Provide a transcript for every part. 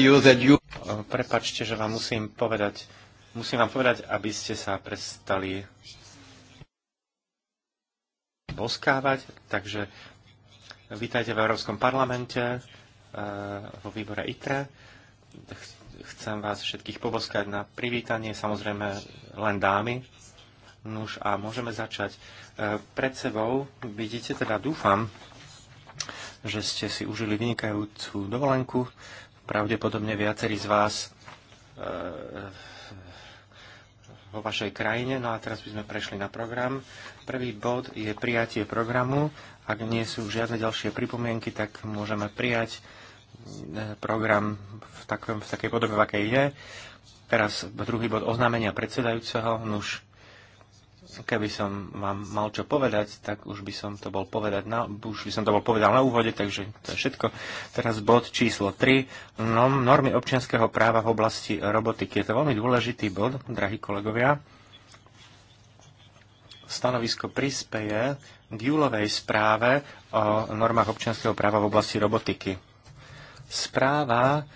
You... Prepačte, že vám musím povedať, musím vám povedať, aby ste sa prestali boskávať, takže vítajte v Európskom parlamente, uh, vo výbore ITRE. Chcem vás všetkých poboskať na privítanie, samozrejme len dámy. Nuž a môžeme začať. Uh, pred sebou vidíte teda, dúfam, že ste si užili vynikajúcu dovolenku. Pravdepodobne viacerí z vás e, vo vašej krajine. No a teraz by sme prešli na program. Prvý bod je prijatie programu. Ak nie sú žiadne ďalšie pripomienky, tak môžeme prijať eh, program v, takom, v takej podobe, v akej je. Teraz druhý bod oznámenia predsedajúceho. Nuž, keby som vám mal čo povedať, tak už by som to bol povedať na, už by som to bol povedal na úvode, takže to je všetko. Teraz bod číslo 3, normy občianského práva v oblasti robotiky. Je to veľmi dôležitý bod, drahí kolegovia. Stanovisko prispeje k júlovej správe o normách občianského práva v oblasti robotiky. Správa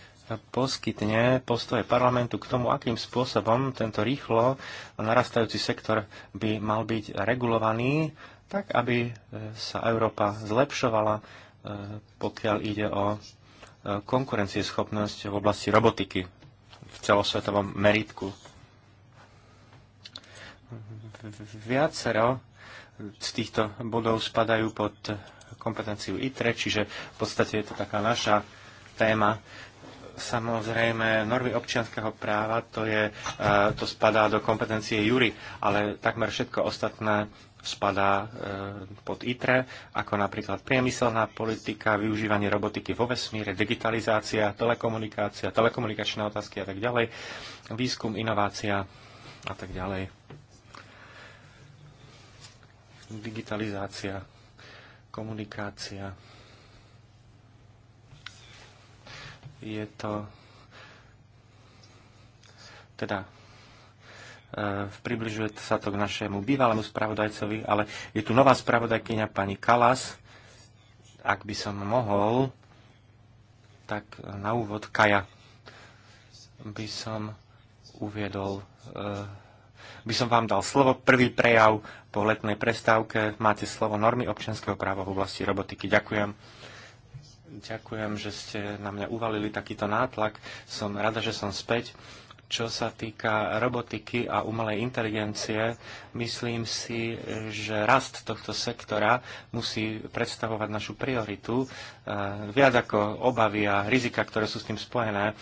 poskytne postoje parlamentu k tomu, akým spôsobom tento rýchlo narastajúci sektor by mal byť regulovaný, tak aby e, sa Európa zlepšovala, e, pokiaľ ide o e, konkurencieschopnosť v oblasti robotiky v celosvetovom meritku. Viacero z týchto bodov spadajú pod kompetenciu ITRE, čiže v podstate je to taká naša téma, Samozrejme, normy občianského práva, to, je, e, to spadá do kompetencie Jury, ale takmer všetko ostatné spadá e, pod ITRE, ako napríklad priemyselná politika, využívanie robotiky vo vesmíre, digitalizácia, telekomunikácia, telekomunikačné otázky a tak ďalej, výskum, inovácia a tak ďalej. Digitalizácia, komunikácia. je to teda e, približuje sa to k našemu bývalému spravodajcovi, ale je tu nová spravodajkyňa pani Kalas. Ak by som mohol, tak na úvod Kaja by som uviedol, e, by som vám dal slovo. Prvý prejav po letnej prestávke. Máte slovo normy občianského práva v oblasti robotiky. Ďakujem. Ďakujem, že ste na mňa uvalili takýto nátlak. Som rada, že som späť. Čo sa týka robotiky a umelej inteligencie, myslím si, že rast tohto sektora musí predstavovať našu prioritu. E, viac ako obavy a rizika, ktoré sú s tým spojené, e,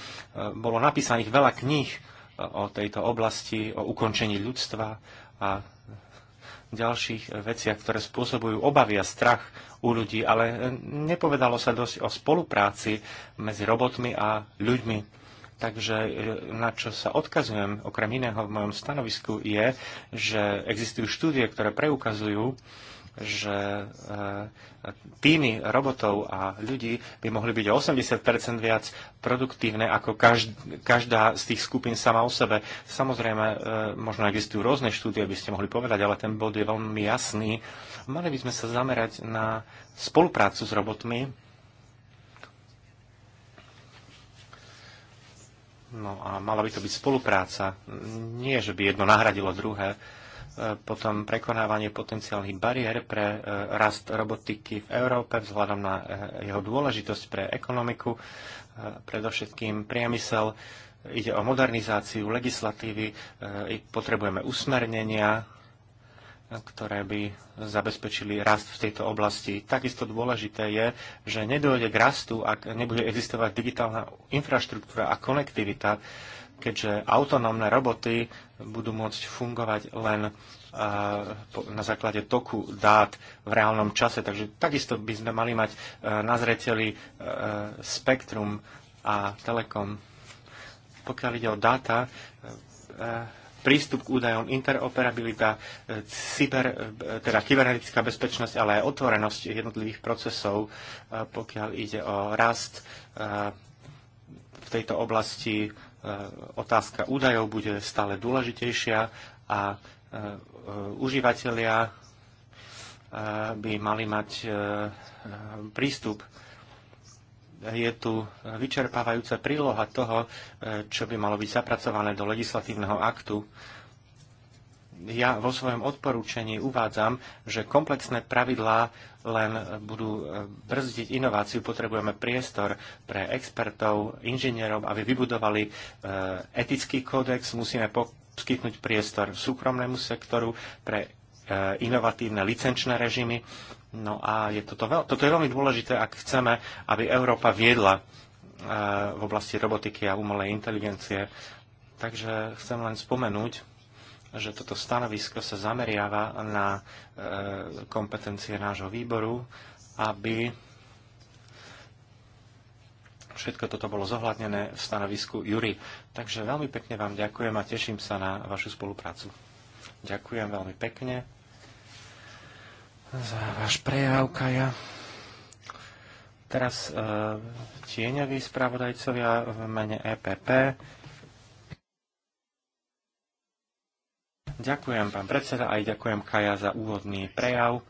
bolo napísaných veľa kníh o tejto oblasti, o ukončení ľudstva a ďalších veciach, ktoré spôsobujú obavy a strach u ľudí, ale nepovedalo sa dosť o spolupráci medzi robotmi a ľuďmi. Takže e, na čo sa odkazujem okrem iného v mojom stanovisku je, že existujú štúdie, ktoré preukazujú, že eh, týmy robotov a ľudí by mohli byť o 80 viac produktívne ako každá z tých skupín sama o sebe. Samozrejme, eh, možno existujú rôzne štúdie, by ste mohli povedať, ale ten bod je veľmi jasný. Mali by sme sa zamerať na spoluprácu s robotmi. No a mala by to byť spolupráca. Nie, že by jedno nahradilo druhé potom prekonávanie potenciálnych bariér pre e, rast robotiky v Európe vzhľadom na e, jeho dôležitosť pre ekonomiku, e, predovšetkým priemysel. Ide o modernizáciu legislatívy, potrebujeme usmernenia, ktoré by zabezpečili rast v tejto oblasti. Takisto dôležité je, že nedôjde k rastu, ak nebude existovať digitálna infraštruktúra a konektivita, keďže autonómne roboty budú môcť fungovať len na základe toku dát v reálnom čase. Takže takisto by sme mali mať e, na zreteli e, Spektrum a Telekom. Pokiaľ ide o dáta, e, prístup k údajom, interoperabilita, cyber, teda kybernetická bezpečnosť, ale aj otvorenosť jednotlivých procesov, pokiaľ ide o rast v tejto oblasti E, otázka údajov bude stále dôležitejšia a e, užívateľia e, by mali mať prístup. Je tu vyčerpávajúca príloha toho, čo by malo byť zapracované do legislatívneho aktu ja vo svojom odporúčaní uvádzam, že komplexné pravidlá len budú e, brzdiť inováciu. Potrebujeme priestor pre expertov, inžinierov, aby vybudovali e, etický kódex. Musíme poskytnúť priestor súkromnému sektoru pre e, inovatívne licenčné režimy. No a je toto, veľ, toto je veľmi dôležité, ak chceme, aby Európa viedla v oblasti robotiky a umelej inteligencie. Takže chcem len spomenúť, že toto stanovisko sa zameriava na e, kompetencie nášho výboru, aby všetko toto bolo zohľadnené v stanovisku Jury. Takže veľmi pekne vám ďakujem a teším sa na vašu spoluprácu. Ďakujem veľmi pekne za váš prejav, Kaja. Teraz e, tieňoví spravodajcovia v mene EPP. Ďakujem, pán predseda, aj ďakujem Kaja za úvodný prejav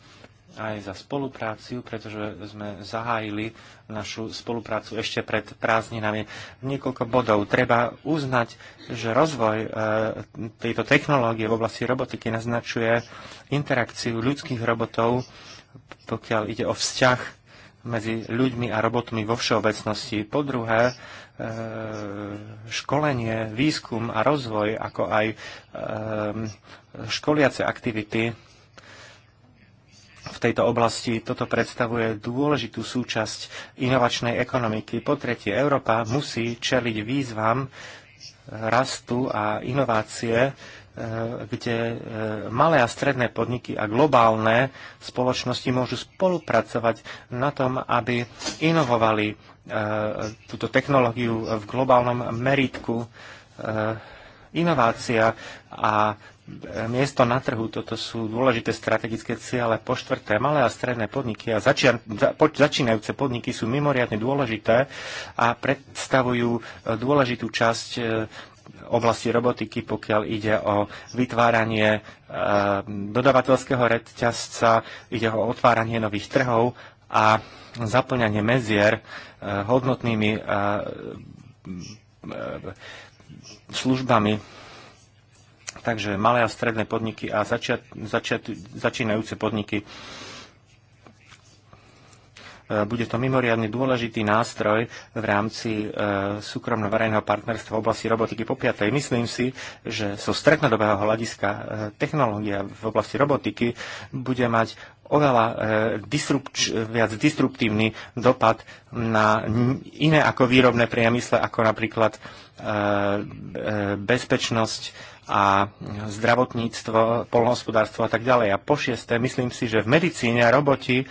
aj za spolupráciu, pretože sme zahájili našu spoluprácu ešte pred prázdninami. Niekoľko bodov. Treba uznať, že rozvoj e, tejto technológie v oblasti robotiky naznačuje interakciu ľudských robotov, pokiaľ ide o vzťah medzi ľuďmi a robotmi vo všeobecnosti. Po druhé, E, školenie, výskum a rozvoj, ako aj e, školiace aktivity v tejto oblasti. Toto predstavuje dôležitú súčasť inovačnej ekonomiky. Po tretie, Európa musí čeliť výzvam rastu a inovácie, Eh, kde eh, malé a stredné podniky a globálne spoločnosti môžu spolupracovať na tom, aby inovovali eh, túto technológiu v globálnom meritku. Inovácia a miesto na trhu, toto sú dôležité strategické ciele. Po štvrté, malé a stredné podniky a začínajúce podniky sú mimoriadne dôležité a predstavujú dôležitú časť oblasti robotiky, pokiaľ ide o vytváranie eh, dodavateľského reťazca, ide o otváranie nových trhov a zaplňanie medzier eh, hodnotnými eh, službami. Takže malé a stredné podniky a začiat, začiat, začínajúce podniky E, bude to mimoriadne dôležitý nástroj v rámci e, súkromno-verejného partnerstva v oblasti robotiky po piatej. Myslím si, že zo strednodobého hľadiska e, technológia v oblasti robotiky bude mať oveľa disrupč, viac disruptívny dopad na iné ako výrobné priemysle, ako napríklad bezpečnosť a zdravotníctvo, polnohospodárstvo a tak ďalej. A po šiesté, myslím si, že v medicíne roboti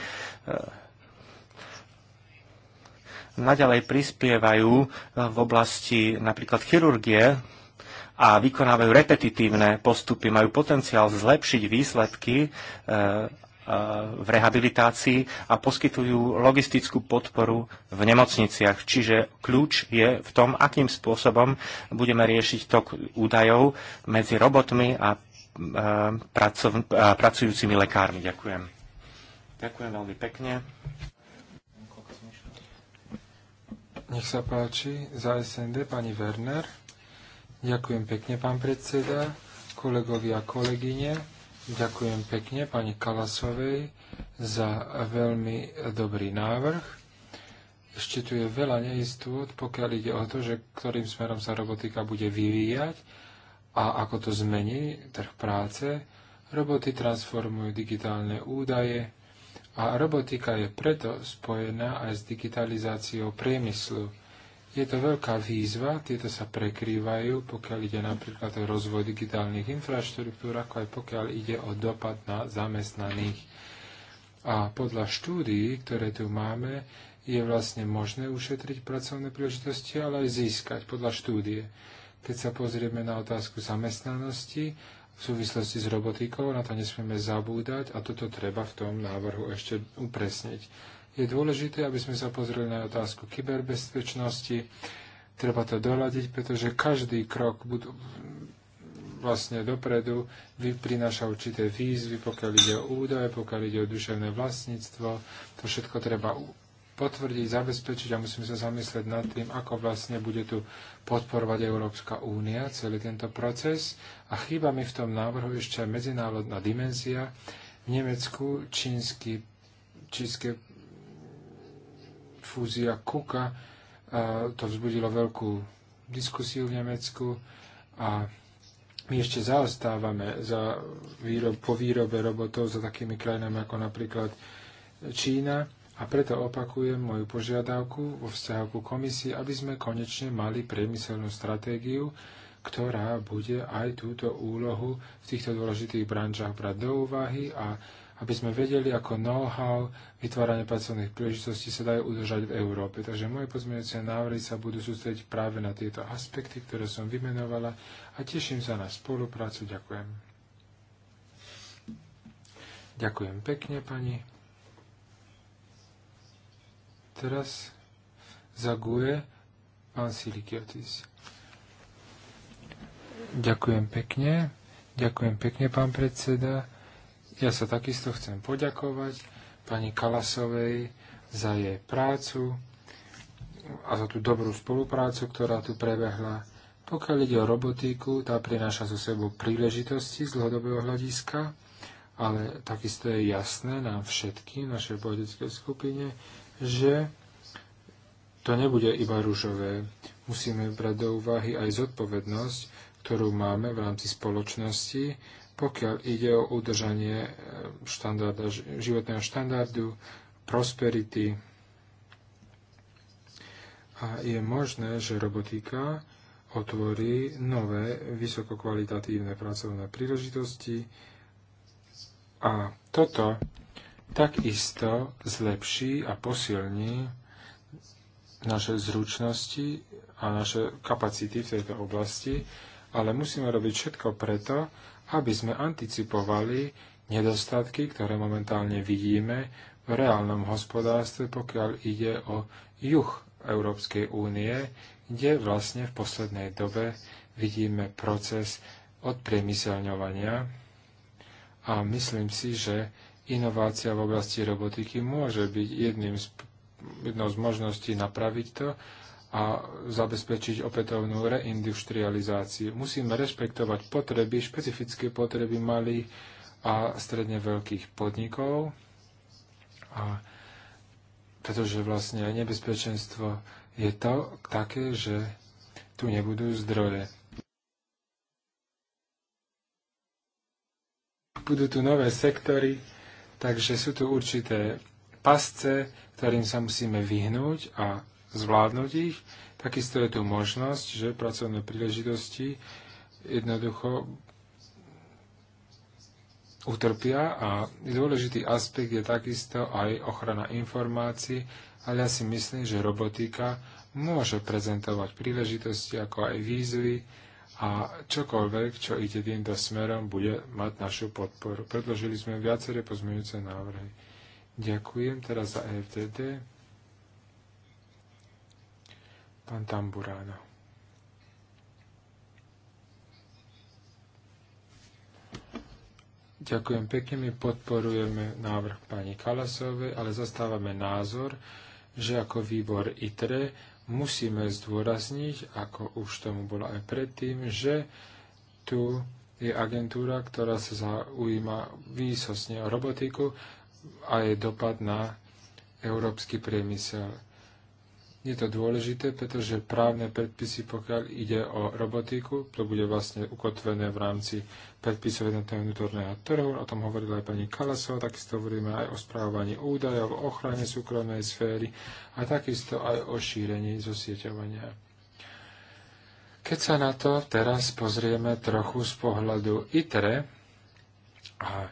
naďalej prispievajú eh, v oblasti napríklad chirurgie a vykonávajú repetitívne postupy, majú potenciál zlepšiť výsledky eh, eh, v rehabilitácii a poskytujú logistickú podporu v nemocniciach. Čiže kľúč je v tom, akým spôsobom budeme riešiť tok údajov medzi robotmi a, pracujúcimi lekármi. Ďakujem. Ďakujem veľmi pekne. Nech sa páči, za SND pani Werner. Ďakujem pekne, pán predseda, kolegovia a kolegyne. Ďakujem pekne pani Kalasovej za veľmi dobrý návrh. Ešte tu je veľa neistôt, pokiaľ ide o to, že ktorým smerom sa robotika bude vyvíjať a ako to zmení trh práce. Roboty transformujú digitálne údaje, a robotika je preto spojená aj s digitalizáciou priemyslu. Je to veľká výzva, tieto sa prekrývajú, pokiaľ ide napríklad o rozvoj digitálnych infraštruktúr, ako aj pokiaľ ide o dopad na zamestnaných. A podľa štúdií, ktoré tu máme, je vlastne možné ušetriť pracovné príležitosti, ale aj získať podľa štúdie. Keď sa pozrieme na otázku zamestnanosti, v súvislosti s robotikou, na to nesmieme zabúdať a toto treba v tom návrhu ešte upresniť. Je dôležité, aby sme sa pozreli na otázku kyberbezpečnosti, treba to doľadiť, pretože každý krok budú vlastne dopredu prináša určité výzvy, pokiaľ ide o údaje, pokiaľ ide o duševné vlastníctvo, to všetko treba potvrdiť, zabezpečiť a musíme sa zamyslieť nad tým, ako vlastne bude tu podporovať Európska únia celý tento proces. A chýba mi v tom návrhu ešte aj medzinárodná dimenzia. V Nemecku čínsky, čínske fúzia Kuka to vzbudilo veľkú diskusiu v Nemecku a my ešte zaostávame za výrob, po výrobe robotov za takými krajinami ako napríklad Čína a preto opakujem moju požiadavku vo vzťahu ku komisii, aby sme konečne mali priemyselnú stratégiu, ktorá bude aj túto úlohu v týchto dôležitých branžách brať do úvahy a aby sme vedeli, ako know-how vytváranie pracovných príležitostí sa dajú udržať v Európe. Takže moje pozmeňujúce návrhy sa budú sústrediť práve na tieto aspekty, ktoré som vymenovala a teším sa na spoluprácu. Ďakujem. Ďakujem pekne, pani teraz zaguje pán Silikiotis. Ďakujem pekne. Ďakujem pekne, pán predseda. Ja sa takisto chcem poďakovať pani Kalasovej za jej prácu a za tú dobrú spoluprácu, ktorá tu prebehla. Pokiaľ ide o robotíku, tá prináša so sebou príležitosti z dlhodobého hľadiska, ale takisto je jasné nám všetkým, našej politickej skupine, že to nebude iba rúžové, Musíme brať do úvahy aj zodpovednosť, ktorú máme v rámci spoločnosti, pokiaľ ide o udržanie eh, štandarda, životného štandardu, prosperity. A je možné, že robotika otvorí nové vysokokvalitatívne pracovné príležitosti a toto takisto zlepší a posilní naše zručnosti a naše kapacity v tejto oblasti, ale musíme robiť všetko preto, aby sme anticipovali nedostatky, ktoré momentálne vidíme v reálnom hospodárstve, pokiaľ ide o juh Európskej únie, kde vlastne v poslednej dobe vidíme proces odpriemyselňovania a myslím si, že inovácia v oblasti robotiky môže byť jedným z, jednou z možností napraviť to a zabezpečiť opätovnú reindustrializáciu. Musíme rešpektovať potreby, špecifické potreby malých a stredne veľkých podnikov, a pretože vlastne nebezpečenstvo je to také, že tu nebudú zdroje. Budú tu nové sektory, Takže sú tu určité pasce, ktorým sa musíme vyhnúť a zvládnuť ich. Takisto je tu možnosť, že pracovné príležitosti jednoducho utrpia a dôležitý aspekt je takisto aj ochrana informácií, ale ja si myslím, že robotika môže prezentovať príležitosti ako aj výzvy, a čokoľvek, čo ide týmto smerom, bude mať našu podporu. Predložili sme viaceré pozmeňujúce návrhy. Ďakujem teraz za EFTD. Pán Tamburána. Ďakujem pekne, my podporujeme návrh pani Kalasovej, ale zastávame názor, že ako výbor ITRE musíme zdôrazniť, ako už tomu bolo aj predtým, že tu je agentúra, ktorá sa zaujíma výsosne o robotiku a je dopad na európsky priemysel. Je to dôležité, pretože právne predpisy, pokiaľ ide o robotiku, to bude vlastne ukotvené v rámci predpisov jednotného vnútorného trhu. O tom hovorila aj pani Kalasová, takisto hovoríme aj o správovaní údajov, o ochrane súkromnej sféry a takisto aj o šírení zosieťovania. Keď sa na to teraz pozrieme trochu z pohľadu ITRE, a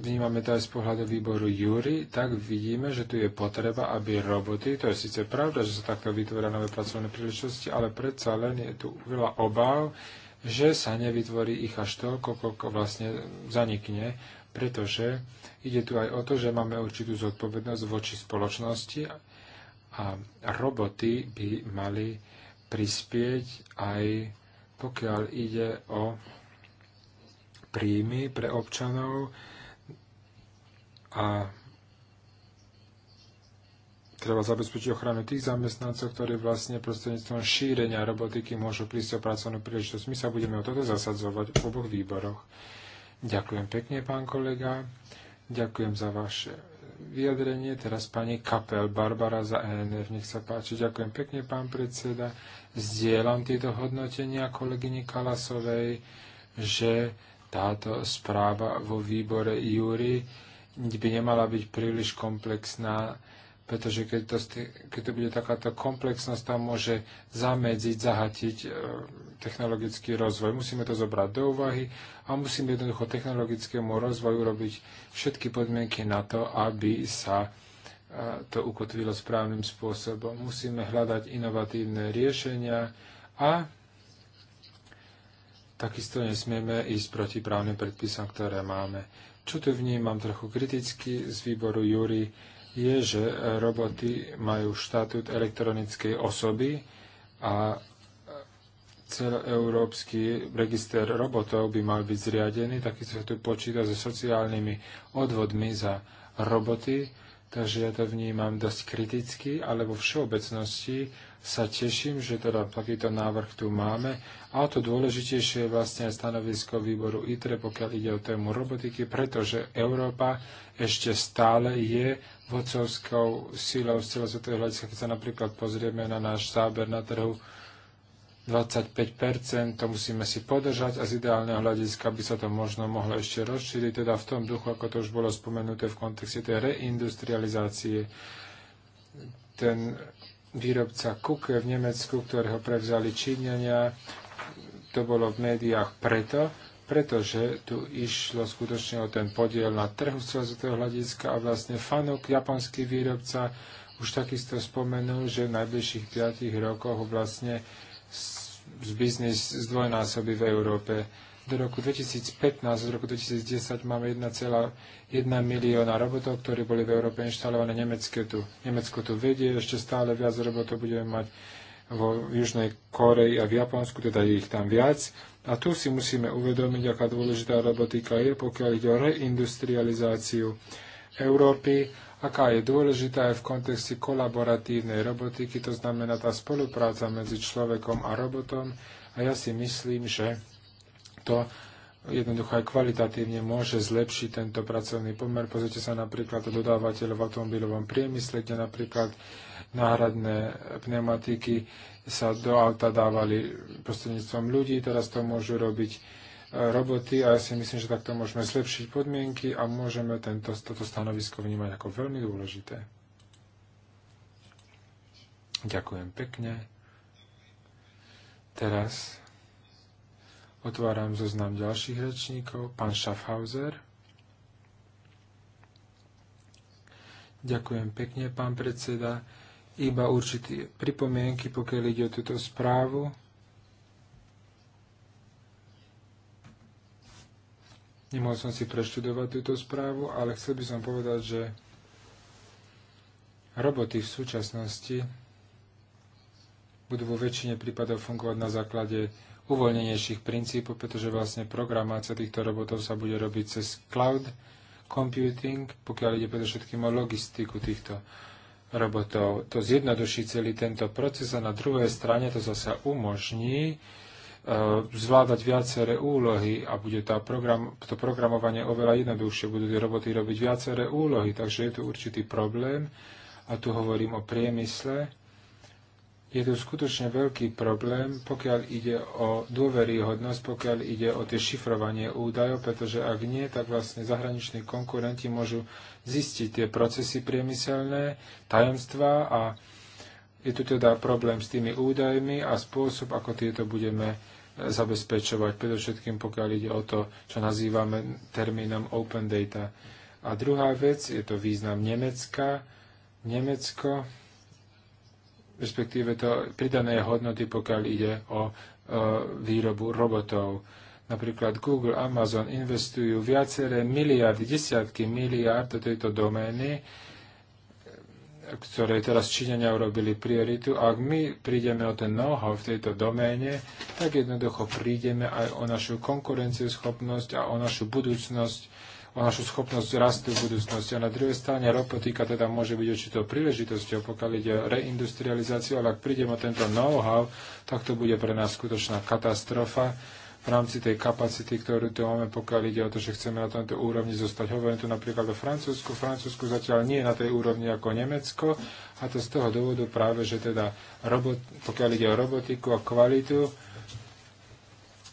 vnímame to aj z pohľadu výboru Júry, tak vidíme, že tu je potreba, aby roboty, to je síce pravda, že sa takto vytvoria nové pracovné príležitosti, ale predsa len je tu veľa obáv, že sa nevytvorí ich až toľko, koľko vlastne zanikne, pretože ide tu aj o to, že máme určitú zodpovednosť voči spoločnosti a roboty by mali prispieť aj pokiaľ ide o príjmy pre občanov, a treba zabezpečiť ochranu tých zamestnancov, ktorí vlastne prostredníctvom šírenia robotiky môžu prísť o pracovnú príležitosť. My sa budeme o toto zasadzovať v oboch výboroch. Ďakujem pekne, pán kolega. Ďakujem za vaše vyjadrenie. Teraz pani Kapel Barbara za ENF. Nech sa páči. Ďakujem pekne, pán predseda. Zdieľam tieto hodnotenia kolegyni Kalasovej, že táto správa vo výbore Júrii by nemala byť príliš komplexná, pretože keď to, keď to bude takáto komplexnosť, tam môže zamedziť, zahatiť e, technologický rozvoj. Musíme to zobrať do úvahy a musíme jednoducho technologickému rozvoju robiť všetky podmienky na to, aby sa e, to ukotvilo správnym spôsobom. Musíme hľadať inovatívne riešenia a takisto nesmieme ísť proti právnym predpisom, ktoré máme. Čo tu vnímam trochu kriticky z výboru Júri, je, že roboty majú štatút elektronickej osoby a celoeurópsky register robotov by mal byť zriadený, taký sa tu počíta so sociálnymi odvodmi za roboty, takže ja to vnímam dosť kriticky, ale vo všeobecnosti sa teším, že teda takýto návrh tu máme. A to dôležitejšie je vlastne aj stanovisko výboru ITRE, pokiaľ ide o tému robotiky, pretože Európa ešte stále je vodcovskou síľou z celosvetového hľadiska. Keď sa napríklad pozrieme na náš záber na trhu, 25 to musíme si podržať a z ideálneho hľadiska by sa to možno mohlo ešte rozšíriť, teda v tom duchu, ako to už bolo spomenuté v kontexte tej reindustrializácie. Ten výrobca Kuke v Nemecku, ktorého prevzali Číňania. To bolo v médiách preto, pretože tu išlo skutočne o ten podiel na trhu z hľadiska a vlastne Fanok, japonský výrobca, už takisto spomenul, že v najbližších 5 rokoch vlastne z biznis zdvojnásoby v Európe do roku 2015, do roku 2010 máme 1,1 milióna robotov, ktorí boli v Európe inštalované. Nemecké tu, Nemecko tu vedie, ešte stále viac robotov budeme mať vo Južnej Koreji a v Japonsku, teda je ich tam viac. A tu si musíme uvedomiť, aká dôležitá robotika je, pokiaľ ide o reindustrializáciu Európy, aká je dôležitá aj v kontexte kolaboratívnej robotiky, to znamená tá spolupráca medzi človekom a robotom. A ja si myslím, že to jednoducho aj kvalitatívne môže zlepšiť tento pracovný pomer. Pozrite sa napríklad o dodávateľov v automobilovom priemysle, kde napríklad náhradné pneumatiky sa do auta dávali prostredníctvom ľudí, teraz to môžu robiť e, roboty a ja si myslím, že takto môžeme zlepšiť podmienky a môžeme tento, toto stanovisko vnímať ako veľmi dôležité. Ďakujem pekne. Teraz Otváram zoznam ďalších rečníkov. Pán Schaffhauser. Ďakujem pekne, pán predseda. Iba určité pripomienky, pokiaľ ide o túto správu. Nemohol som si preštudovať túto správu, ale chcel by som povedať, že roboty v súčasnosti budú vo väčšine prípadov fungovať na základe uvoľnenejších princípov, pretože vlastne programácia týchto robotov sa bude robiť cez cloud computing, pokiaľ ide predovšetkým o logistiku týchto robotov. To zjednoduší celý tento proces a na druhej strane to zase umožní e, zvládať viaceré úlohy a bude tá program, to programovanie oveľa jednoduchšie. Budú tie roboty robiť viaceré úlohy, takže je tu určitý problém a tu hovorím o priemysle, je tu skutočne veľký problém, pokiaľ ide o dôveryhodnosť, pokiaľ ide o tie šifrovanie údajov, pretože ak nie, tak vlastne zahraniční konkurenti môžu zistiť tie procesy priemyselné, tajomstvá a je tu teda problém s tými údajmi a spôsob, ako tieto budeme e, zabezpečovať, predovšetkým pokiaľ ide o to, čo nazývame termínom open data. A druhá vec, je to význam Nemecka. Nemecko respektíve to pridané hodnoty, pokiaľ ide o výrobu robotov. Napríklad Google, Amazon investujú viaceré miliardy, desiatky miliard do tejto domény, ktoré teraz Číňania urobili prioritu. ak my prídeme o ten know-how v tejto doméne, tak jednoducho prídeme aj o našu konkurencieschopnosť a o našu budúcnosť o našu schopnosť rastu v budúcnosti. A na druhej strane robotika teda môže byť určitou príležitosťou, pokiaľ ide o reindustrializáciu, ale ak prídeme o tento know-how, tak to bude pre nás skutočná katastrofa v rámci tej kapacity, ktorú tu máme, pokiaľ ide o to, že chceme na tomto úrovni zostať. Hovorím tu napríklad o Francúzsku. Francúzsku zatiaľ nie je na tej úrovni ako Nemecko a to z toho dôvodu práve, že teda robot, pokiaľ ide o robotiku a kvalitu,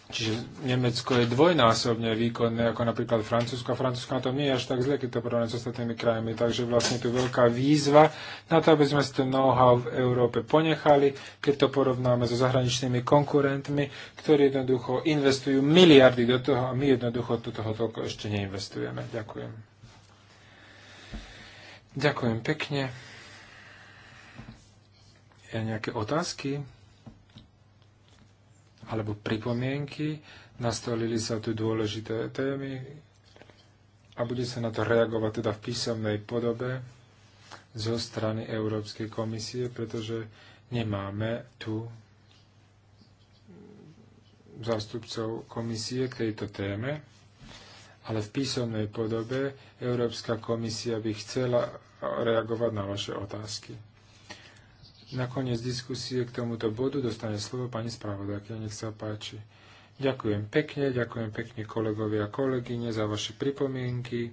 Čiže Nemecko je dvojnásobne výkonné ako napríklad Francúzsko. A Francúzsko na tom nie je až tak zle, keď to porovnáme s ostatnými krajami. Takže vlastne tu veľká výzva na to, aby sme si to know-how v Európe ponechali, keď to porovnáme so zahraničnými konkurentmi, ktorí jednoducho investujú miliardy do toho a my jednoducho do toho toľko ešte neinvestujeme. Ďakujem. Ďakujem pekne. Je nejaké otázky? alebo pripomienky, nastolili sa tu dôležité témy a bude sa na to reagovať teda v písomnej podobe zo strany Európskej komisie, pretože nemáme tu zástupcov komisie k tejto téme, ale v písomnej podobe Európska komisia by chcela reagovať na vaše otázky. Na koniec diskusie k tomuto bodu dostane slovo pani spravodajka. Nech sa páči. Ďakujem pekne, ďakujem pekne kolegovia a kolegyne za vaše pripomienky.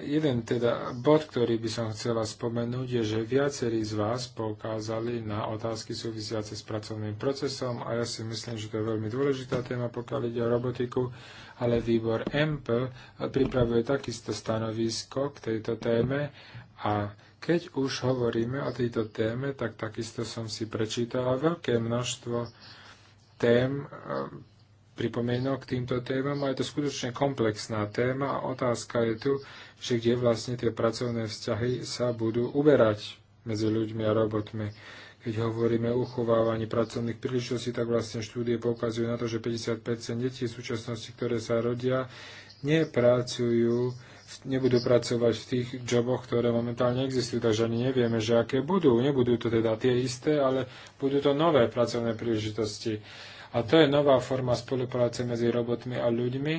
Jeden teda bod, ktorý by som chcela spomenúť, je, že viacerí z vás poukázali na otázky súvisiace s pracovným procesom a ja si myslím, že to je veľmi dôležitá téma, pokiaľ ide o robotiku, ale výbor MP pripravuje takisto stanovisko k tejto téme a keď už hovoríme o tejto téme, tak takisto som si prečítala veľké množstvo tém, e, pripomienok k týmto témam a je to skutočne komplexná téma a otázka je tu, že kde vlastne tie pracovné vzťahy sa budú uberať medzi ľuďmi a robotmi. Keď hovoríme o uchovávaní pracovných príležitostí, tak vlastne štúdie poukazujú na to, že 55% detí v súčasnosti, ktoré sa rodia, nepracujú nebudú pracovať v tých joboch, ktoré momentálne existujú, takže ani nevieme, že aké budú. Nebudú to teda tie isté, ale budú to nové pracovné príležitosti. A to je nová forma spolupráce medzi robotmi a ľuďmi.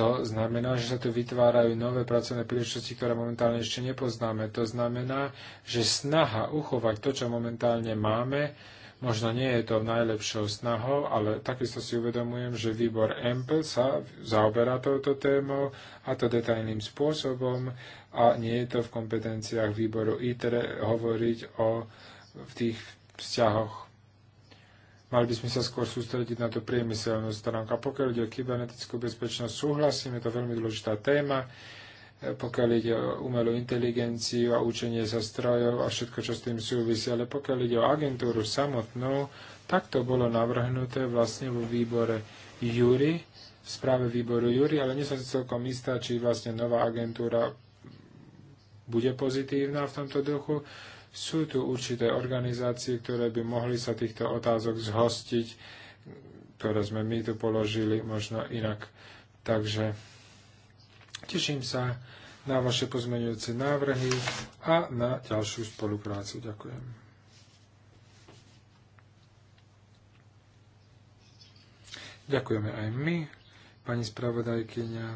To znamená, že sa tu vytvárajú nové pracovné príležitosti, ktoré momentálne ešte nepoznáme. To znamená, že snaha uchovať to, čo momentálne máme, Možno nie je to najlepšou snahou, ale takisto si uvedomujem, že výbor EMPL sa zaoberá touto témou a to detajným spôsobom a nie je to v kompetenciách výboru ITRE hovoriť o v tých vzťahoch. Mali by sme sa skôr sústrediť na tú priemyselnú stránku. A pokiaľ ide o kybernetickú bezpečnosť, súhlasím, je to veľmi dôležitá téma pokiaľ ide o umelú inteligenciu a učenie sa strojov a všetko, čo s tým súvisí. Ale pokiaľ ide o agentúru samotnú, tak to bolo navrhnuté vlastne vo výbore Júri, v správe výboru Júri, ale nie som si celkom istá, či vlastne nová agentúra bude pozitívna v tomto duchu. Sú tu určité organizácie, ktoré by mohli sa týchto otázok zhostiť, ktoré sme my tu položili možno inak. Takže Teším sa na vaše pozmeňujúce návrhy a na ďalšiu spoluprácu. Ďakujem. Ďakujeme aj my, pani spravodajkyňa.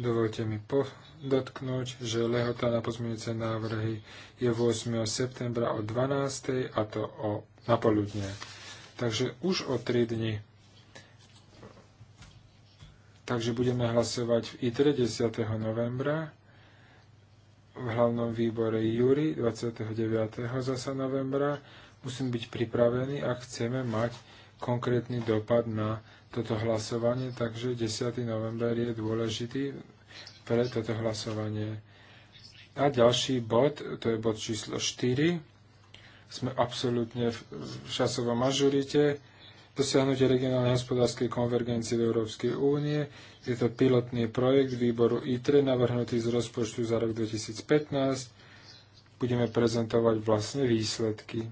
Dovolte mi podotknúť, že lehota na pozmeňujúce návrhy je 8. septembra o 12. a to o napoludne. Takže už o 3 dni Takže budeme hlasovať v ITRE 10. novembra, v hlavnom výbore Júri 29. zasa novembra. Musím byť pripravený ak chceme mať konkrétny dopad na toto hlasovanie, takže 10. november je dôležitý pre toto hlasovanie. A ďalší bod, to je bod číslo 4, sme absolútne v časovom mažurite dosiahnutie regionálnej hospodárskej konvergencie v Európskej únie. Je to pilotný projekt výboru ITRE navrhnutý z rozpočtu za rok 2015. Budeme prezentovať vlastne výsledky.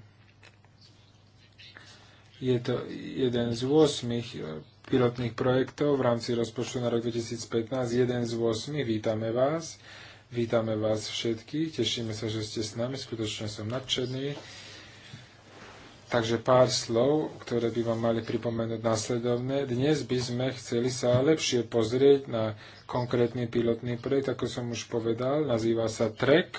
Je to jeden z 8 e, pilotných projektov v rámci rozpočtu na rok 2015. Jeden z 8. Vítame vás. Vítame vás všetkých. Tešíme sa, že ste s nami. Skutočne som nadšený Takže pár slov, ktoré by vám mali pripomenúť následovné. Dnes by sme chceli sa lepšie pozrieť na konkrétny pilotný projekt, ako som už povedal, nazýva sa TREK,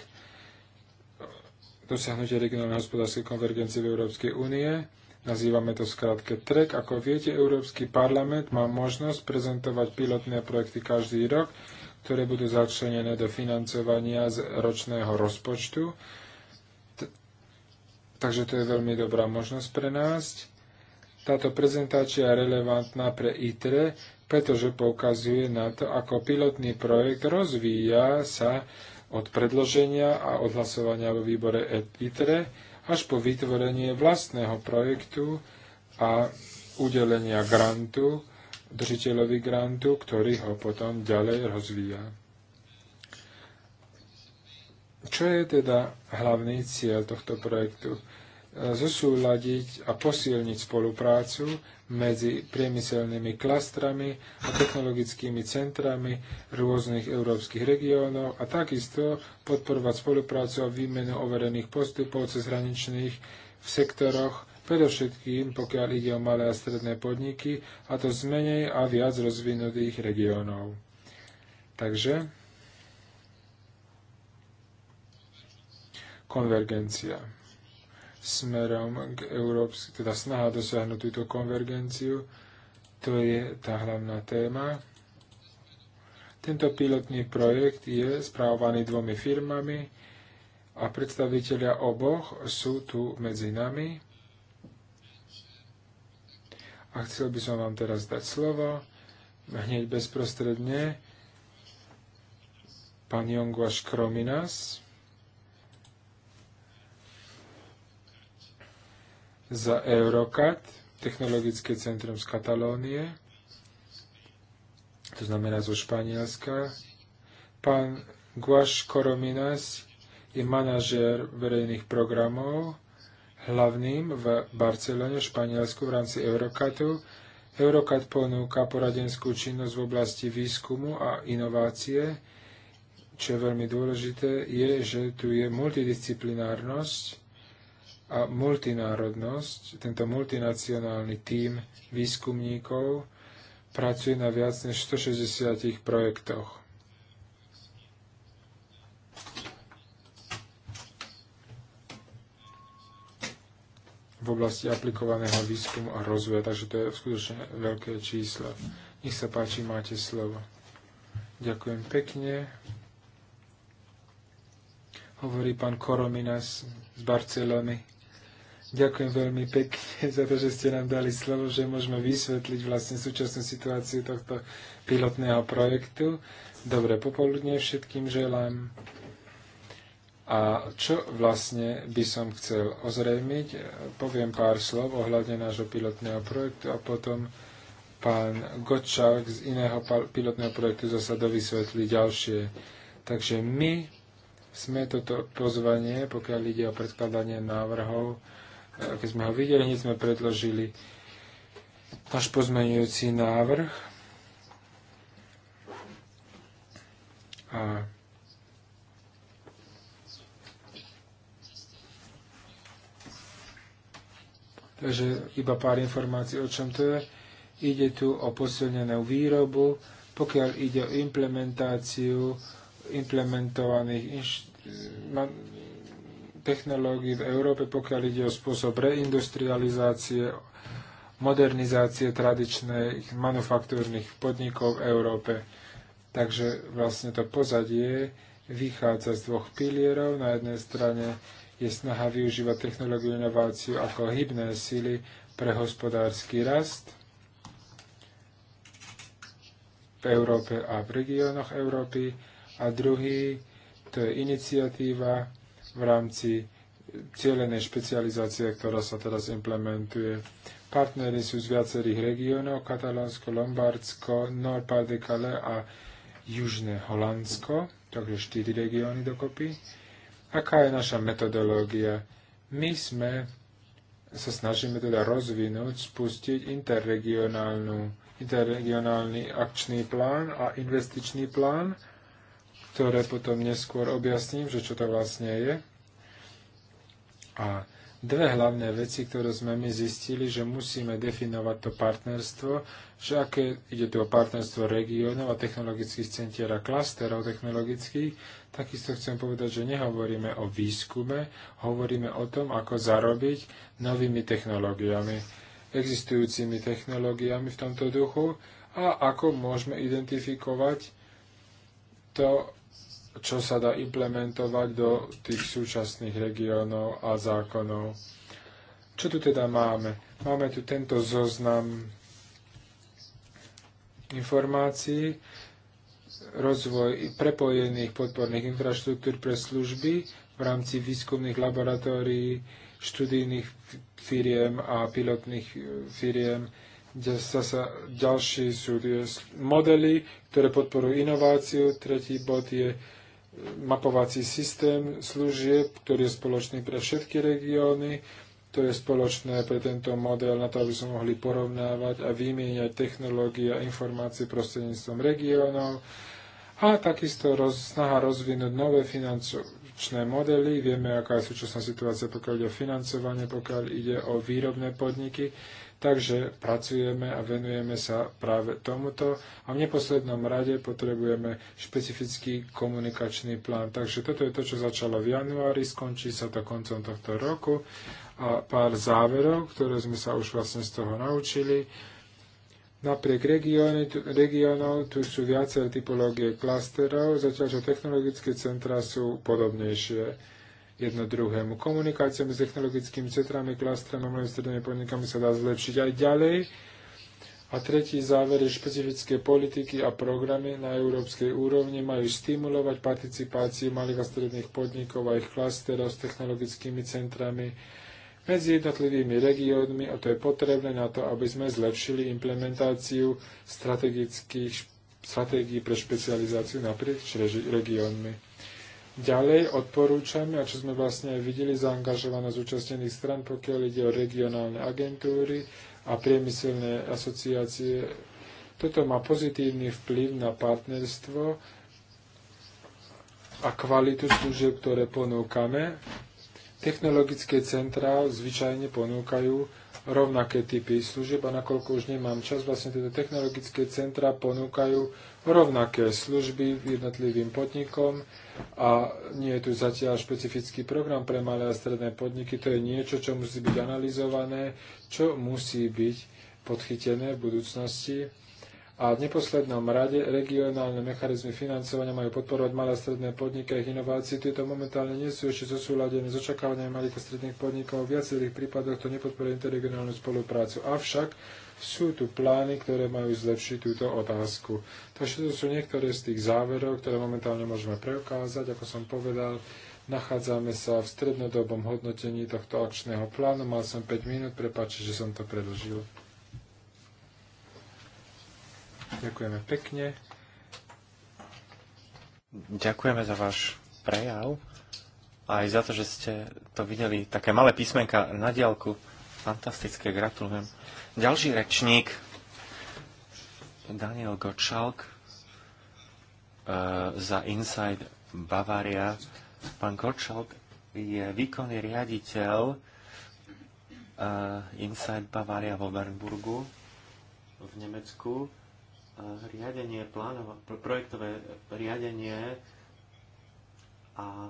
dosiahnutie regionálnej hospodárskej konvergencie v Európskej únie. Nazývame to skrátke TREK. Ako viete, Európsky parlament má možnosť prezentovať pilotné projekty každý rok, ktoré budú začlenené do financovania z ročného rozpočtu Takže to je veľmi dobrá možnosť pre nás. Táto prezentácia je relevantná pre ITRE, pretože poukazuje na to, ako pilotný projekt rozvíja sa od predloženia a odhlasovania vo výbore ITRE až po vytvorenie vlastného projektu a udelenia grantu, držiteľovi grantu, ktorý ho potom ďalej rozvíja. Čo je teda hlavný cieľ tohto projektu? E, zosúľadiť a posilniť spoluprácu medzi priemyselnými klastrami a technologickými centrami rôznych európskych regiónov a takisto podporovať spoluprácu a výmenu overených postupov cez hraničných v sektoroch, predovšetkým pokiaľ ide o malé a stredné podniky, a to z menej a viac rozvinutých regiónov. Takže konvergencia smerom k európsky, teda snaha dosiahnuť túto konvergenciu, to je tá hlavná téma. Tento pilotný projekt je správovaný dvomi firmami a predstavitelia oboch sú tu medzi nami. A chcel by som vám teraz dať slovo hneď bezprostredne. Pán Jonguaš Krominas. za Eurocat, technologické centrum z Katalónie, to znamená zo Španielska. Pán Guaš Korominas je manažér verejných programov, hlavným v Barcelone, Španielsku v rámci Eurocatu. Eurocat ponúka poradenskú činnosť v oblasti výskumu a inovácie. Čo je veľmi dôležité, je, že tu je multidisciplinárnosť a multinárodnosť, tento multinacionálny tím výskumníkov pracuje na viac než 160 projektoch. v oblasti aplikovaného výskumu a rozvoja, takže to je skutočne veľké číslo. Nech sa páči, máte slovo. Ďakujem pekne. Hovorí pán Korominas z Barcelony. Ďakujem veľmi pekne za to, že ste nám dali slovo, že môžeme vysvetliť vlastne súčasnú situáciu tohto pilotného projektu. Dobré popoludne všetkým želám. A čo vlastne by som chcel ozrejmiť? Poviem pár slov ohľadne nášho pilotného projektu a potom pán Gočák z iného pilotného projektu zasa dovysvetlí ďalšie. Takže my sme toto pozvanie, pokiaľ ide o predkladanie návrhov, keď sme ho videli, hneď sme predložili náš pozmeňujúci návrh. A Takže iba pár informácií, o čom to je. Ide tu o posilnenú výrobu, pokiaľ ide o implementáciu implementovaných inš- technológií v Európe, pokiaľ ide o spôsob reindustrializácie, modernizácie tradičných manufaktúrnych podnikov v Európe. Takže vlastne to pozadie vychádza z dvoch pilierov. Na jednej strane je snaha využívať technológiu inováciu ako hybné sily pre hospodársky rast v Európe a v regiónoch Európy. A druhý, to je iniciatíva, v rámci cieľenej špecializácie, ktorá sa teraz implementuje. Partnery sú z viacerých regiónov, Katalónsko, Lombardsko, Nord de Calais a Južné Holandsko, takže štyri regióny dokopy. Aká je naša metodológia? My sme sa snažíme teda rozvinúť, spustiť interregionálny akčný plán a investičný plán, ktoré potom neskôr objasním, že čo to vlastne je. A dve hlavné veci, ktoré sme my zistili, že musíme definovať to partnerstvo, že aké ide tu o partnerstvo regiónov a technologických centier a klasterov technologických, takisto chcem povedať, že nehovoríme o výskume, hovoríme o tom, ako zarobiť novými technológiami, existujúcimi technológiami v tomto duchu a ako môžeme identifikovať to, čo sa dá implementovať do tých súčasných regiónov a zákonov. Čo tu teda máme? Máme tu tento zoznam informácií, rozvoj prepojených podporných infraštruktúr pre služby v rámci výskumných laboratórií, študijných firiem a pilotných e, firiem, kde sa, sa ďalší sú modely, ktoré podporujú inováciu. Tretí bod je mapovací systém služieb, ktorý je spoločný pre všetky regióny. To je spoločné pre tento model na to, aby sme mohli porovnávať a vymieňať technológie a informácie prostredníctvom regiónov. A takisto roz, snaha rozvinúť nové finančné modely. Vieme, aká je súčasná situácia, pokiaľ ide o financovanie, pokiaľ ide o výrobné podniky Takže pracujeme a venujeme sa práve tomuto a v neposlednom rade potrebujeme špecifický komunikačný plán. Takže toto je to, čo začalo v januári, skončí sa to koncom tohto roku a pár záverov, ktoré sme sa už vlastne z toho naučili. Napriek regiónov tu sú viaceré typológie klasterov, zatiaľ čo technologické centra sú podobnejšie jedno druhému. Komunikácia medzi technologickými centrami, klastrami a malými strednými podnikami sa dá zlepšiť aj ďalej. A tretí záver je špecifické politiky a programy na európskej úrovni majú stimulovať participáciu malých a stredných podnikov a ich klasterov s technologickými centrami medzi jednotlivými regiónmi a to je potrebné na to, aby sme zlepšili implementáciu strategických stratégií pre špecializáciu naprieč regiónmi. Ďalej odporúčame, a čo sme vlastne aj videli, zaangažovanosť zúčastnených stran, pokiaľ ide o regionálne agentúry a priemyselné asociácie. Toto má pozitívny vplyv na partnerstvo a kvalitu služieb, ktoré ponúkame. Technologické centrá zvyčajne ponúkajú rovnaké typy služieb a nakoľko už nemám čas, vlastne tieto technologické centrá ponúkajú rovnaké služby jednotlivým podnikom, a nie je tu zatiaľ špecifický program pre malé a stredné podniky. To je niečo, čo musí byť analyzované, čo musí byť podchytené v budúcnosti. A v neposlednom rade regionálne mechanizmy financovania majú podporovať malé a stredné podniky a ich inovácie. Tieto momentálne nie sú ešte zosúladené s očakávaniami malých a stredných podnikov. V viacerých prípadoch to nepodporuje interregionálnu spoluprácu. Avšak sú tu plány, ktoré majú zlepšiť túto otázku. Takže to sú niektoré z tých záverov, ktoré momentálne môžeme preukázať. Ako som povedal, nachádzame sa v strednodobom hodnotení tohto akčného plánu. Mal som 5 minút, prepáčte, že som to predlžil. Ďakujeme pekne. Ďakujeme za váš prejav aj za to, že ste to videli také malé písmenka na diálku fantastické, gratulujem. Ďalší rečník, Daniel Gottschalk e, za Inside Bavaria. Pán Gottschalk je výkonný riaditeľ e, Inside Bavaria vo Bernburgu v Nemecku. E, riadenie, plánova, projektové riadenie a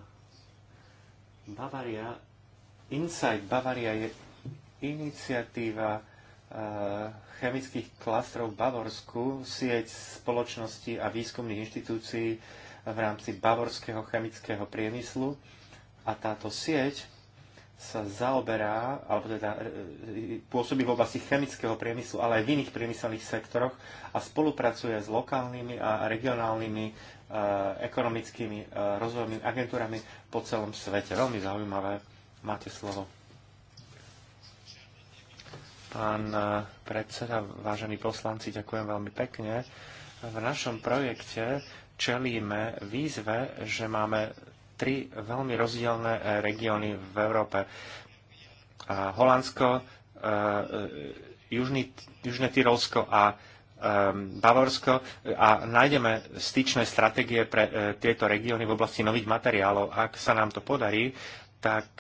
Bavaria Inside Bavaria je iniciatíva eh, chemických klastrov v Bavorsku, sieť spoločností a výskumných inštitúcií v rámci bavorského chemického priemyslu. A táto sieť sa zaoberá, alebo teda eh, pôsobí v oblasti chemického priemyslu, ale aj v iných priemyselných sektoroch a spolupracuje s lokálnymi a regionálnymi eh, ekonomickými rozvojovými agentúrami po celom svete. Veľmi zaujímavé. Máte slovo. Pán e, predseda, vážení poslanci, ďakujem veľmi pekne. V našom projekte čelíme výzve, že máme tri veľmi rozdielne e, regióny v Európe. Holandsko, e, Južný, Južné Tyrolsko a Bavorsko a nájdeme styčné stratégie pre tieto regióny v oblasti nových materiálov. Ak sa nám to podarí, tak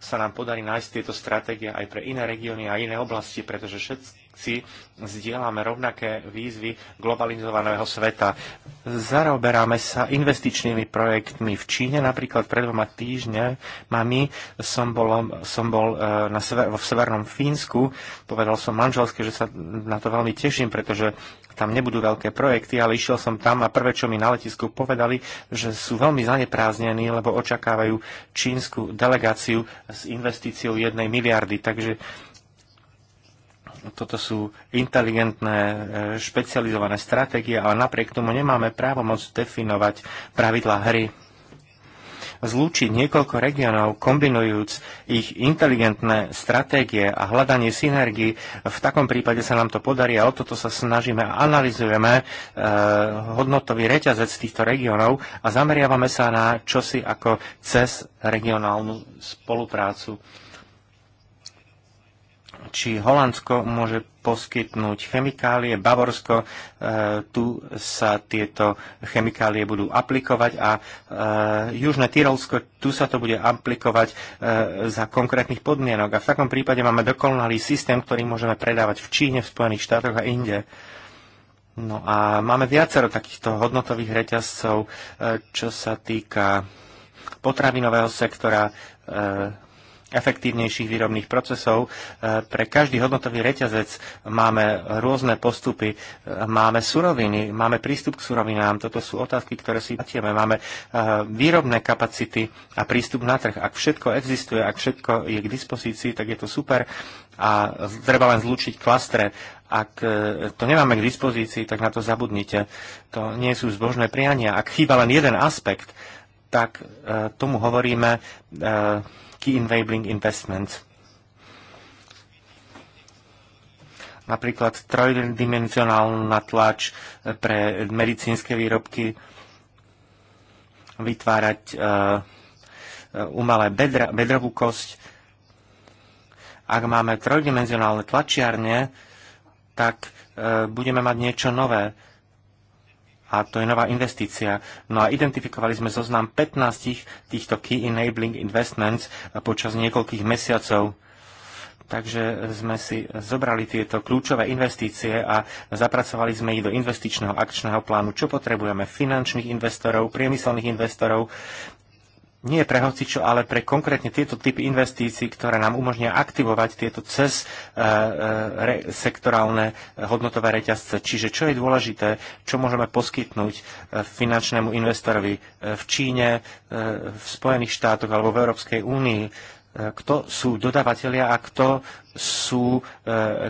sa nám podarí nájsť tieto stratégie aj pre iné regióny a iné oblasti, pretože všetci zdieľame rovnaké výzvy globalizovaného sveta. Zaoberáme sa investičnými projektmi v Číne. Napríklad pred dvoma týždňami som bol, som bol e, na sever, v severnom Fínsku. Povedal som manželské, že sa na to veľmi teším, pretože tam nebudú veľké projekty, ale išiel som tam a prvé, čo mi na letisku povedali, že sú veľmi zanepráznení, lebo očakávajú čínsku delegáciu s investíciou jednej miliardy. Takže toto sú inteligentné, e, špecializované stratégie, ale napriek tomu nemáme právo moc definovať pravidla hry zlúčiť niekoľko regionov, kombinujúc ich inteligentné stratégie a hľadanie synergii. V takom prípade sa nám to podarí a o toto sa snažíme a analizujeme hodnotový reťazec týchto regionov a zameriavame sa na čosi ako cez regionálnu spoluprácu či Holandsko môže poskytnúť chemikálie, Bavorsko, e, tu sa tieto chemikálie budú aplikovať a e, Južné Tyrolsko, tu sa to bude aplikovať e, za konkrétnych podmienok. A v takom prípade máme dokonalý systém, ktorý môžeme predávať v Číne, v Spojených štátoch a inde. No a máme viacero takýchto hodnotových reťazcov, e, čo sa týka potravinového sektora, e, efektívnejších výrobných procesov. E, pre každý hodnotový reťazec máme rôzne postupy, e, máme suroviny, máme prístup k surovinám, toto sú otázky, ktoré si platieme, máme e, výrobné kapacity a prístup na trh. Ak všetko existuje, ak všetko je k dispozícii, tak je to super a treba len zlučiť klastre. Ak to nemáme k dispozícii, tak na to zabudnite. To nie sú zbožné priania. Ak chýba len jeden aspekt, tak tomu hovoríme key enabling investments. Napríklad trojdimenzionálna tlač eh, pre medicínske výrobky, vytvárať eh, eh, umelé bedra, bedrovú kosť. Ak máme trojdimenzionálne tlačiarne, tak budeme mať niečo nové a to je nová investícia. No a identifikovali sme zoznam 15 týchto Key Enabling Investments počas niekoľkých mesiacov. Takže sme si zobrali tieto kľúčové investície a zapracovali sme ich do investičného akčného plánu, čo potrebujeme, finančných investorov, priemyselných investorov, nie pre hocičo, ale pre konkrétne tieto typy investícií, ktoré nám umožnia aktivovať tieto cez e, e re, sektorálne e, hodnotové reťazce. Čiže čo je dôležité, čo môžeme poskytnúť e, finančnému investorovi v Číne, v Spojených štátoch alebo v Európskej únii, kto sú dodavatelia a kto sú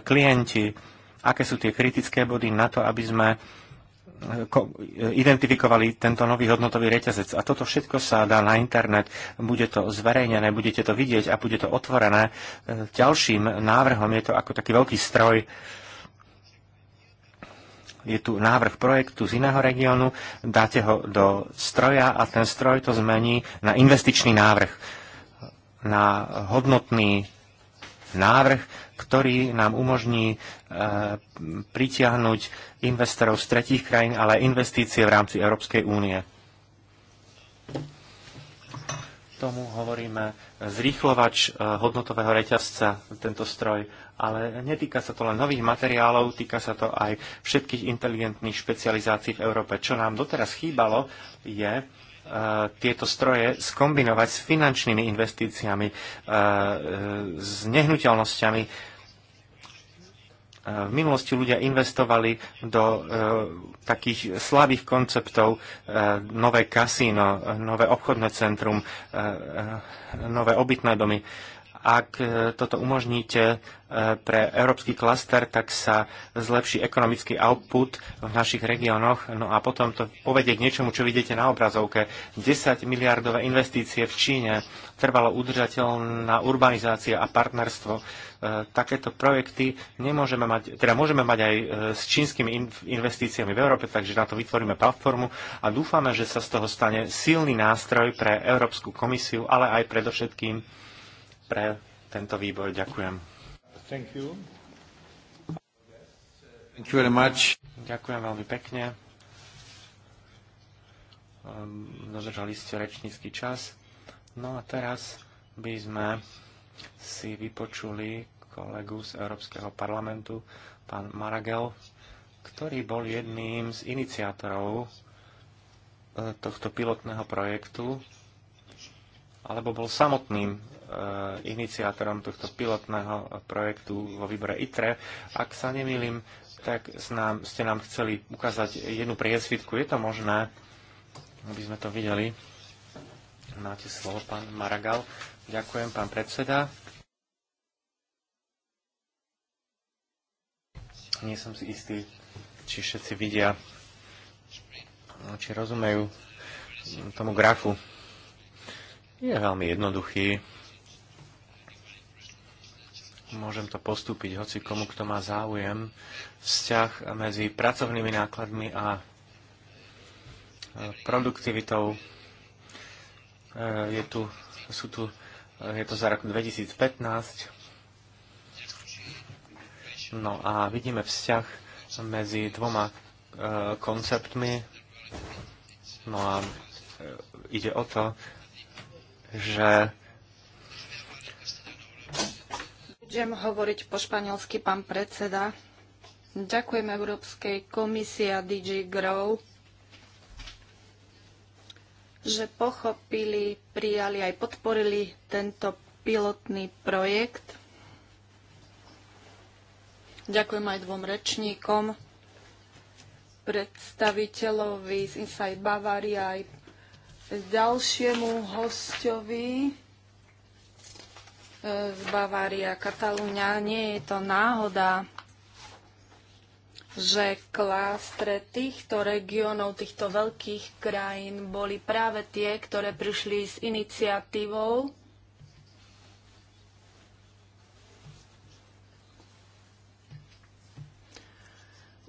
klienti, aké sú tie kritické body na to, aby sme identifikovali tento nový hodnotový reťazec. A toto všetko sa dá na internet, bude to zverejnené, budete to vidieť a bude to otvorené. E, ďalším návrhom je to ako taký veľký stroj. Je tu návrh projektu z iného regiónu, dáte ho do stroja a ten stroj to zmení na investičný návrh, na hodnotný návrh, ktorý nám umožní e, pritiahnuť investorov z tretích krajín, ale aj investície v rámci Európskej únie. Tomu hovoríme zrýchlovač e, hodnotového reťazca, tento stroj, ale netýka sa to len nových materiálov, týka sa to aj všetkých inteligentných špecializácií v Európe. Čo nám doteraz chýbalo, je, Eh, tieto stroje skombinovať s finančnými investíciami, eh, s nehnuteľnosťami. Eh, v minulosti ľudia investovali do takých slabých konceptov nové kasíno, nové obchodné centrum, nové obytné domy. Ak e, toto umožníte e, pre európsky klaster, tak sa zlepší ekonomický output v našich regiónoch. No a potom to povedie k niečomu, čo vidíte na obrazovke. 10 miliardové investície v Číne, trvalo udržateľná urbanizácia a partnerstvo. E, takéto projekty nemôžeme mať, teda môžeme mať aj s čínskymi investíciami v Európe, takže na to vytvoríme platformu a dúfame, že sa z toho stane silný nástroj pre Európsku komisiu, ale aj predovšetkým pre tento výbor. Ďakujem. Thank you. Thank you very much. Ďakujem veľmi pekne. Ehm, dodržali ste rečnícky čas. No a teraz by sme si vypočuli kolegu z Európskeho parlamentu, pán Maragel, ktorý bol jedným z iniciátorov e, tohto pilotného projektu, alebo bol samotným Eh, iniciátorom tohto pilotného projektu vo výbore ITRE. Ak sa nemýlim, tak nám, ste nám chceli ukázať jednu priesvitku. Je to možné, aby sme to videli? Máte slovo, pán Maragal. Ďakujem, pán predseda. Nie som si istý, či všetci vidia, či rozumejú tomu grafu. Je veľmi jednoduchý môžem to postúpiť hoci komu, kto má záujem, vzťah medzi pracovnými nákladmi a e, produktivitou. E, je tu, sú tu, e, je to za rok 2015. No a vidíme vzťah medzi dvoma konceptmi. No a ide o to, že Budem hovoriť po španielsky, pán predseda. Ďakujem Európskej komisii a DG Grow, že pochopili, prijali aj podporili tento pilotný projekt. Ďakujem aj dvom rečníkom, predstaviteľovi z Inside Bavaria aj ďalšiemu hostovi z Bavária, Katalúňa. Nie je to náhoda, že klástre týchto regiónov, týchto veľkých krajín boli práve tie, ktoré prišli s iniciatívou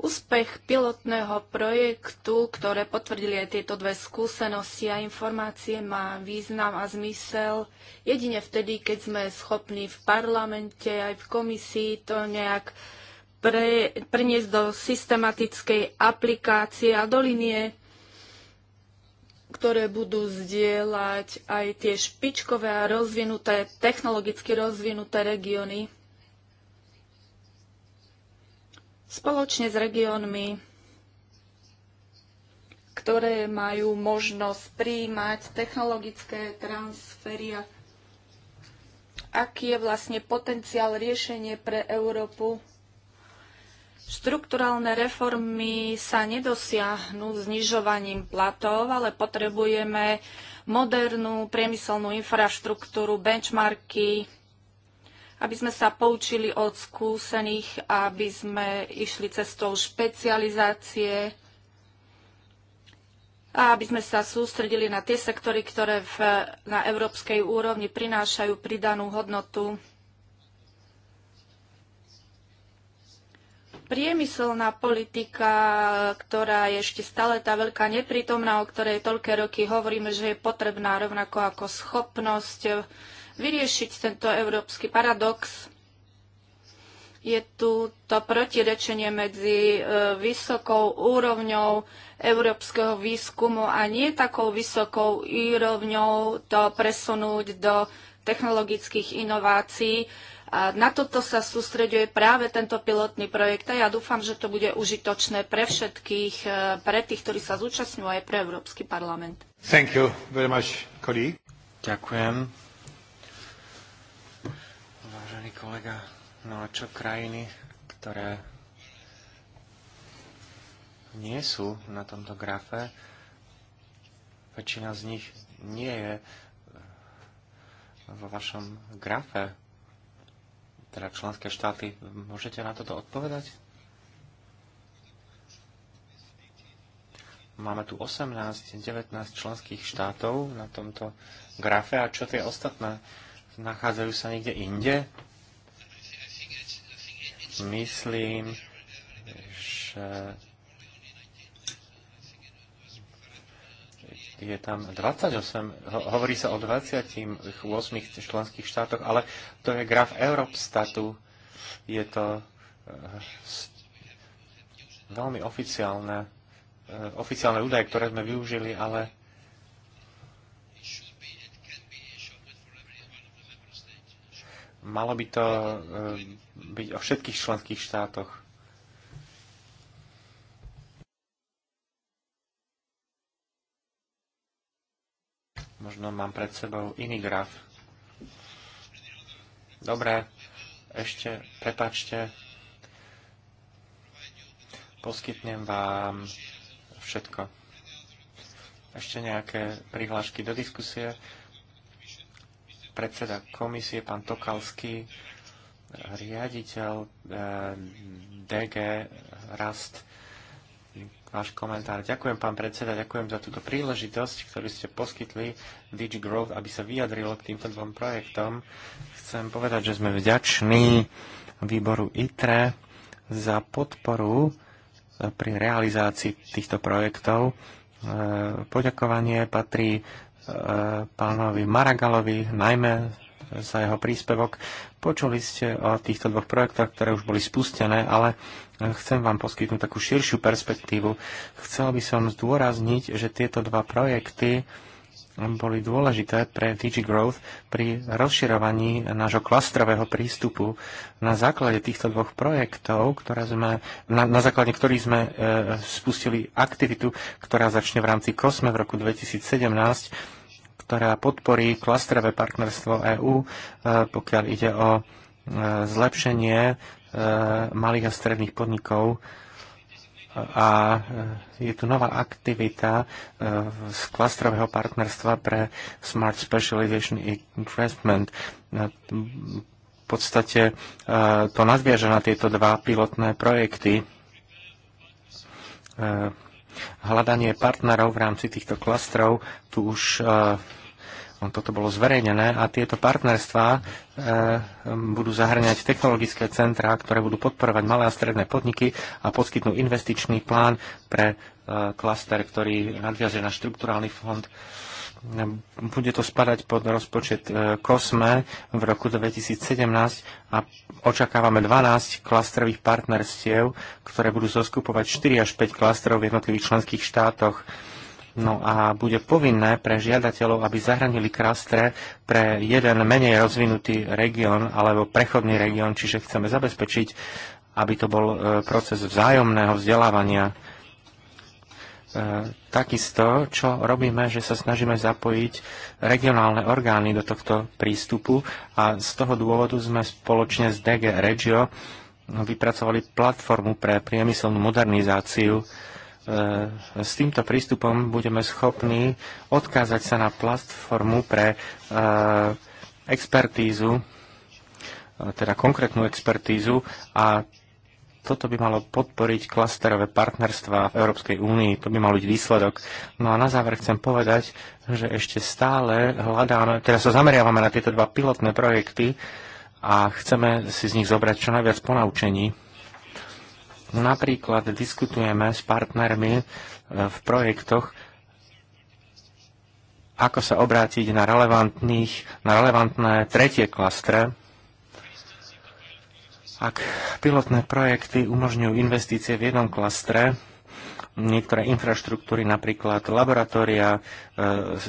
Úspech pilotného projektu, ktoré potvrdili aj tieto dve skúsenosti a informácie, má význam a zmysel jedine vtedy, keď sme schopní v parlamente aj v komisii to nejak pre, preniesť do systematickej aplikácie a do linie, ktoré budú zdieľať aj tie špičkové a rozvinuté, technologicky rozvinuté regióny spoločne s regiónmi, ktoré majú možnosť príjmať technologické transfery. Aký je vlastne potenciál riešenie pre Európu? Štrukturálne reformy sa nedosiahnu znižovaním platov, ale potrebujeme modernú priemyselnú infraštruktúru, benchmarky, aby sme sa poučili od skúsených, aby sme išli cestou špecializácie a aby sme sa sústredili na tie sektory, ktoré v, na európskej úrovni prinášajú pridanú hodnotu. priemyselná politika, ktorá je ešte stále tá veľká neprítomná, o ktorej toľké roky hovoríme, že je potrebná rovnako ako schopnosť vyriešiť tento európsky paradox. Je tu to protirečenie medzi e, vysokou úrovňou európskeho výskumu a nie takou vysokou úrovňou to presunúť do technologických inovácií. A na toto sa sústreďuje práve tento pilotný projekt a ja dúfam, že to bude užitočné pre všetkých, e, pre tých, ktorí sa zúčastňujú aj pre Európsky parlament. Thank you very much, Ďakujem kolega. No a čo krajiny, ktoré nie sú na tomto grafe, väčšina z nich nie je eh, vo vašom grafe, teda členské štáty. Môžete na toto odpovedať? Máme tu 18, 19 členských štátov na tomto grafe a čo tie ostatné? Nachádzajú sa niekde inde? Myslím, že je tam 28, hovorí sa o 28 členských štátoch, ale to je graf Európstatu, Je to eh, veľmi oficiálne, eh, oficiálne údaje, ktoré sme využili, ale Malo by to eh, byť o všetkých členských štátoch. Možno mám pred sebou iný graf. Dobre, ešte, prepačte, poskytnem vám všetko. Ešte nejaké prihlášky do diskusie predseda komisie, pán Tokalský, riaditeľ eh, DG Rast. Váš komentár. Ďakujem, pán predseda, ďakujem za túto príležitosť, ktorú ste poskytli DigiGrowth, Growth, aby sa vyjadrilo k týmto dvom projektom. Chcem povedať, že sme vďační výboru ITRE za podporu eh, pri realizácii týchto projektov. Eh, poďakovanie patrí pánovi Maragalovi, najmä za jeho príspevok. Počuli ste o týchto dvoch projektoch, ktoré už boli spustené, ale chcem vám poskytnúť takú širšiu perspektívu. Chcel by som zdôrazniť, že tieto dva projekty boli dôležité pre DG Growth pri rozširovaní nášho klastrového prístupu. Na základe týchto dvoch projektov, ktoré sme, na, na základe ktorých sme e, spustili aktivitu, ktorá začne v rámci COSME v roku 2017, ktorá podporí klastrové partnerstvo EÚ, e, pokiaľ ide o e, zlepšenie e, malých a stredných podnikov a e, je tu nová aktivita e, z klastrového partnerstva pre Smart Specialization Investment. V podstate e, to nadviaže na tieto dva pilotné projekty. Hľadanie partnerov v rámci týchto klastrov tu už toto bolo zverejnené a tieto partnerstvá e, budú zahrňať technologické centrá, ktoré budú podporovať malé a stredné podniky a poskytnú investičný plán pre e, klaster, ktorý nadviaže na štrukturálny fond. Bude to spadať pod rozpočet e, COSME v roku 2017 a očakávame 12 klastrových partnerstiev, ktoré budú zoskupovať 4 až 5 klastrov v jednotlivých členských štátoch No a bude povinné pre žiadateľov, aby zahranili krastre pre jeden menej rozvinutý región alebo prechodný región, čiže chceme zabezpečiť, aby to bol e, proces vzájomného vzdelávania. E, takisto, čo robíme, že sa snažíme zapojiť regionálne orgány do tohto prístupu a z toho dôvodu sme spoločne s DG Regio vypracovali platformu pre priemyselnú modernizáciu E, s týmto prístupom budeme schopní odkázať sa na platformu pre e, expertízu, e, teda konkrétnu expertízu a toto by malo podporiť klasterové partnerstva v Európskej únii. To by mal byť výsledok. No a na záver chcem povedať, že ešte stále hľadáme, teda sa zameriavame na tieto dva pilotné projekty a chceme si z nich zobrať čo najviac ponaučení No napríklad diskutujeme s partnermi e, v projektoch, ako sa obrátiť na, relevantných, na relevantné tretie klastre, ak pilotné projekty umožňujú investície v jednom klastre, niektoré infraštruktúry, napríklad laboratória, e,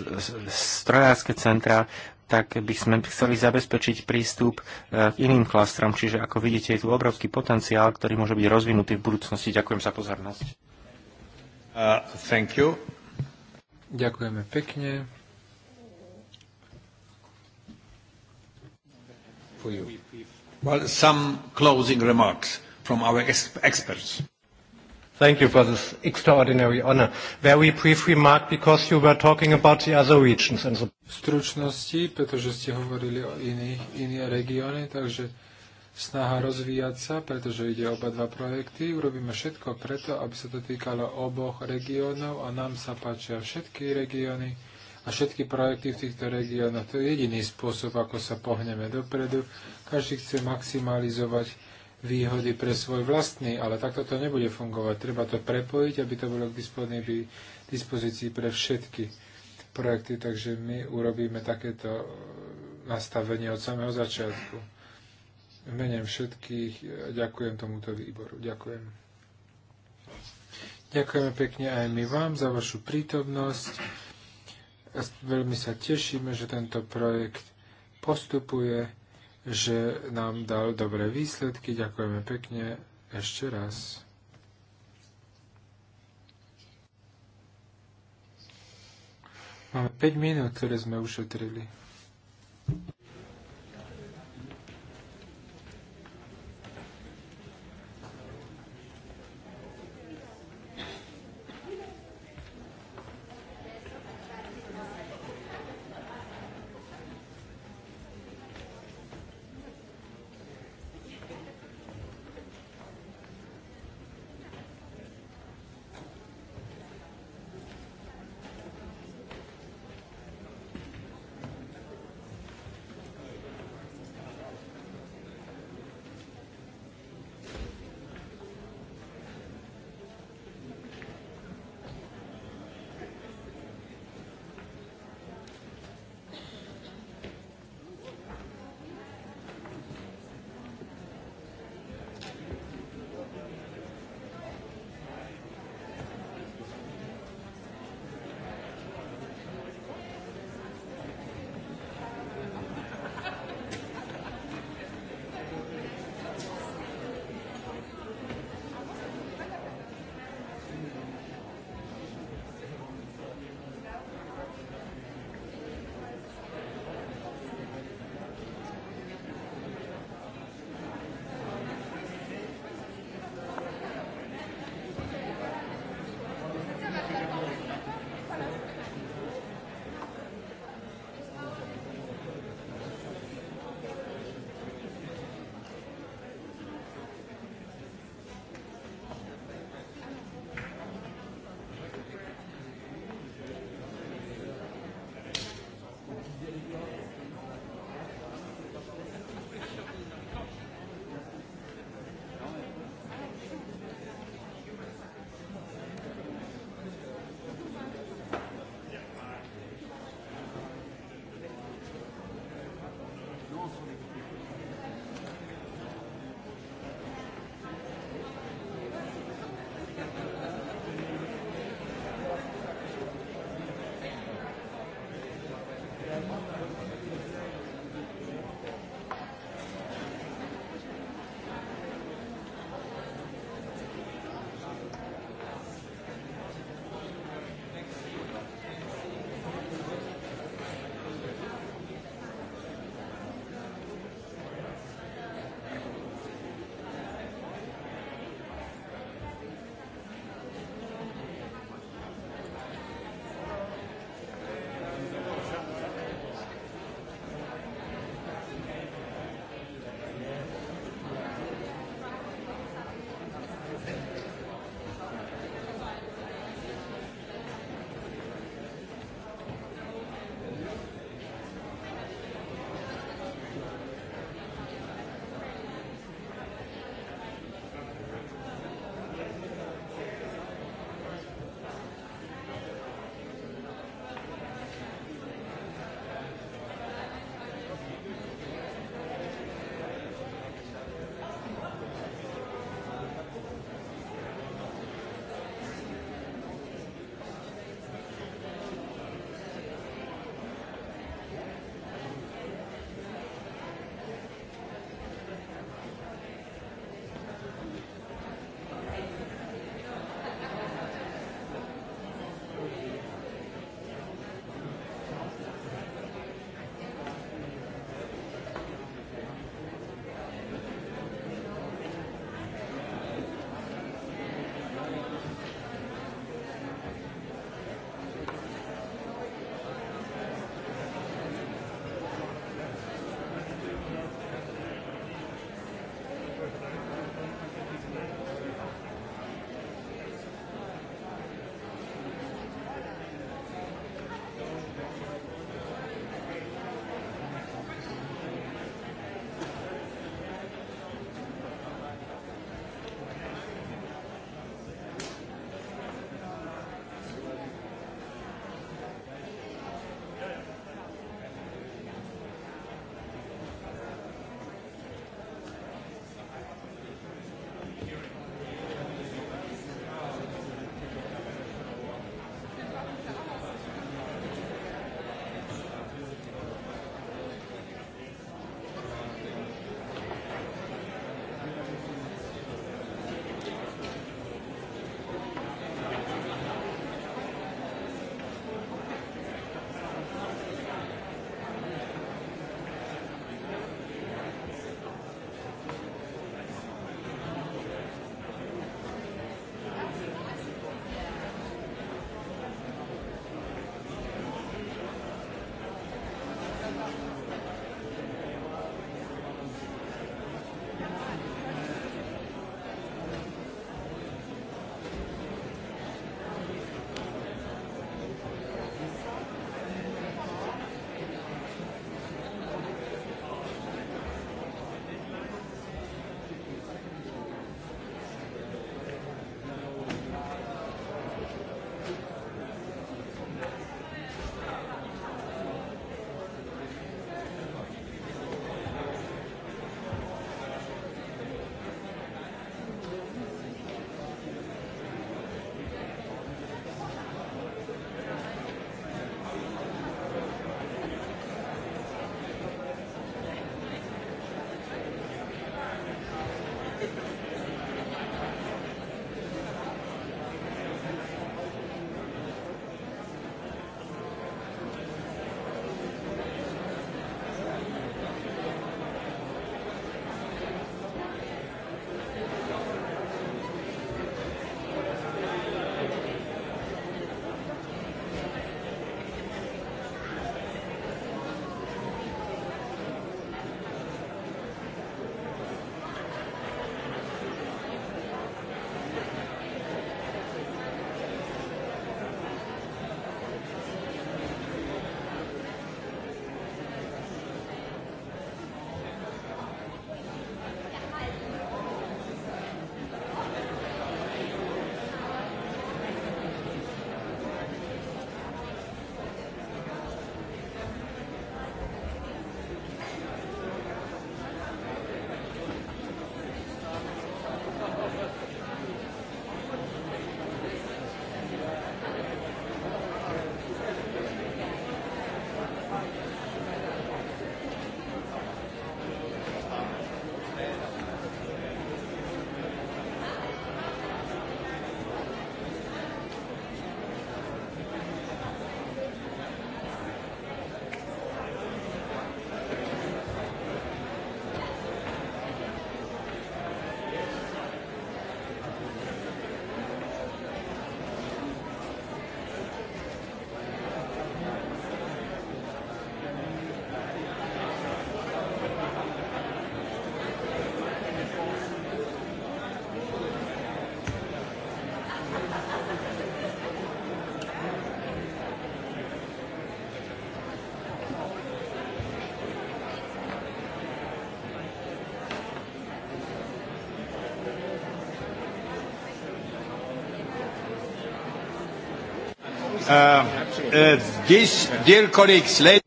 strojárske centra, tak by sme chceli zabezpečiť prístup e, k iným klastrom. Čiže ako vidíte, je tu obrovský potenciál, ktorý môže byť rozvinutý v budúcnosti. Ďakujem za pozornosť. Uh, thank you. Ďakujeme pekne. Well, some closing remarks from our experts. Thank you for this extraordinary honor. Very brief remark, because you were talking about the other regions. And the... V stručnosti, pretože ste hovorili o iných, iné regióne, takže snaha rozvíjať sa, pretože ide oba dva projekty. Urobíme všetko preto, aby sa to týkalo oboch regiónov a nám sa páčia všetky regióny a všetky projekty v týchto regiónoch. To je jediný spôsob, ako sa pohneme dopredu. Každý chce maximalizovať výhody pre svoj vlastný, ale takto to nebude fungovať. Treba to prepojiť, aby to bolo k dispozícii pre všetky projekty, takže my urobíme takéto e, nastavenie od samého začiatku. V mene všetkých e, ďakujem tomuto výboru. Ďakujem. Ďakujeme pekne aj my vám za vašu prítomnosť. Veľmi sa tešíme, že tento projekt postupuje že nám dal dobré výsledky. Ďakujeme pekne ešte raz. Máme 5 minút, ktoré sme ušetrili.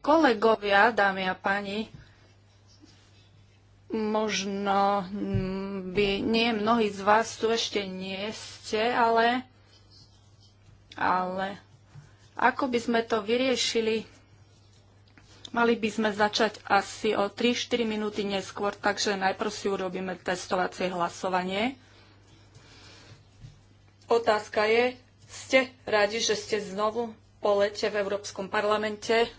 Kolegovia, dámy a páni, možno mm, by nie mnohí z vás tu ešte nie ste, ale, ale ako by sme to vyriešili? Mali by sme začať asi o 3-4 minúty neskôr, takže najprv si urobíme testovacie hlasovanie. Otázka je, ste radi, že ste znovu po lete v Európskom parlamente.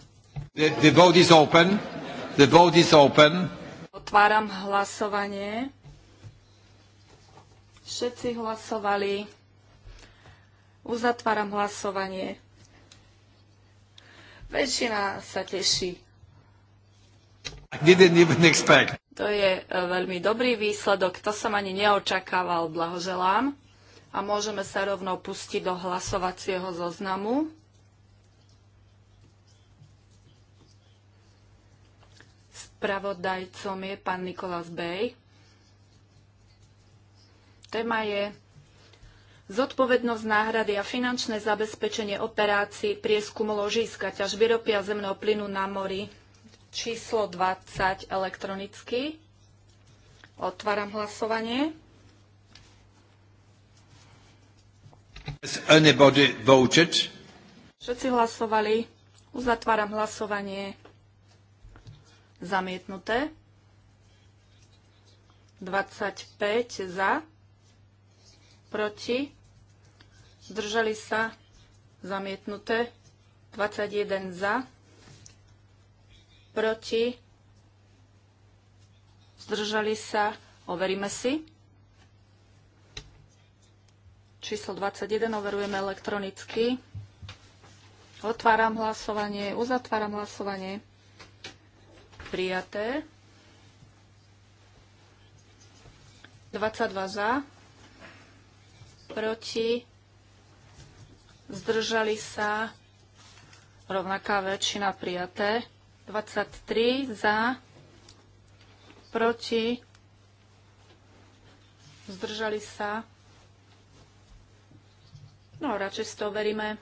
The, the vote is open. The vote is open. Otváram hlasovanie. Všetci hlasovali. Uzatváram hlasovanie. Väčšina sa teší. To je e, veľmi dobrý výsledok, to som ani neočakával, blahoželám. A môžeme sa rovno pustiť do hlasovacieho zoznamu. Spravodajcom je pán Nikolás Bej. Téma je zodpovednosť náhrady a finančné zabezpečenie operácií prieskumu ložiska ťažby vyropia zemného plynu na mori číslo 20 elektronicky. Otváram hlasovanie. Všetci hlasovali. Uzatváram hlasovanie zamietnuté. 25 za, proti, zdržali sa, zamietnuté. 21 za, proti, zdržali sa, overíme si. Číslo 21 overujeme elektronicky. Otváram hlasovanie, uzatváram hlasovanie prijaté. 22 za, proti, zdržali sa, rovnaká väčšina prijaté. 23 za, proti, zdržali sa. No, radšej si to overíme.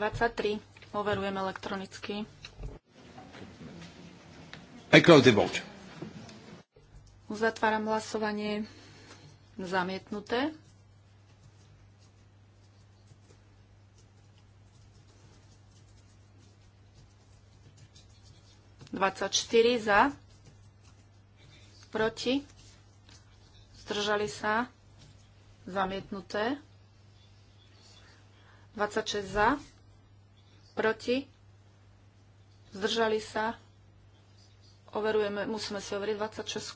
23 overujem elektronicky. I close the vote. Uzatváram hlasovanie. Zamietnuté. Dvadsať štyri za. Proti. Zdržali sa. Zamietnuté. Dvadsať 26 za. Proti. Zdržali sa. Overujeme, musíme si overiť 26.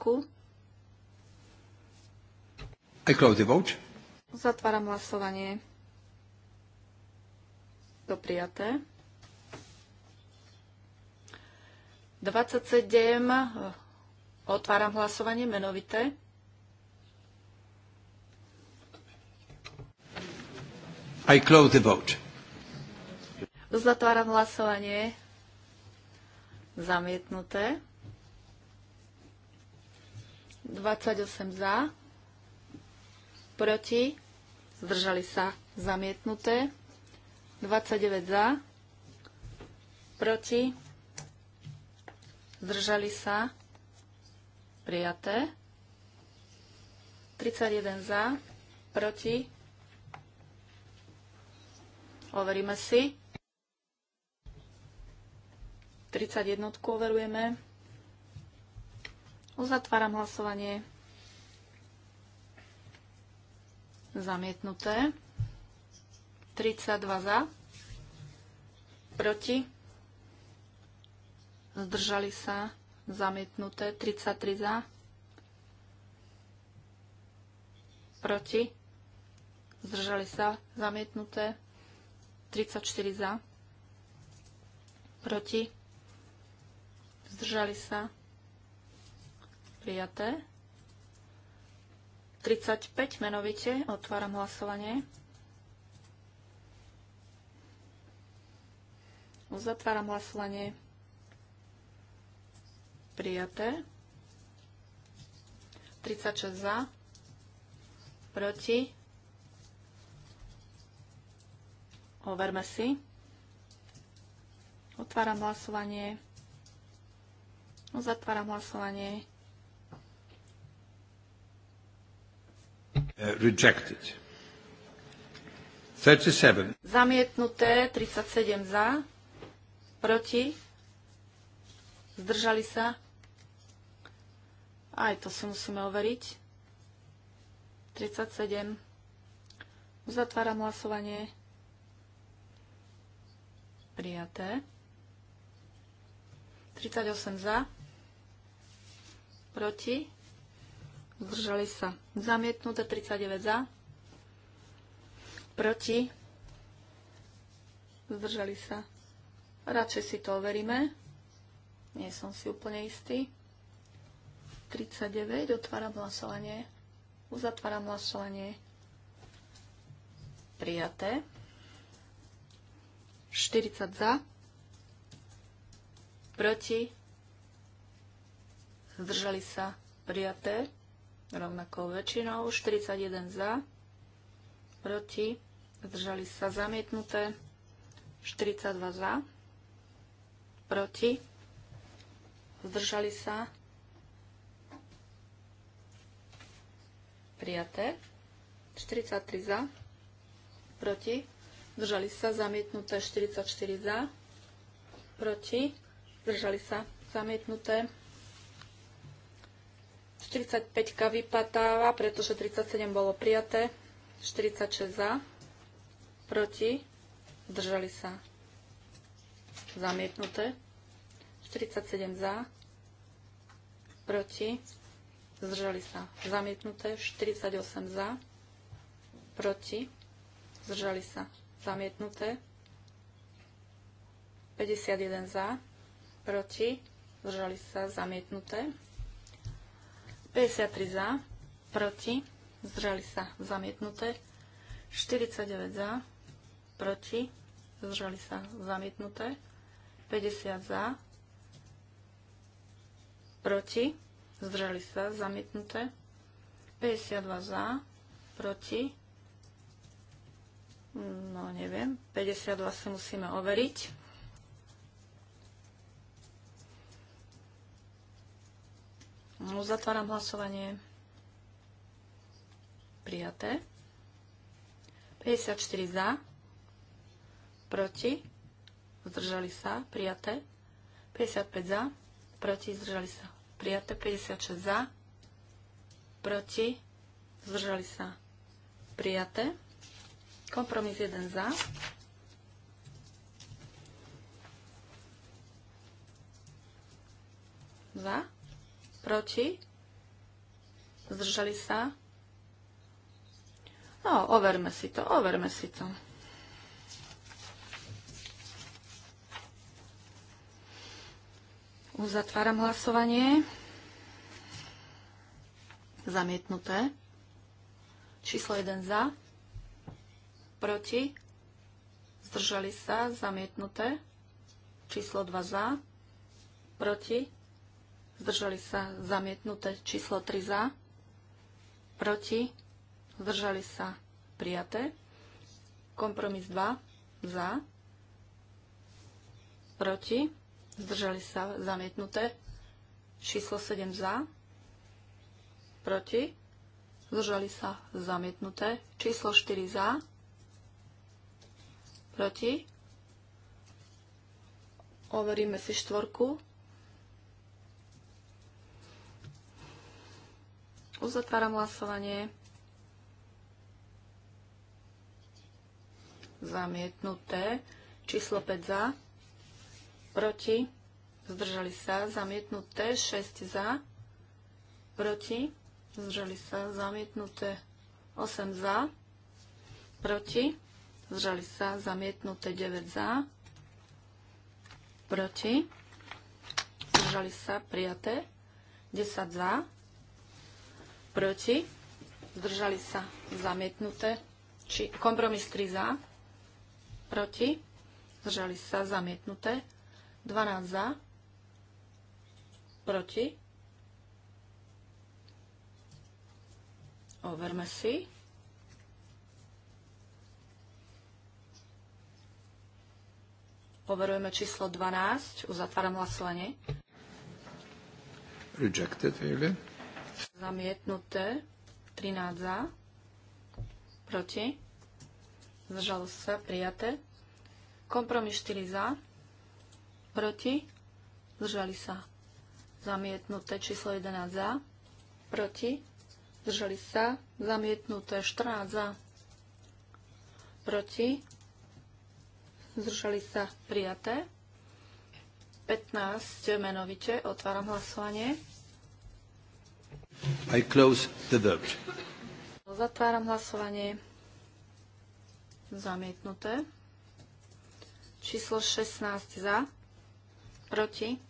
I close the vote. Zatváram hlasovanie. To prijaté. 27. Otváram hlasovanie menovité. I close the vote. Zatváram hlasovanie. Zamietnuté. 28 za, proti, zdržali sa zamietnuté, 29 za, proti, zdržali sa prijaté, 31 za, proti, overíme si, 31 overujeme, Uzatváram hlasovanie. Zamietnuté. 32 za. Proti. Zdržali sa. Zamietnuté. 33 za. Proti. Zdržali sa. Zamietnuté. 34 za. Proti. Zdržali sa prijaté. 35 menovite, otváram hlasovanie. Uzatváram hlasovanie. Prijaté. 36 za. Proti. Overme si. Otváram hlasovanie. Uzatváram hlasovanie. Uh, rejected. 37. Zamietnuté 37 za, proti, zdržali sa. Aj to si musíme overiť. 37. Uzatváram hlasovanie. Prijaté. 38 za. Proti zdržali sa zamietnuté, 39 za, proti, zdržali sa. Radšej si to overíme, nie som si úplne istý. 39, otváram hlasovanie, uzatváram hlasovanie, prijaté, 40 za, proti, zdržali sa, prijaté, rovnako väčšinou, 41 za, proti, zdržali sa zamietnuté, 42 za, proti, zdržali sa, prijaté, 43 za, proti, zdržali sa, zamietnuté, 44 za, proti, zdržali sa, zamietnuté, 45 vypatáva, pretože 37 bolo prijaté. 46 za, proti, zdržali sa zamietnuté. 47 za, proti, zdržali sa zamietnuté. 48 za, proti, zdržali sa zamietnuté. 51 za, proti, zdržali sa zamietnuté. 53 za, proti, zdržali sa zamietnuté. 49 za, proti, zdržali sa zamietnuté. 50 za, proti, zdržali sa zamietnuté. 52 za, proti, mm, no neviem, 52 si musíme overiť. Uzatváram hlasovanie. Prijaté. 54 za. Proti. Zdržali sa. Prijaté. 55 za. Proti. Zdržali sa. Prijaté. 56 za. Proti. Zdržali sa. Prijaté. Kompromis 1 za. Za. Proti? Zdržali sa? No, overme si to, overme si to. Uzatváram hlasovanie. Zamietnuté. Číslo 1 za. Proti. Zdržali sa. Zamietnuté. Číslo 2 za. Proti zdržali sa zamietnuté číslo 3 za, proti, zdržali sa prijaté, kompromis 2 za, proti, zdržali sa zamietnuté, číslo 7 za, proti, zdržali sa zamietnuté, číslo 4 za, proti, overíme si štvorku, Uzatváram hlasovanie. Zamietnuté. Číslo 5 za. Proti. Zdržali sa. Zamietnuté. 6 za. Proti. Zdržali sa. Zamietnuté. 8 za. Proti. Zdržali sa. Zamietnuté. 9 za. Proti. Zdržali sa. Prijaté. 10 za proti, zdržali sa zamietnuté, či kompromis 3 za, proti, zdržali sa zamietnuté, 12 za, proti, overme si, Overujeme číslo 12. Uzatváram hlasovanie. Rejected, really? Zamietnuté. 13 za. Proti. Zdržalo sa. Prijaté. Kompromis 4 za. Proti. Zdržali sa. Zamietnuté číslo 11 za. Proti. Zdržali sa. Zamietnuté 14 za. Proti. Zdržali sa. Prijaté. 15 menovite. Otváram hlasovanie. I close the vote. Zatváram hlasovanie. Zamietnuté. Číslo 16 za. Proti.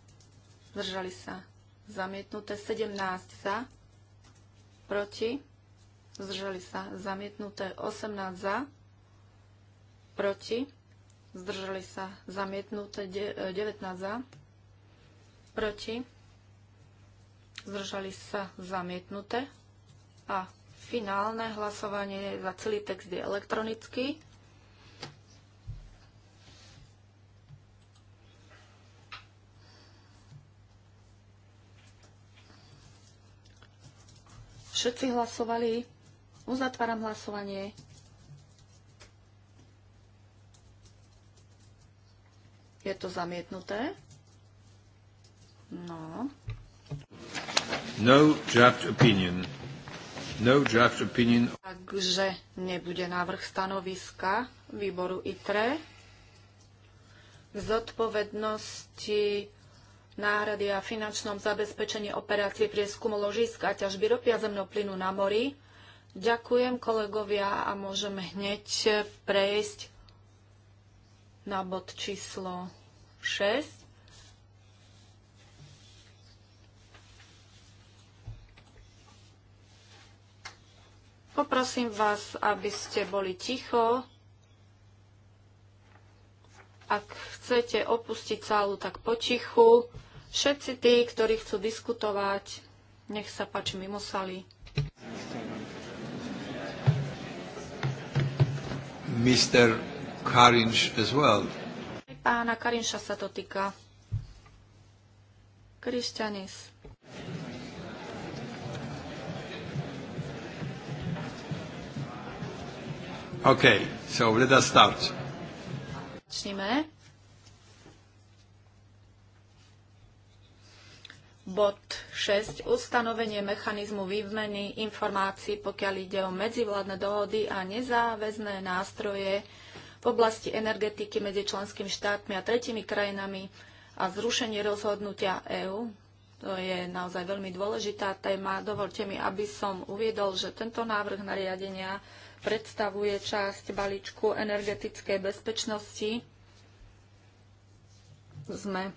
Zdržali sa. Zamietnuté. 17 za. Proti. Zdržali sa. Zamietnuté. 18 za. Proti. Zdržali sa. Zamietnuté. 19 za. Proti zdržali sa zamietnuté a finálne hlasovanie za celý text je elektronický. Všetci hlasovali. Uzatváram hlasovanie. Je to zamietnuté? No. No draft opinion. No draft opinion. Takže nebude návrh stanoviska výboru ITRE zodpovednosti náhrady a finančnom zabezpečení operácie prieskumu ložiska a ťažby ropia a zemnoplynu na mori. Ďakujem kolegovia a môžeme hneď prejsť na bod číslo 6. Poprosím vás, aby ste boli ticho. Ak chcete opustiť sálu, tak potichu. Všetci tí, ktorí chcú diskutovať, nech sa páči mimo sály. Mr. Karinš as well. Pána Karinša sa to týka. Kristianis. Okay, so let us start. Začneme. Bod 6. Ustanovenie mechanizmu výmeny informácií, pokiaľ ide o medzivládne dohody a nezáväzné nástroje v oblasti energetiky medzi členskými štátmi a tretimi krajinami a zrušenie rozhodnutia EÚ. To je naozaj veľmi dôležitá téma. Dovolte mi, aby som uviedol, že tento návrh nariadenia predstavuje časť balíčku energetickej bezpečnosti. Sme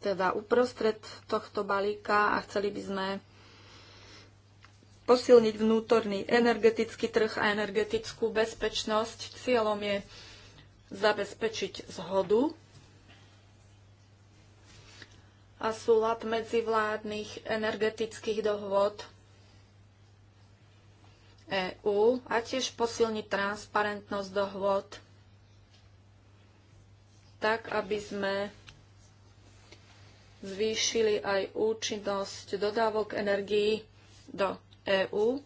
teda uprostred tohto balíka a chceli by sme posilniť vnútorný energetický trh a energetickú bezpečnosť. Cieľom je zabezpečiť zhodu a súlad medzivládnych energetických dohôd EÚ a tiež posilniť transparentnosť dohôd tak, aby sme zvýšili aj účinnosť dodávok energií do EÚ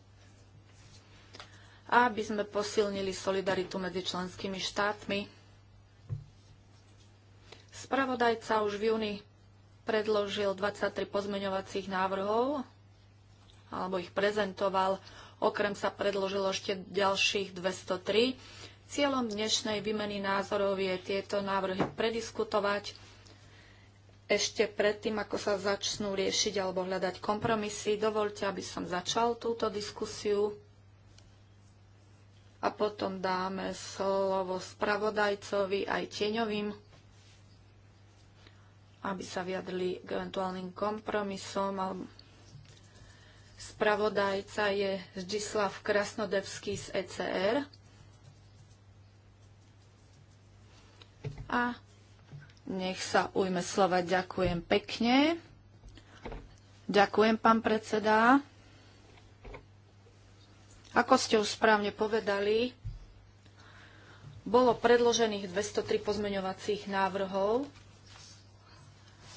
a aby sme posilnili solidaritu medzi členskými štátmi. Spravodajca už v júni predložil 23 pozmeňovacích návrhov alebo ich prezentoval. Okrem sa predložilo ešte ďalších 203. Cieľom dnešnej výmeny názorov je tieto návrhy prediskutovať ešte predtým, ako sa začnú riešiť alebo hľadať kompromisy. Dovolte, aby som začal túto diskusiu a potom dáme slovo spravodajcovi aj tieňovým, aby sa vyjadli k eventuálnym kompromisom alebo Spravodajca je Zdislav Krasnodevský z ECR. A nech sa ujme slova. Ďakujem pekne. Ďakujem, pán predseda. Ako ste už správne povedali, bolo predložených 203 pozmeňovacích návrhov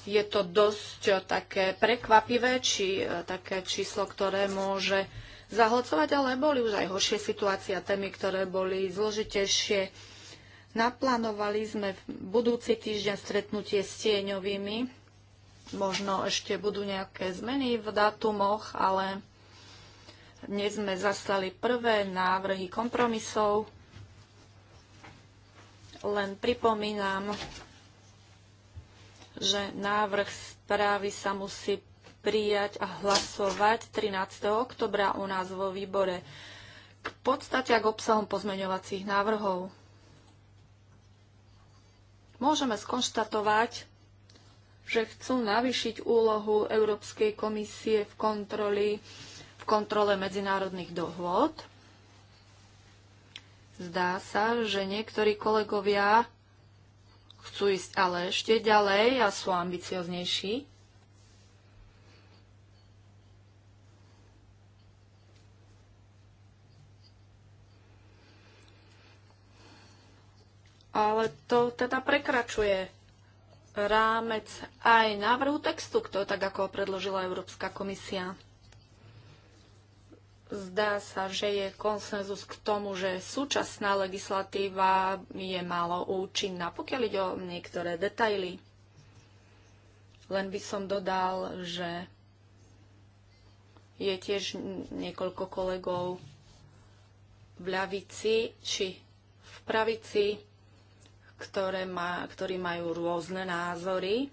je to dosť eh, také prekvapivé, či eh, také číslo, ktoré môže zahlcovať, ale boli už aj horšie situácie a témy, ktoré boli zložitejšie. Naplánovali sme v budúci týždeň stretnutie s tieňovými. Možno ešte budú nejaké zmeny v dátumoch, ale dnes sme zastali prvé návrhy kompromisov. Len pripomínam, že návrh správy sa musí prijať a hlasovať 13. oktobra u nás vo výbore. K podstate a k obsahom pozmeňovacích návrhov. Môžeme skonštatovať, že chcú navýšiť úlohu Európskej komisie v, kontroli, v kontrole medzinárodných dohôd. Zdá sa, že niektorí kolegovia chcú ísť ale ešte ďalej a sú ambicioznejší. Ale to teda prekračuje rámec aj návrhu textu, ktorý tak ako predložila Európska komisia. Zdá sa, že je konsenzus k tomu, že súčasná legislatíva je málo účinná, pokiaľ ide o niektoré detaily. Len by som dodal, že je tiež niekoľko kolegov v ľavici či v pravici, ktoré ma, ktorí majú rôzne názory.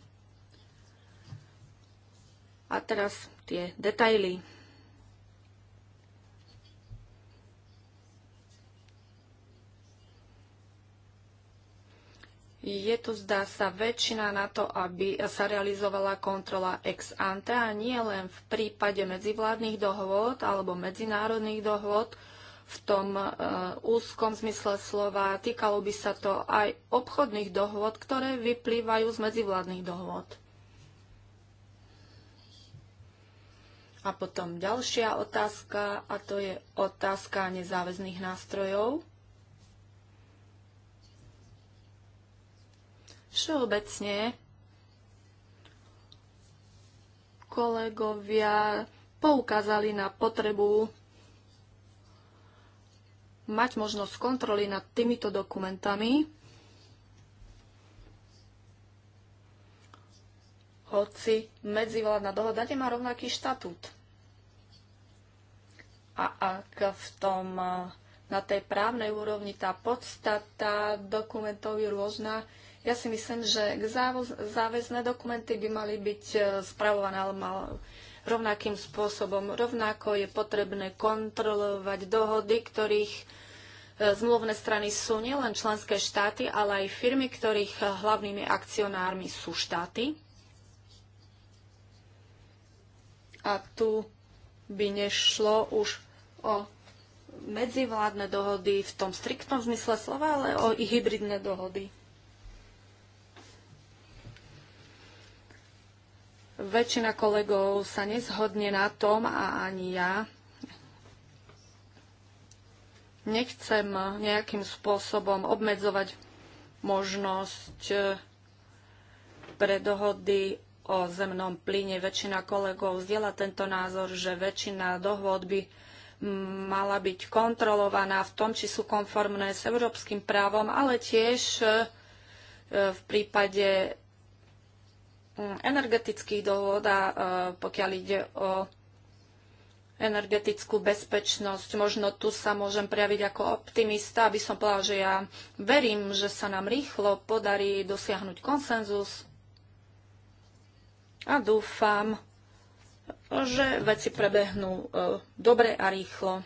A teraz tie detaily. Je tu, zdá sa, väčšina na to, aby sa realizovala kontrola ex ante a nie len v prípade medzivládnych dohôd alebo medzinárodných dohôd, v tom e, úzkom zmysle slova. Týkalo by sa to aj obchodných dohôd, ktoré vyplývajú z medzivládnych dohôd. A potom ďalšia otázka, a to je otázka nezáväzných nástrojov. Všeobecne kolegovia poukázali na potrebu mať možnosť kontroly nad týmito dokumentami, hoci medzivládna dohoda nemá rovnaký štatút. A ak v tom, eh, na tej právnej úrovni tá podstata dokumentov je rôzna, ja si myslím, že k záväzné dokumenty by mali byť e, spravované mal, rovnakým spôsobom. Rovnako je potrebné kontrolovať dohody, ktorých e, zmluvné strany sú nielen členské štáty, ale aj firmy, ktorých hlavnými akcionármi sú štáty. A tu by nešlo už o medzivládne dohody v tom striktnom zmysle slova, ale o hybridné dohody. Väčšina kolegov sa nezhodne na tom a ani ja. Nechcem nejakým spôsobom obmedzovať možnosť eh, pre dohody o zemnom plyne. Väčšina kolegov zdieľa tento názor, že väčšina dohod by mala byť kontrolovaná v tom, či sú konformné s európskym právom, ale tiež eh, v prípade energetických dohod a e, pokiaľ ide o energetickú bezpečnosť. Možno tu sa môžem prejaviť ako optimista, aby som povedal, že ja verím, že sa nám rýchlo podarí dosiahnuť konsenzus a dúfam, že veci prebehnú e, dobre a rýchlo.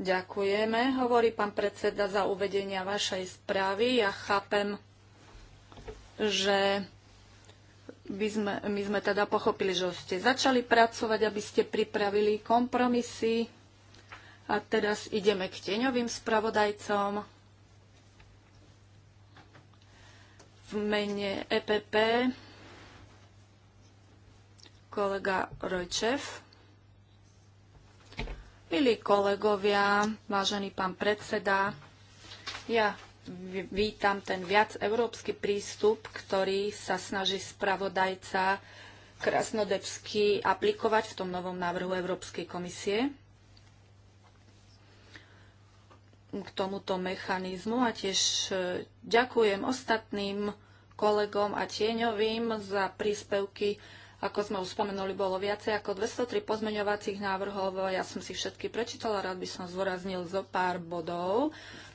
Ďakujeme, hovorí pán predseda za uvedenia vašej správy. Ja chápem, že by sme, my sme teda pochopili, že ste začali pracovať, aby ste pripravili kompromisy. A teraz ideme k tieňovým spravodajcom. V mene EPP kolega Rojčev. Milí kolegovia, vážený pán predseda, ja vítam ten viac európsky prístup, ktorý sa snaží spravodajca Krasnodebsky aplikovať v tom novom návrhu Európskej komisie k tomuto mechanizmu a tiež e, ďakujem ostatným kolegom a tieňovým za príspevky. Ako sme už spomenuli, bolo viacej ako 203 pozmeňovacích návrhov. Ja som si všetky prečítala, rád by som zvoraznil zo pár bodov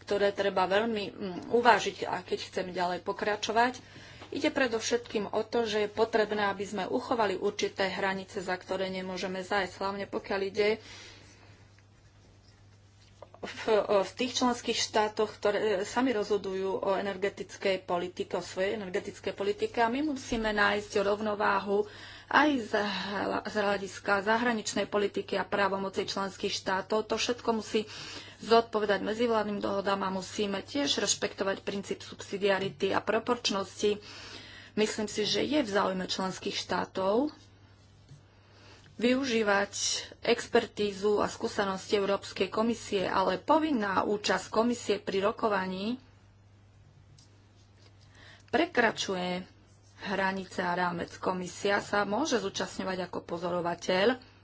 ktoré treba veľmi mm, uvážiť a keď chceme ďalej pokračovať. Ide predovšetkým o to, že je potrebné, aby sme uchovali určité hranice, za ktoré nemôžeme zájsť, hlavne pokiaľ ide v, v tých členských štátoch, ktoré sami rozhodujú o energetickej politike, o svojej energetickej politike a my musíme nájsť rovnováhu aj z hľadiska zahraničnej politiky a právomoci členských štátov. To všetko musí zodpovedať medzivládnym dohodám a musíme tiež rešpektovať princíp subsidiarity a proporčnosti. Myslím si, že je v záujme členských štátov využívať expertízu a skúsenosti Európskej komisie, ale povinná účasť komisie pri rokovaní prekračuje hranice a rámec. Komisia sa môže zúčastňovať ako pozorovateľ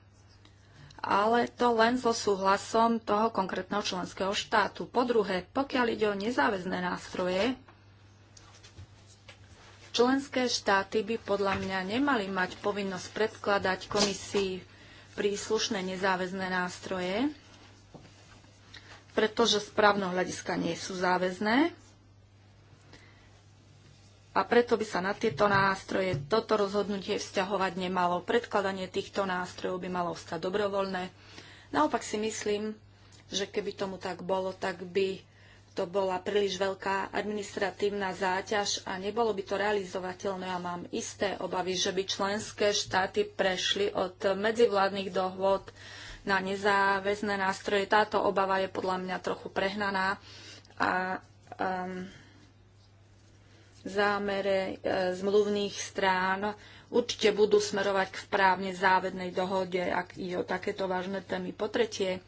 ale to len so súhlasom toho konkrétneho členského štátu. Po druhé, pokiaľ ide o nezáväzné nástroje, členské štáty by podľa mňa nemali mať povinnosť predkladať komisii príslušné nezáväzné nástroje, pretože z právneho hľadiska nie sú záväzné a preto by sa na tieto nástroje toto rozhodnutie vzťahovať nemalo. Predkladanie týchto nástrojov by malo ostať dobrovoľné. Naopak si myslím, že keby tomu tak bolo, tak by to bola príliš veľká administratívna záťaž a nebolo by to realizovateľné a mám isté obavy, že by členské štáty prešli od medzivládnych dohôd na nezáväzné nástroje. Táto obava je podľa mňa trochu prehnaná a um, zámere e, zmluvných strán určite budú smerovať k právne závednej dohode, ak ide o takéto vážne témy. Po tretie,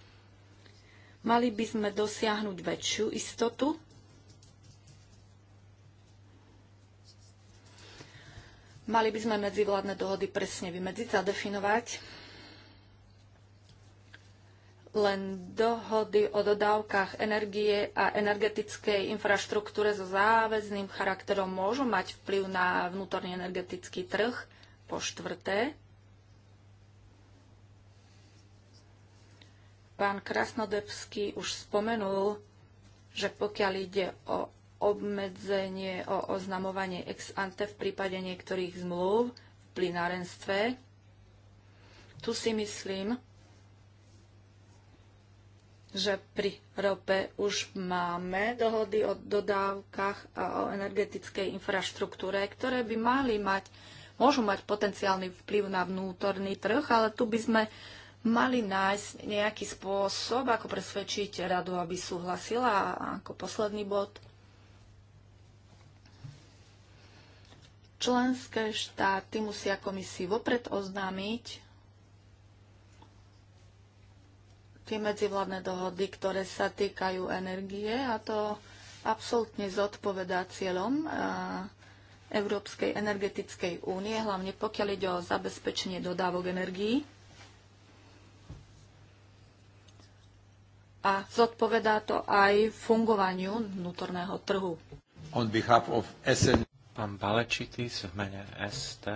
mali by sme dosiahnuť väčšiu istotu Mali by sme medzivládne dohody presne vymedziť, zadefinovať len dohody o dodávkach energie a energetickej infraštruktúre so záväzným charakterom môžu mať vplyv na vnútorný energetický trh. Po štvrté, pán Krasnodebský už spomenul, že pokiaľ ide o obmedzenie, o oznamovanie ex ante v prípade niektorých zmluv v plynárenstve, tu si myslím, že pri rope už máme dohody o dodávkach a o energetickej infraštruktúre, ktoré by mali mať, môžu mať potenciálny vplyv na vnútorný trh, ale tu by sme mali nájsť nejaký spôsob, ako presvedčiť radu, aby súhlasila. A ako posledný bod, členské štáty musia komisii vopred oznámiť, všetky medzivládne dohody, ktoré sa týkajú energie a to absolútne zodpovedá cieľom Európskej energetickej únie, hlavne pokiaľ ide o zabezpečenie dodávok energií. A zodpovedá to aj fungovaniu vnútorného trhu. On behalf of SN... Pán Balečitis v mene ST.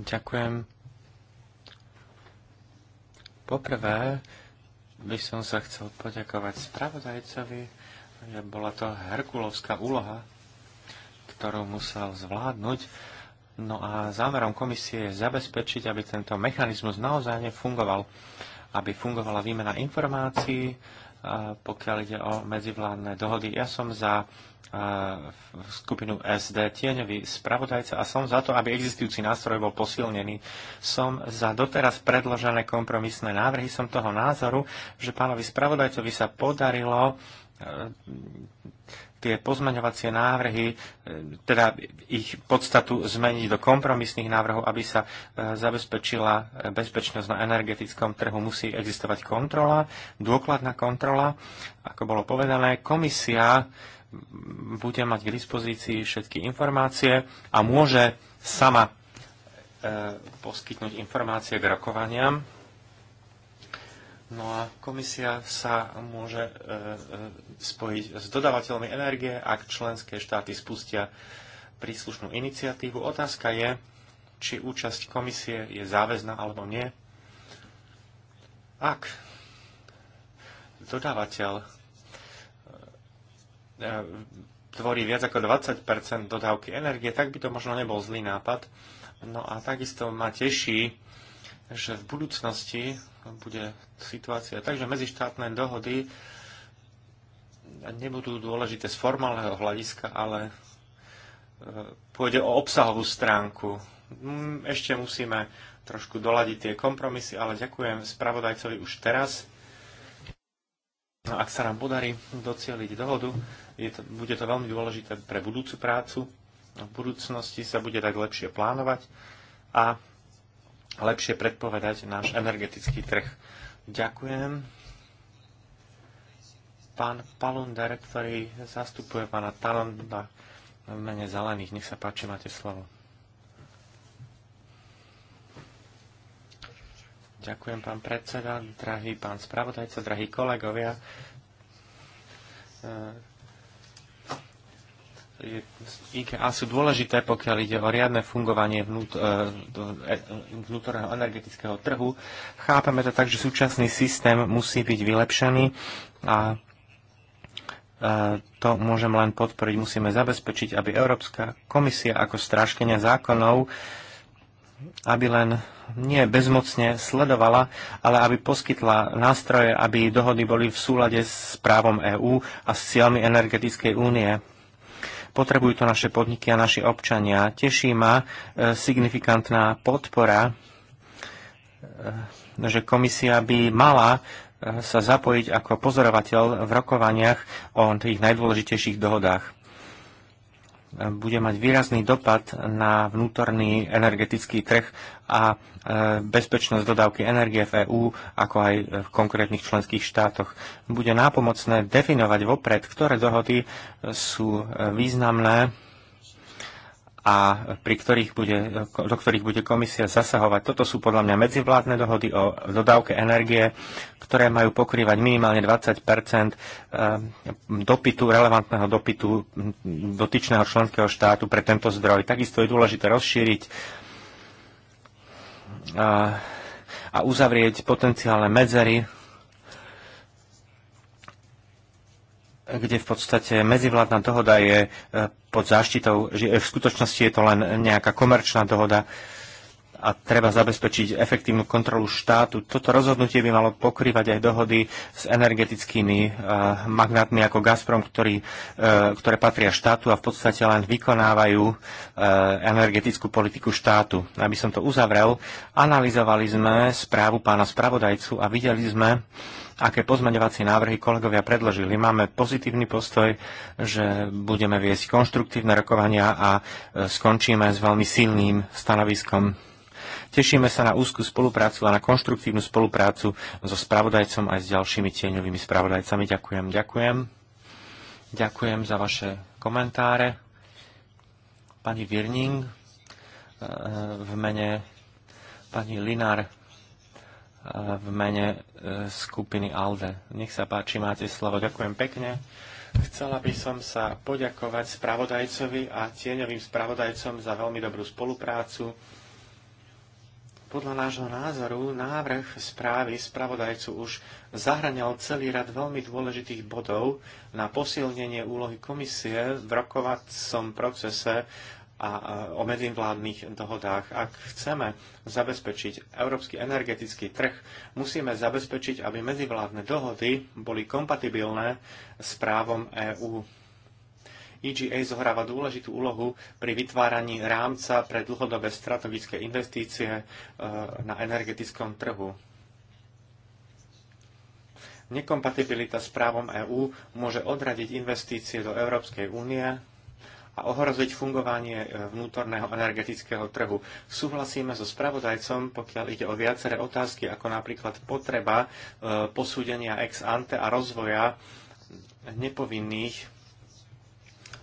Ďakujem. Poprvé by som sa chcel poďakovať spravodajcovi, že bola to herkulovská úloha, ktorú musel zvládnuť. No a zámerom komisie je zabezpečiť, aby tento mechanizmus naozaj fungoval, aby fungovala výmena informácií, pokiaľ ide o medzivládne dohody. Ja som za skupinu SD, tieňový spravodajca a som za to, aby existujúci nástroj bol posilnený. Som za doteraz predložené kompromisné návrhy. Som toho názoru, že pánovi spravodajcovi sa podarilo E, tie pozmeňovacie návrhy, e, teda ich podstatu zmeniť do kompromisných návrhov, aby sa e, zabezpečila bezpečnosť na energetickom trhu. Musí existovať kontrola, dôkladná kontrola. Ako bolo povedané, komisia bude mať k dispozícii všetky informácie a môže sama poskytnúť informácie k rokovaniam No a komisia sa môže e, e, spojiť s dodávateľmi energie, ak členské štáty spustia príslušnú iniciatívu. Otázka je, či účasť komisie je záväzná alebo nie. Ak dodávateľ e, tvorí viac ako 20 dodávky energie, tak by to možno nebol zlý nápad. No a takisto ma teší, že v budúcnosti bude situácia. Takže medzištátne dohody nebudú dôležité z formálneho hľadiska, ale e, pôjde o obsahovú stránku. Mm, ešte musíme trošku doladiť tie kompromisy, ale ďakujem spravodajcovi už teraz. No, ak sa nám podarí docieliť dohodu, je to, bude to veľmi dôležité pre budúcu prácu. V budúcnosti sa bude tak lepšie plánovať a lepšie predpovedať náš energetický trh. Ďakujem. Pán Palundar, ktorý zastupuje pána Talanda v mene zelených. Nech sa páči, máte slovo. Ďakujem, pán predseda, drahý pán spravodajca, drahí kolegovia e, a sú dôležité, pokiaľ ide o riadne fungovanie vnút, e, e, vnútorného energetického trhu. Chápame to tak, že súčasný systém musí byť vylepšený a e, to môžem len podporiť. Musíme zabezpečiť, aby Európska komisia ako strážkenia zákonov aby len nie bezmocne sledovala, ale aby poskytla nástroje, aby dohody boli v súlade s právom EÚ a s cieľmi energetickej únie. Potrebujú to naše podniky a naši občania. Teší ma e, signifikantná podpora, e, že komisia by mala e, sa zapojiť ako pozorovateľ v rokovaniach o tých najdôležitejších dohodách bude mať výrazný dopad na vnútorný energetický trh a e, bezpečnosť dodávky energie v EÚ, ako aj v konkrétnych členských štátoch. Bude nápomocné definovať vopred, ktoré dohody sú e, významné a pri ktorých bude, do ktorých bude komisia zasahovať. Toto sú podľa mňa medzivládne dohody o dodávke energie, ktoré majú pokrývať minimálne 20 eh, dopytu, relevantného dopytu dotyčného členského štátu pre tento zdroj. Takisto je dôležité rozšíriť a, eh, a uzavrieť potenciálne medzery kde v podstate medzivládna dohoda je e, pod záštitou, že e, v skutočnosti je to len nejaká komerčná dohoda a treba zabezpečiť efektívnu kontrolu štátu. Toto rozhodnutie by malo pokrývať aj dohody s energetickými e, magnátmi ako Gazprom, ktorý, ktoré patria štátu a v podstate len vykonávajú energetickú politiku štátu. Aby som to uzavrel, analyzovali sme správu pána spravodajcu a videli sme, aké pozmeňovacie návrhy kolegovia predložili. Máme pozitívny postoj, že budeme viesť konštruktívne rokovania a e, skončíme s veľmi silným stanoviskom. Tešíme sa na úzkú spoluprácu a na konštruktívnu spoluprácu so spravodajcom aj s ďalšími tieňovými spravodajcami. Ďakujem, ďakujem. Ďakujem za vaše komentáre. Pani Virning e, e, v mene pani Linár v mene e, skupiny ALDE. Nech sa páči, máte slovo. Ďakujem pekne. Chcela by som sa poďakovať spravodajcovi a tieňovým spravodajcom za veľmi dobrú spoluprácu. Podľa nášho názoru návrh správy spravodajcu už zahraňal celý rad veľmi dôležitých bodov na posilnenie úlohy komisie v rokovacom procese a o medzivládnych dohodách. Ak chceme zabezpečiť európsky energetický trh, musíme zabezpečiť, aby medzivládne dohody boli kompatibilné s právom EÚ. EGA zohráva dôležitú úlohu pri vytváraní rámca pre dlhodobé strategické investície e, na energetickom trhu. Nekompatibilita s právom EÚ môže odradiť investície do Európskej únie a ohroziť fungovanie e, vnútorného energetického trhu. Súhlasíme so spravodajcom, pokiaľ ide o viaceré otázky, ako napríklad potreba e, posúdenia ex ante a rozvoja nepovinných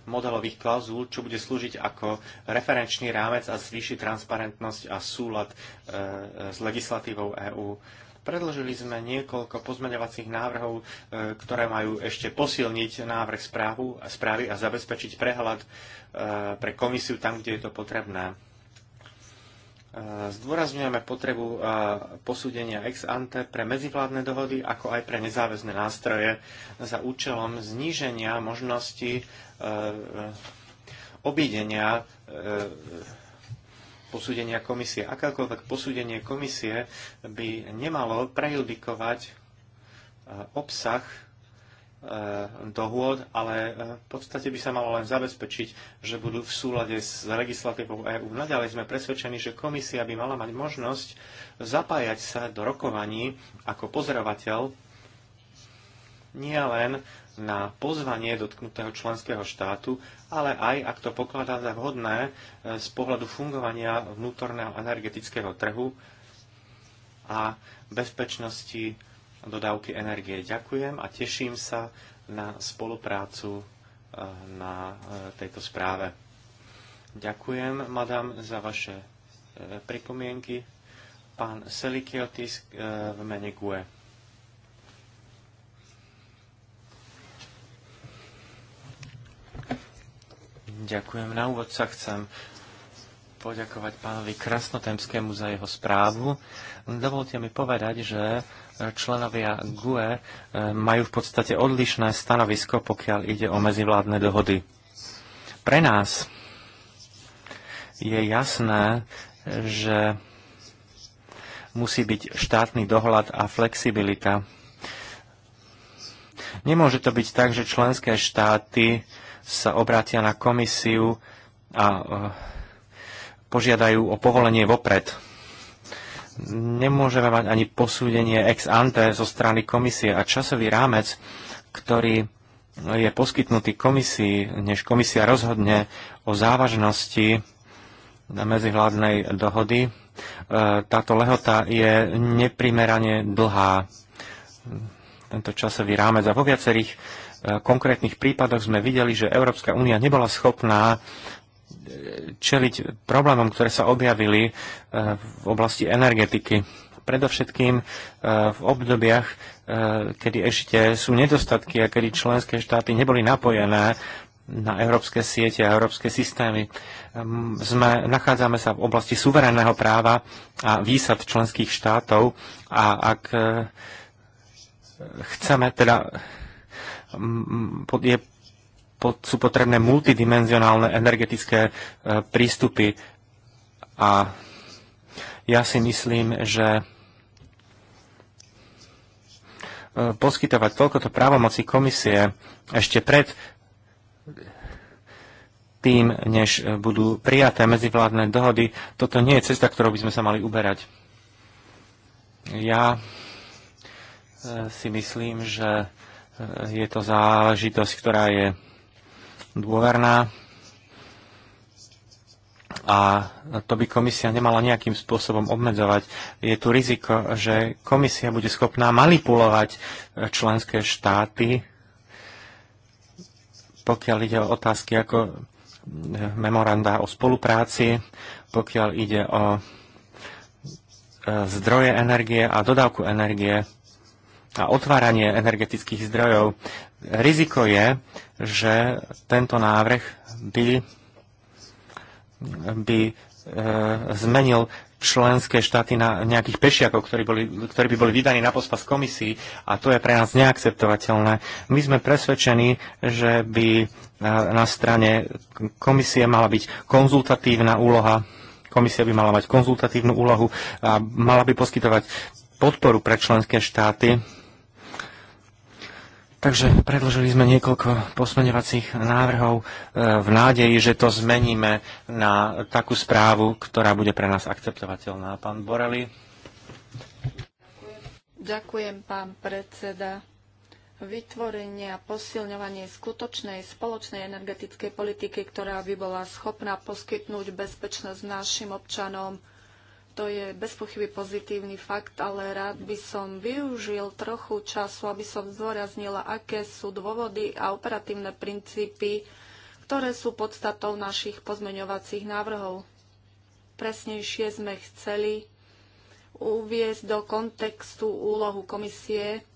modelových klauzúl, čo bude slúžiť ako referenčný rámec a zvýši transparentnosť a súlad e, s legislatívou EÚ. Predložili sme niekoľko pozmeňovacích návrhov, e, ktoré majú ešte posilniť návrh správu, správy a zabezpečiť prehľad e, pre komisiu tam, kde je to potrebné. E, zdôrazňujeme potrebu posúdenia ex ante pre medzivládne dohody, ako aj pre nezáväzné nástroje za účelom zníženia možnosti obídenia posúdenia komisie. Akákoľvek posúdenie komisie by nemalo prejudikovať e, obsah e, dohôd, ale e, v podstate by sa malo len zabezpečiť, že budú v súlade s legislatívou EÚ. Naďalej sme presvedčení, že komisia by mala mať možnosť zapájať sa do rokovaní ako pozorovateľ nie len na pozvanie dotknutého členského štátu, ale aj, ak to pokladá za vhodné, e, z pohľadu fungovania vnútorného energetického trhu a bezpečnosti dodávky energie. Ďakujem a teším sa na spoluprácu e, na e, tejto správe. Ďakujem, madam, za vaše pripomienky. Pán Selikiotis v mene GUE. Ďakujem. Na úvod sa chcem poďakovať pánovi Krasnotemskému za jeho správu. Dovolte mi povedať, že členovia GUE eh, majú v podstate odlišné stanovisko, pokiaľ ide o medzivládne dohody. Pre nás je jasné, že musí byť štátny dohľad a flexibilita. Nemôže to byť tak, že členské štáty sa obrátia na komisiu a e, požiadajú o povolenie vopred. Nemôžeme mať ani posúdenie ex ante zo strany komisie a časový rámec, ktorý je poskytnutý komisii, než komisia rozhodne o závažnosti medzivládnej dohody. E, táto lehota je neprimerane dlhá, tento časový rámec. A vo viacerých E, konkrétnych prípadoch sme videli, že Európska únia nebola schopná e, čeliť problémom, ktoré sa objavili e, v oblasti energetiky. Predovšetkým v obdobiach, kedy ešte sú nedostatky a kedy členské štáty neboli napojené na európske siete a európske systémy. Sme, nachádzame sa v oblasti suverénneho práva a výsad členských štátov a ak chceme teda je, sú potrebné multidimenzionálne energetické e, prístupy a ja si myslím, že e, poskytovať toľkoto právomocí komisie ešte pred tým, než budú prijaté medzivládne dohody, toto nie je cesta, ktorou by sme sa mali uberať. Ja e, si myslím, že je to záležitosť, ktorá je dôverná a to by komisia nemala nejakým spôsobom obmedzovať. Je tu riziko, že komisia bude schopná manipulovať členské štáty, pokiaľ ide o otázky ako memoranda o spolupráci, pokiaľ ide o e, zdroje energie a dodávku energie a otváranie energetických zdrojov. Riziko je, že tento návrh by, by e, zmenil členské štáty na nejakých pešiakov, ktorí, boli, ktorí by boli vydaní na pospas komisii a to je pre nás neakceptovateľné. My sme presvedčení, že by na strane komisie mala byť konzultatívna úloha, komisia by mala mať konzultatívnu úlohu a mala by poskytovať podporu pre členské štáty Takže predložili sme niekoľko posmeňovacích návrhov e, v nádeji, že to zmeníme na takú správu, ktorá bude pre nás akceptovateľná. Pán Boreli. Ďakujem, pán predseda. Vytvorenie a posilňovanie skutočnej spoločnej energetickej politiky, ktorá by bola schopná poskytnúť bezpečnosť našim občanom, to je bez pochyby pozitívny fakt, ale rád by som využil trochu času, aby som zdôraznila, aké sú dôvody a operatívne princípy, ktoré sú podstatou našich pozmeňovacích návrhov. Presnejšie sme chceli uviezť do kontextu úlohu komisie,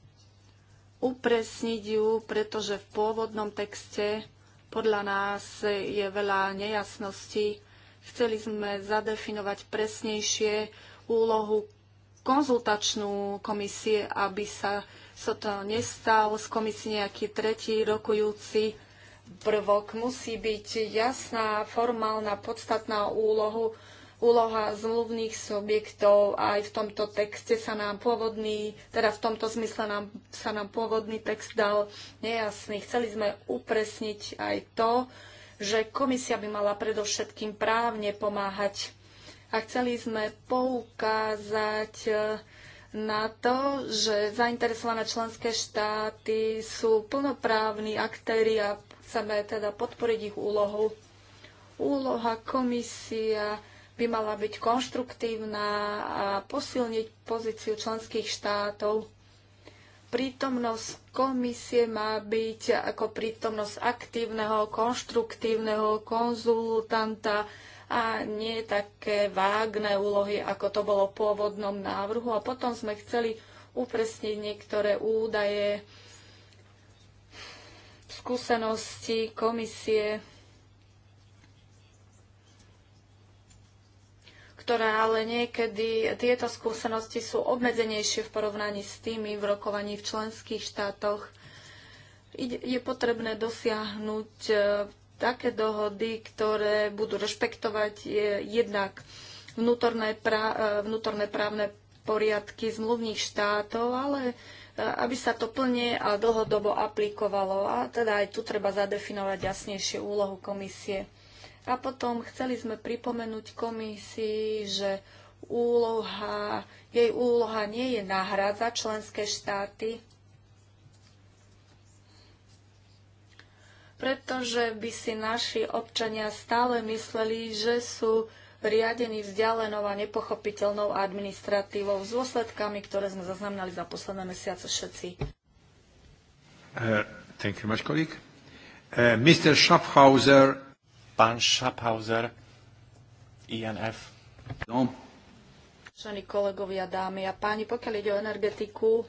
upresniť ju, pretože v pôvodnom texte podľa nás je veľa nejasností Chceli sme zadefinovať presnejšie úlohu konzultačnú komisie, aby sa so to nestal z komisie nejaký tretí rokujúci prvok. Musí byť jasná, formálna, podstatná úlohu, úloha zmluvných subjektov. Aj v tomto texte sa nám pôvodný, teda v tomto zmysle nám, sa nám pôvodný text dal nejasný. Chceli sme upresniť aj to, že komisia by mala predovšetkým právne pomáhať. A chceli sme poukázať e, na to, že zainteresované členské štáty sú plnoprávni aktéri a chceme teda podporiť ich úlohu. Úloha komisia by mala byť konštruktívna a posilniť pozíciu členských štátov prítomnosť komisie má byť ako prítomnosť aktívneho, konštruktívneho konzultanta a nie také vágne úlohy, ako to bolo v pôvodnom návrhu. A potom sme chceli upresniť niektoré údaje, skúsenosti komisie ktoré ale niekedy tieto skúsenosti sú obmedzenejšie v porovnaní s tými v rokovaní v členských štátoch. Je potrebné dosiahnuť e, také dohody, ktoré budú rešpektovať e, jednak vnútorné, pra- e, vnútorné právne poriadky zmluvných štátov, ale aby sa to plne a dlhodobo aplikovalo. A teda aj tu treba zadefinovať jasnejšie úlohu komisie. A potom chceli sme pripomenúť komisii, že úloha, jej úloha nie je náhradza členské štáty, pretože by si naši občania stále mysleli, že sú riadení vzdialenou a nepochopiteľnou administratívou s dôsledkami, ktoré sme zaznamenali za posledné mesiace všetci. Uh, thank you much, colleague. Uh, Mr. Schaffhauser Pán Schaphauser, INF. No. kolegovia, dámy a páni, pokiaľ ide o energetiku,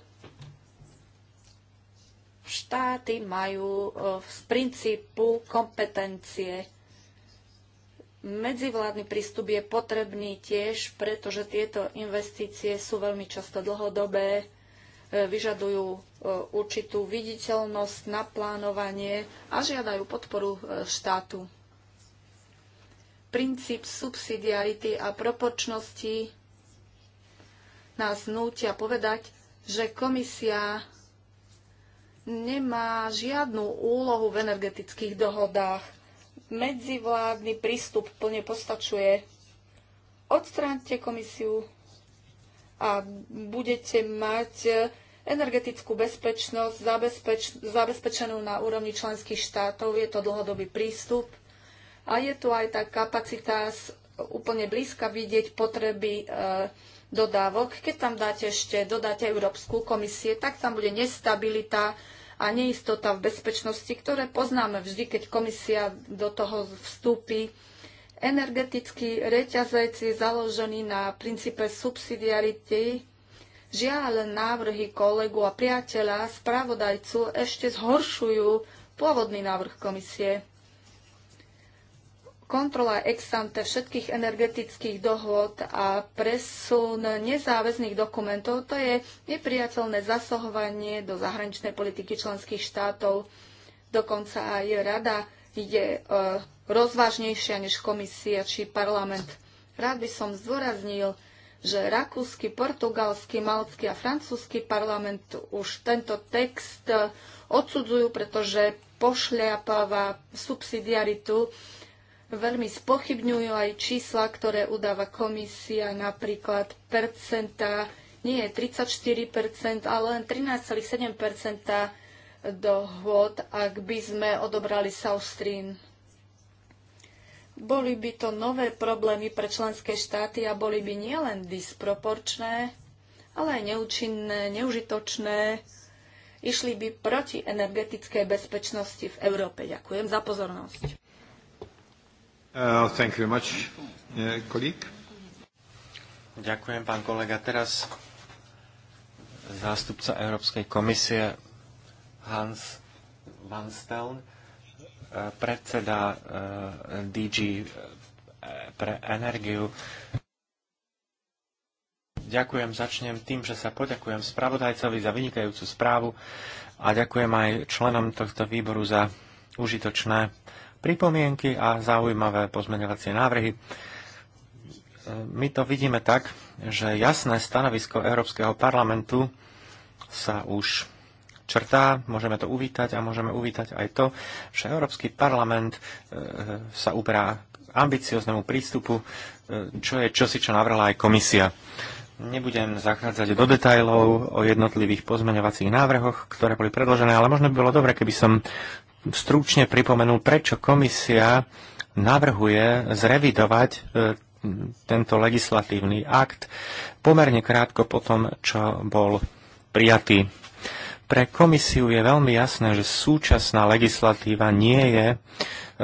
štáty majú v e, princípu kompetencie. Medzivládny prístup je potrebný tiež, pretože tieto investície sú veľmi často dlhodobé, e, vyžadujú e, určitú viditeľnosť, na plánovanie a žiadajú podporu štátu princíp subsidiarity a proporčnosti nás nútia povedať, že komisia nemá žiadnu úlohu v energetických dohodách. Medzivládny prístup plne postačuje. Odstráňte komisiu a budete mať energetickú bezpečnosť zabezpečenú na úrovni členských štátov. Je to dlhodobý prístup. A je tu aj tá kapacita úplne blízka vidieť potreby e, dodávok. Keď tam dáte ešte, dodáte Európsku komisie, tak tam bude nestabilita a neistota v bezpečnosti, ktoré poznáme vždy, keď komisia do toho vstúpi. Energetický reťazec je založený na princípe subsidiarity. Žiaľ, návrhy kolegu a priateľa, spravodajcu ešte zhoršujú pôvodný návrh komisie kontrola ex ante všetkých energetických dohôd a presun nezáväzných dokumentov, to je nepriateľné zasahovanie do zahraničnej politiky členských štátov. Dokonca aj rada je e, rozvážnejšia než komisia či parlament. Rád by som zdôraznil, že rakúsky, portugalský, malcký a francúzsky parlament už tento text e, odsudzujú, pretože pošľapáva subsidiaritu veľmi spochybňujú aj čísla, ktoré udáva komisia, napríklad percenta, nie je 34%, ale len 13,7% dohod. ak by sme odobrali South Stream. Boli by to nové problémy pre členské štáty a boli by nielen disproporčné, ale aj neúčinné, neužitočné. Išli by proti energetickej bezpečnosti v Európe. Ďakujem za pozornosť. Uh, thank you very much, uh, colleague. Ďakujem, pán kolega. Teraz zástupca Európskej komisie Hans Van Steln, uh, predseda DG pre energiu. Ďakujem, začnem tým, že sa poďakujem spravodajcovi za vynikajúcu správu a ďakujem aj členom tohto výboru za užitočné pripomienky a zaujímavé pozmeňovacie návrhy. My to vidíme tak, že jasné stanovisko Európskeho parlamentu sa už črtá, môžeme to uvítať a môžeme uvítať aj to, že Európsky parlament e, sa uberá k ambicioznému prístupu, e, čo je čosi, čo navrhla aj komisia. Nebudem zachádzať do detajlov o jednotlivých pozmeňovacích návrhoch, ktoré boli predložené, ale možno by bolo dobre, keby som stručne pripomenul, prečo komisia navrhuje zrevidovať e, tento legislatívny akt pomerne krátko po tom, čo bol prijatý. Pre komisiu je veľmi jasné, že súčasná legislatíva nie je e,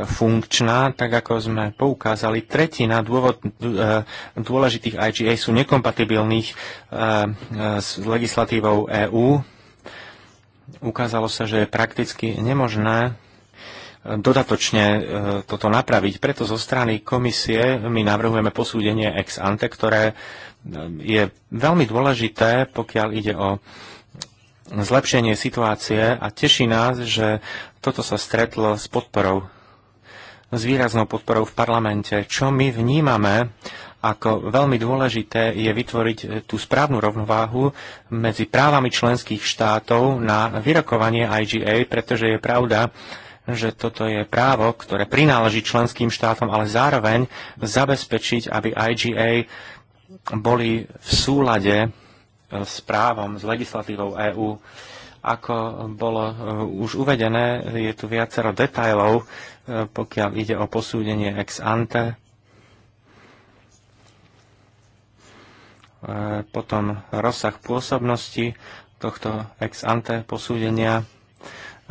funkčná, tak ako sme poukázali. Tretina dôvod, e, dôležitých IGA sú nekompatibilných s legislatívou EÚ, ukázalo sa, že je prakticky nemožné e, dodatočne e, toto napraviť. Preto zo strany komisie my navrhujeme posúdenie ex ante, ktoré e, je veľmi dôležité, pokiaľ ide o zlepšenie situácie a teší nás, že toto sa stretlo s podporou, s výraznou podporou v parlamente, čo my vnímame ako veľmi dôležité je vytvoriť e, tú správnu rovnováhu medzi právami členských štátov na vyrokovanie IGA, pretože je pravda, že toto je právo, ktoré prináleží členským štátom, ale zároveň zabezpečiť, aby IGA boli v súlade e, s právom, s legislatívou EÚ. Ako bolo e, už uvedené, je tu viacero detajlov, pokiaľ ide o posúdenie ex ante E, potom rozsah pôsobnosti tohto ex ante posúdenia, e,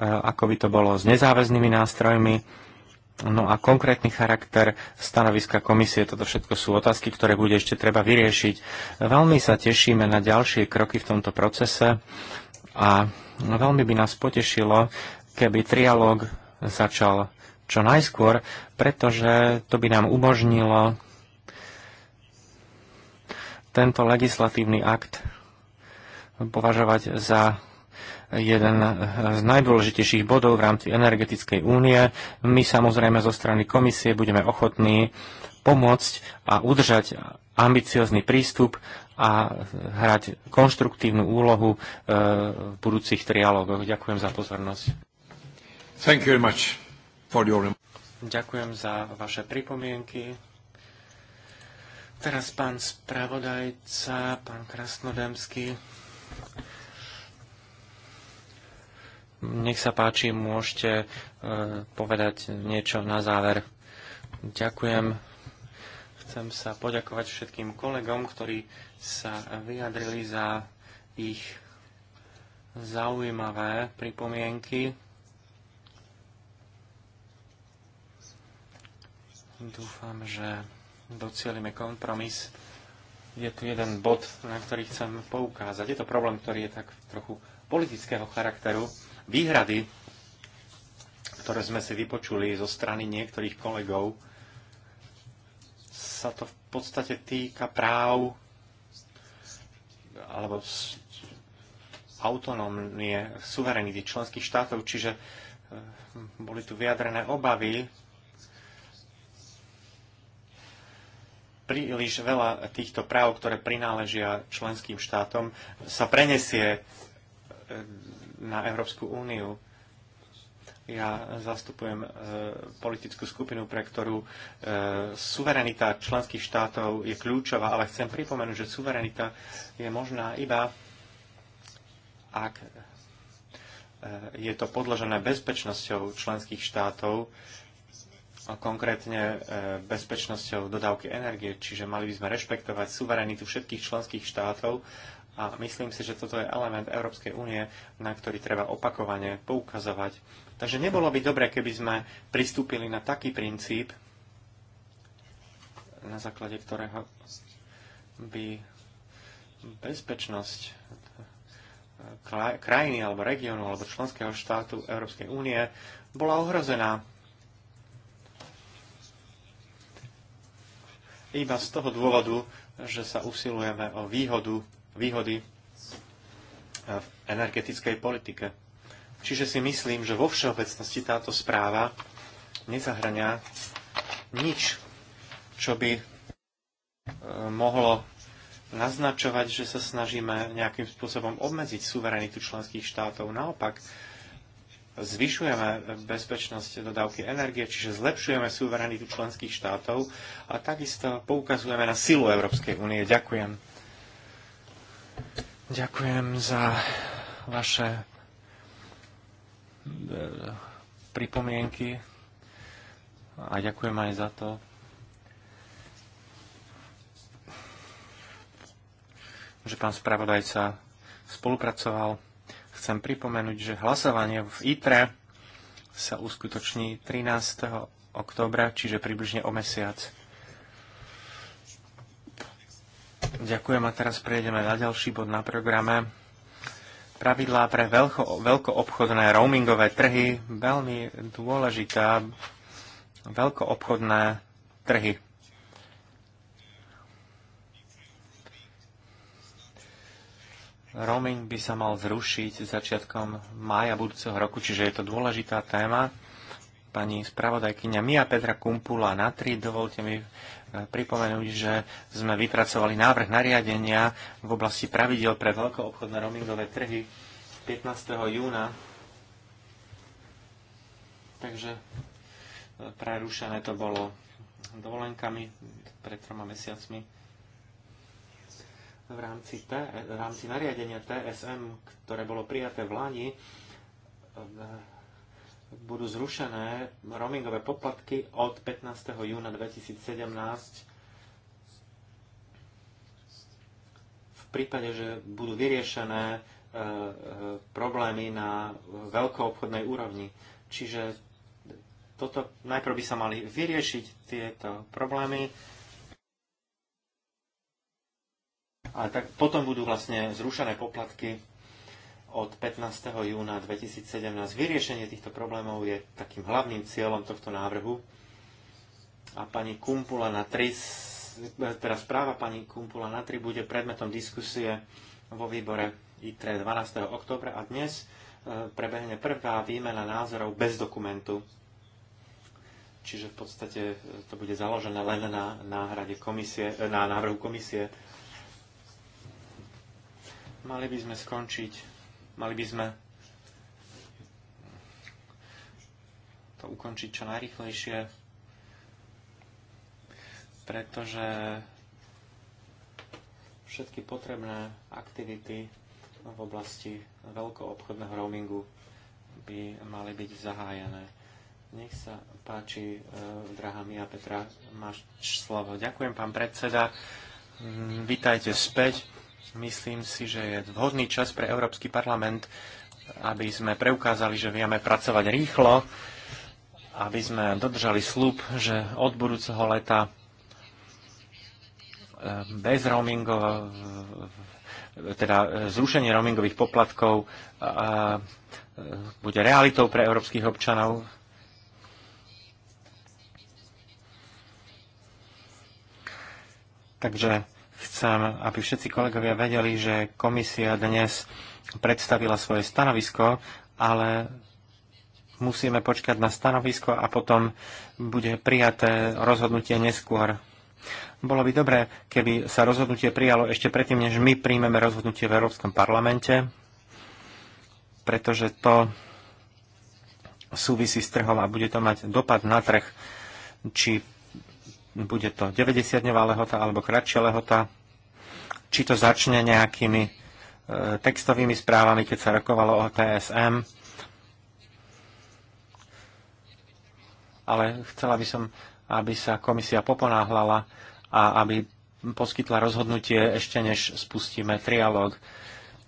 ako by to bolo s nezáväznými nástrojmi, no a konkrétny charakter stanoviska komisie. Toto všetko sú otázky, ktoré bude ešte treba vyriešiť. Veľmi sa tešíme na ďalšie kroky v tomto procese a veľmi by nás potešilo, keby trialóg začal čo najskôr, pretože to by nám umožnilo tento legislatívny akt považovať za jeden z najdôležitejších bodov v rámci energetickej únie. My samozrejme zo strany komisie budeme ochotní pomôcť a udržať ambiciózny prístup a hrať konštruktívnu úlohu e, v budúcich trialógoch. Ďakujem za pozornosť. Thank you very much for your... Ďakujem za vaše pripomienky. Teraz pán spravodajca, pán Krasnodemský. Nech sa páči, môžete e, povedať niečo na záver. Ďakujem. Chcem sa poďakovať všetkým kolegom, ktorí sa vyjadrili za ich zaujímavé pripomienky. Dúfam, že docielime kompromis. Je tu jeden bod, na ktorý chcem poukázať. Je to problém, ktorý je tak trochu politického charakteru. Výhrady, ktoré sme si vypočuli zo strany niektorých kolegov, sa to v podstate týka práv alebo autonómie, suverenity členských štátov, čiže eh, boli tu vyjadrené obavy príliš veľa týchto práv, ktoré prináležia členským štátom, sa prenesie e, na Európsku úniu. Ja zastupujem e, politickú skupinu, pre ktorú e, suverenita členských štátov je kľúčová, ale chcem pripomenúť, že suverenita je možná iba, ak je to podložené bezpečnosťou členských štátov konkrétne e, bezpečnosťou dodávky energie, čiže mali by sme rešpektovať suverenitu všetkých členských štátov a myslím si, že toto je element Európskej únie, na ktorý treba opakovane poukazovať. Takže nebolo by dobre, keby sme pristúpili na taký princíp, na základe ktorého by bezpečnosť e, krajiny alebo regiónu alebo členského štátu Európskej únie bola ohrozená iba z toho dôvodu, že sa usilujeme o výhodu, výhody e, v energetickej politike. Čiže si myslím, že vo všeobecnosti táto správa nezahrania nič, čo by e, mohlo naznačovať, že sa snažíme nejakým spôsobom obmedziť suverenitu členských štátov. Naopak, zvyšujeme bezpečnosť dodávky energie, čiže zlepšujeme suverenitu členských štátov a takisto poukazujeme na silu Európskej únie. Ďakujem. Ďakujem za vaše e, pripomienky a ďakujem aj za to, že pán spravodajca spolupracoval chcem pripomenúť, že hlasovanie v ITRE sa uskutoční 13. oktobra, čiže približne o mesiac. Ďakujem a teraz prejdeme na ďalší bod na programe. Pravidlá pre veľko, veľkoobchodné roamingové trhy, veľmi dôležitá veľkoobchodné trhy. Roaming by sa mal zrušiť začiatkom mája budúceho roku, čiže je to dôležitá téma. Pani spravodajkyňa Mia Petra Kumpula na 3, dovolte mi eh, pripomenúť, že sme vypracovali návrh nariadenia v oblasti pravidel pre veľkoobchodné roamingové trhy 15. júna. Takže eh, prerušené to bolo dovolenkami pred troma mesiacmi v rámci, T, v rámci nariadenia TSM, ktoré bolo prijaté v Lani, budú zrušené roamingové poplatky od 15. júna 2017 v prípade, že budú vyriešené e, e, problémy na veľkoobchodnej úrovni. Čiže toto najprv by sa mali vyriešiť tieto problémy A tak potom budú vlastne zrušené poplatky od 15. júna 2017. Vyriešenie týchto problémov je takým hlavným cieľom tohto návrhu. A pani Kumpula na 3, teda správa pani Kumpula na tri bude predmetom diskusie vo výbore ITRE 12. oktobra a dnes e, prebehne prvá výmena názorov bez dokumentu. Čiže v podstate e, to bude založené len na, náhrade komisie, e, na návrhu komisie Mali by sme skončiť, mali by sme to ukončiť čo najrychlejšie, pretože všetky potrebné aktivity v oblasti veľkoobchodného roamingu by mali byť zahájené. Nech sa páči, eh, drahá Mia Petra, máš slovo. Ďakujem, pán predseda. Mm, vítajte späť. Myslím si, že je vhodný čas pre Európsky parlament, aby sme preukázali, že vieme pracovať rýchlo, aby sme dodržali slúb, že od budúceho leta e, bez roamingov, e, teda e, zrušenie roamingových poplatkov bude realitou pre európskych občanov. Takže Chcem, aby všetci kolegovia vedeli, že komisia dnes predstavila svoje stanovisko, ale musíme počkať na stanovisko a potom bude prijaté rozhodnutie neskôr. Bolo by dobré, keby sa rozhodnutie prijalo ešte predtým, než my príjmeme rozhodnutie v Európskom parlamente, pretože to súvisí s trhom a bude to mať dopad na trh, či bude to 90-dňová lehota alebo kratšia lehota, či to začne nejakými e, textovými správami, keď sa rokovalo o TSM. Ale chcela by som, aby sa komisia poponáhlala a aby poskytla rozhodnutie ešte než spustíme trialóg.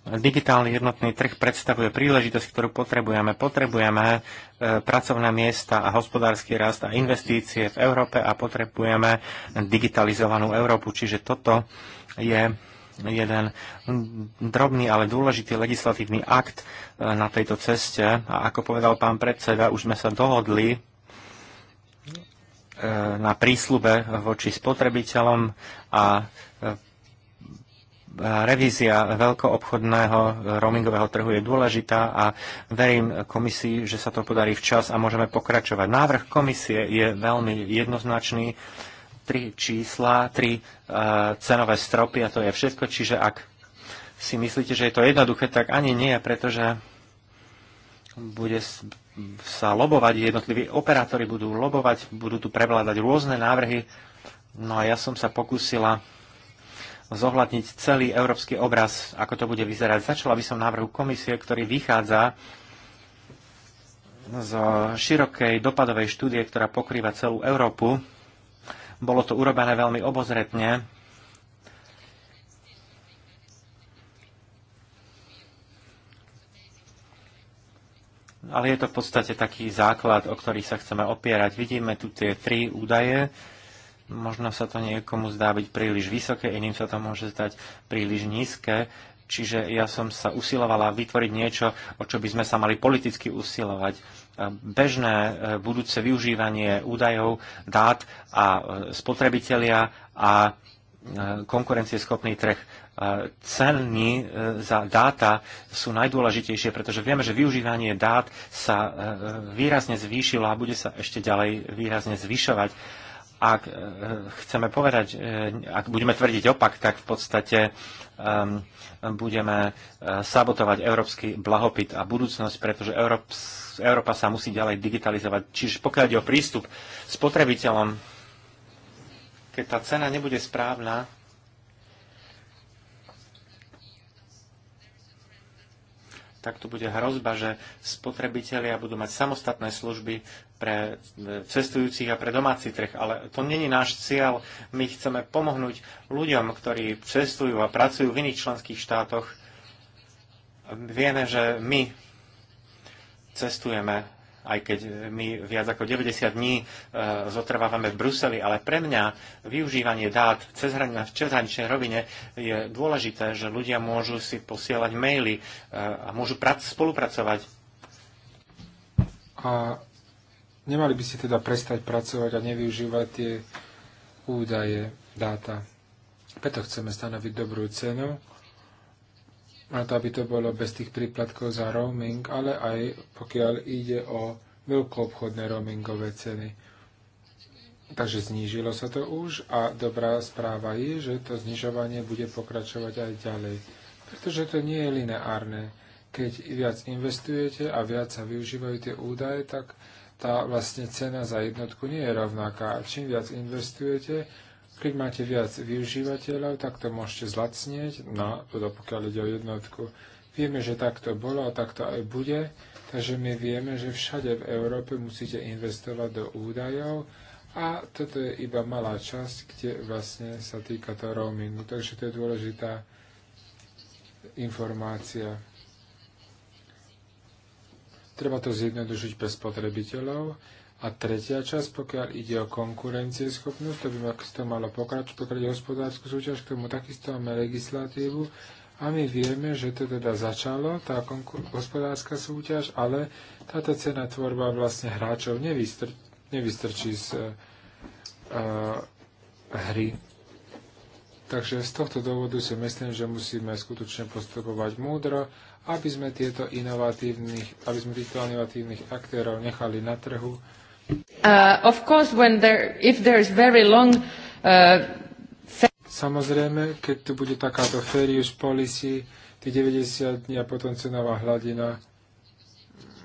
Digitálny jednotný trh predstavuje príležitosť, ktorú potrebujeme. Potrebujeme e, pracovné miesta a hospodársky rast a investície v Európe a potrebujeme digitalizovanú Európu. Čiže toto je jeden drobný, ale dôležitý legislatívny akt e, na tejto ceste. A ako povedal pán predseda, už sme sa dohodli e, na prísľube voči spotrebiteľom a revízia veľkoobchodného eh, roamingového trhu je dôležitá a verím komisii, že sa to podarí včas a môžeme pokračovať. Návrh komisie je veľmi jednoznačný. Tri čísla, tri uh, cenové stropy a to je všetko. Čiže ak si myslíte, že je to jednoduché, tak ani nie, pretože bude sa lobovať, jednotliví operátori budú lobovať, budú tu prevládať rôzne návrhy. No a ja som sa pokúsila zohľadniť celý európsky obraz, ako to bude vyzerať. Začala by som návrhu komisie, ktorý vychádza z širokej dopadovej štúdie, ktorá pokrýva celú Európu. Bolo to urobené veľmi obozretne. Ale je to v podstate taký základ, o ktorý sa chceme opierať. Vidíme tu tie tri údaje, Možno sa to niekomu zdá byť príliš vysoké, iným sa to môže zdať príliš nízke, čiže ja som sa usilovala vytvoriť niečo, o čo by sme sa mali politicky usilovať. Bežné e, budúce využívanie údajov, dát a e, spotrebitelia a e, konkurencieschopný trh. Ceny za dáta sú najdôležitejšie, pretože vieme, že využívanie dát sa výrazne zvýšilo a bude sa ešte ďalej výrazne zvyšovať ak eh, chceme povedať, eh, ak budeme tvrdiť opak, tak v podstate ehm, budeme eh, sabotovať európsky blahopyt a budúcnosť, pretože Európa sa musí ďalej digitalizovať. Čiže pokiaľ ide o prístup spotrebiteľom, keď tá cena nebude správna, tak tu bude hrozba, že spotrebitelia budú mať samostatné služby pre e, cestujúcich a pre domáci trh. Ale to není náš cieľ. My chceme pomohnúť ľuďom, ktorí cestujú a pracujú v iných členských štátoch. Vieme, že my cestujeme aj keď my viac ako 90 dní e, zotrvávame v Bruseli, ale pre mňa využívanie dát cez hraň, v cezhraničnej rovine je dôležité, že ľudia môžu si posielať maily e, a môžu spolupracovať. A nemali by si teda prestať pracovať a nevyužívať tie údaje, dáta. Preto chceme stanoviť dobrú cenu na to, aby to bolo bez tých príplatkov za roaming, ale aj pokiaľ ide o veľkoobchodné roamingové ceny. Takže znížilo sa to už a dobrá správa je, že to znižovanie bude pokračovať aj ďalej. Pretože to nie je lineárne. Keď viac investujete a viac sa využívajú tie údaje, tak tá vlastne cena za jednotku nie je rovnaká. Čím viac investujete, keď máte viac využívateľov, tak to môžete zlacnieť, no, teda pokiaľ ide o jednotku. Vieme, že takto bolo a takto aj bude, takže my vieme, že všade v Európe musíte investovať do údajov a toto je iba malá časť, kde vlastne sa týka to roamingu. Takže to je dôležitá informácia. Treba to zjednodušiť pre spotrebiteľov a tretia časť, pokiaľ ide o konkurencieschopnosť, to by to malo pokračovať, pokiaľ ide o hospodárskú súťaž, k tomu takisto máme legislatívu a my vieme, že to teda začalo, tá hospodárska súťaž, ale táto cena tvorba vlastne hráčov nevystr- nevystrčí z uh, hry. Takže z tohto dôvodu si myslím, že musíme skutočne postupovať múdro, aby sme, tieto inovatívnych, aby sme týchto inovatívnych aktérov nechali na trhu, Uh, of course, when there, if there is very long uh, Samozrejme, keď tu bude takáto férius policy, tých 90 dní a potom cenová hladina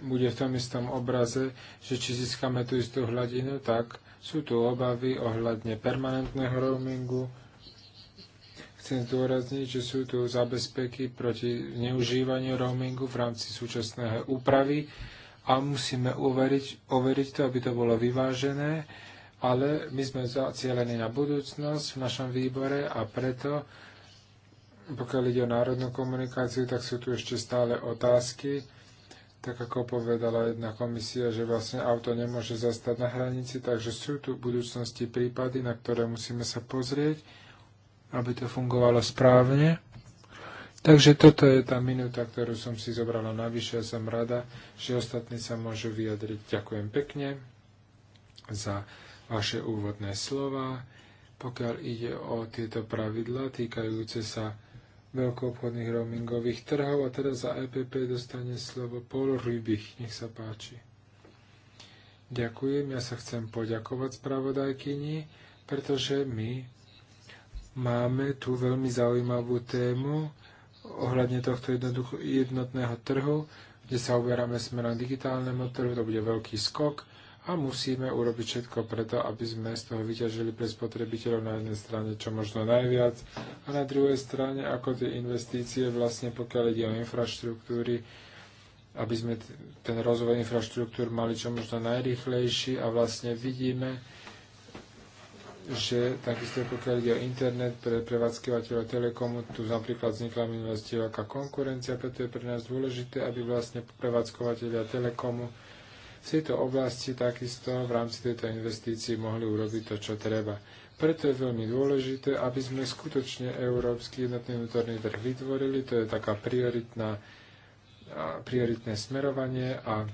bude v tom istom obraze, že či získame tú istú hladinu, tak sú tu obavy ohľadne permanentného roamingu. Chcem zdôrazniť, že sú tu zabezpeky proti neužívaniu roamingu v rámci súčasného úpravy a musíme uveriť, overiť to, aby to bolo vyvážené, ale my sme zacielení na budúcnosť v našom výbore a preto, pokiaľ ide o národnú komunikáciu, tak sú tu ešte stále otázky, tak ako povedala jedna komisia, že vlastne auto nemôže zastať na hranici, takže sú tu v budúcnosti prípady, na ktoré musíme sa pozrieť, aby to fungovalo správne. Takže toto je tá minúta, ktorú som si zobrala navyše a som rada, že ostatní sa môžu vyjadriť. Ďakujem pekne za vaše úvodné slova. Pokiaľ ide o tieto pravidla týkajúce sa veľkoobchodných roamingových trhov a teraz za EPP dostane slovo Paul Rybich. Nech sa páči. Ďakujem, ja sa chcem poďakovať spravodajkyni, pretože my máme tu veľmi zaujímavú tému, ohľadne tohto jednotného trhu, kde sa uberáme smerom digitálnemu trhu, to bude veľký skok a musíme urobiť všetko preto, aby sme z toho vyťažili pre spotrebiteľov na jednej strane čo možno najviac a na druhej strane ako tie investície vlastne pokiaľ ide o infraštruktúry, aby sme ten rozvoj infraštruktúr mali čo možno najrychlejší a vlastne vidíme, že takisto pokiaľ ide o internet pre prevádzkevateľov telekomu, tu napríklad vznikla minulosti veľká konkurencia, preto je pre nás dôležité, aby vlastne prevádzkovateľia telekomu v tejto oblasti takisto v rámci tejto investícii mohli urobiť to, čo treba. Preto je veľmi dôležité, aby sme skutočne európsky jednotný vnútorný trh vytvorili. To je taká prioritná, prioritné smerovanie a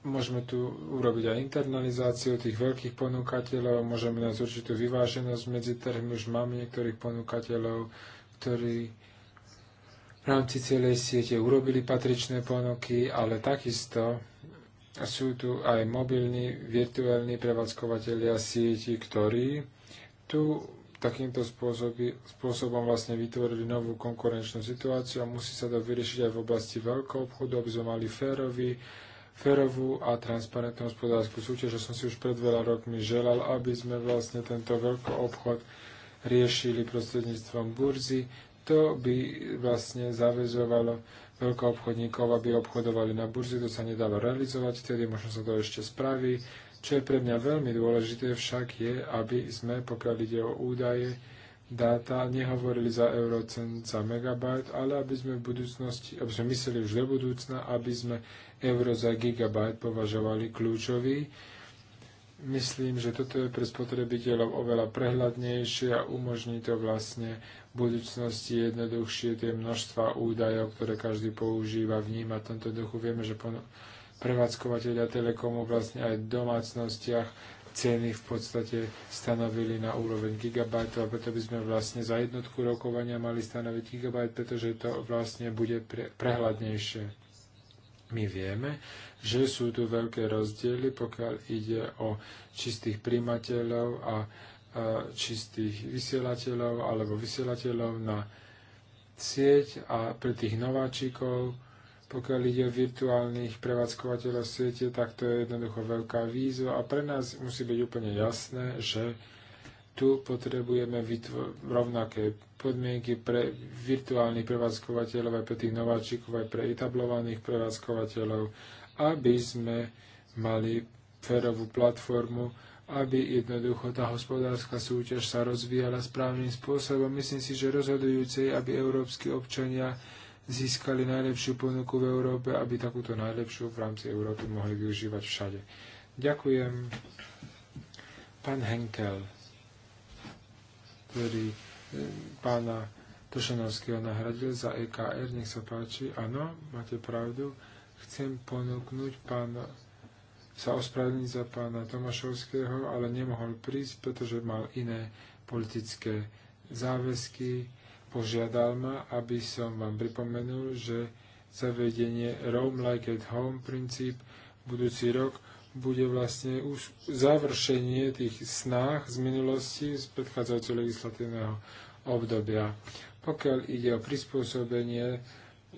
Môžeme tu urobiť aj internalizáciu tých veľkých ponúkateľov, môžeme nájsť určitú vyváženosť medzi trhmi. Už máme niektorých ponúkateľov, ktorí v rámci celej siete urobili patričné ponuky, ale takisto sú tu aj mobilní, virtuálni prevádzkovateľia sieti, ktorí tu takýmto spôsoby, spôsobom vlastne vytvorili novú konkurenčnú situáciu a musí sa to vyriešiť aj v oblasti veľkého obchodu, aby sme mali férový ferovú a transparentnú hospodárskú súťaž. som si už pred veľa rokmi želal, aby sme vlastne tento veľký obchod riešili prostredníctvom burzy. To by vlastne zavezovalo obchodníkov, aby obchodovali na burzi. To sa nedalo realizovať, vtedy možno sa to ešte spraví. Čo je pre mňa veľmi dôležité však je, aby sme, pokiaľ ide o údaje, dáta nehovorili za eurocent za megabajt, ale aby sme v budúcnosti, aby sme mysleli už do budúcna, aby sme euro za gigabajt považovali kľúčový. Myslím, že toto je pre spotrebiteľov oveľa prehľadnejšie a umožní to vlastne v budúcnosti jednoduchšie tie množstva údajov, ktoré každý používa, vníma tento duchu. Vieme, že prevádzkovateľia telekomu vlastne aj v domácnostiach ceny v podstate stanovili na úroveň gigabajtov a preto by sme vlastne za jednotku rokovania mali stanoviť gigabajt, pretože to vlastne bude pre, prehľadnejšie. My vieme, že sú tu veľké rozdiely, pokiaľ ide o čistých príjmateľov a, a čistých vysielateľov alebo vysielateľov na sieť a pre tých nováčikov pokiaľ ide o virtuálnych prevádzkovateľov siete, tak to je jednoducho veľká výzva a pre nás musí byť úplne jasné, že tu potrebujeme rovnaké podmienky pre virtuálnych prevádzkovateľov, aj pre tých nováčikov, aj pre etablovaných prevádzkovateľov, aby sme mali férovú platformu, aby jednoducho tá hospodárska súťaž sa rozvíjala správnym spôsobom. Myslím si, že rozhodujúce je, aby európsky občania získali najlepšiu ponuku v Európe, aby takúto najlepšiu v rámci Európy mohli využívať všade. Ďakujem. Pán Henkel, ktorý eh, pána Tošanovského nahradil za EKR, nech sa páči. Áno, máte pravdu. Chcem ponúknuť pána sa ospravedlniť za pána Tomašovského, ale nemohol prísť, pretože mal iné politické záväzky Požiadal ma, aby som vám pripomenul, že zavedenie Roam Like at Home princíp budúci rok bude vlastne už završenie tých snách z minulosti z predchádzajúceho legislatívneho obdobia. Pokiaľ ide o prispôsobenie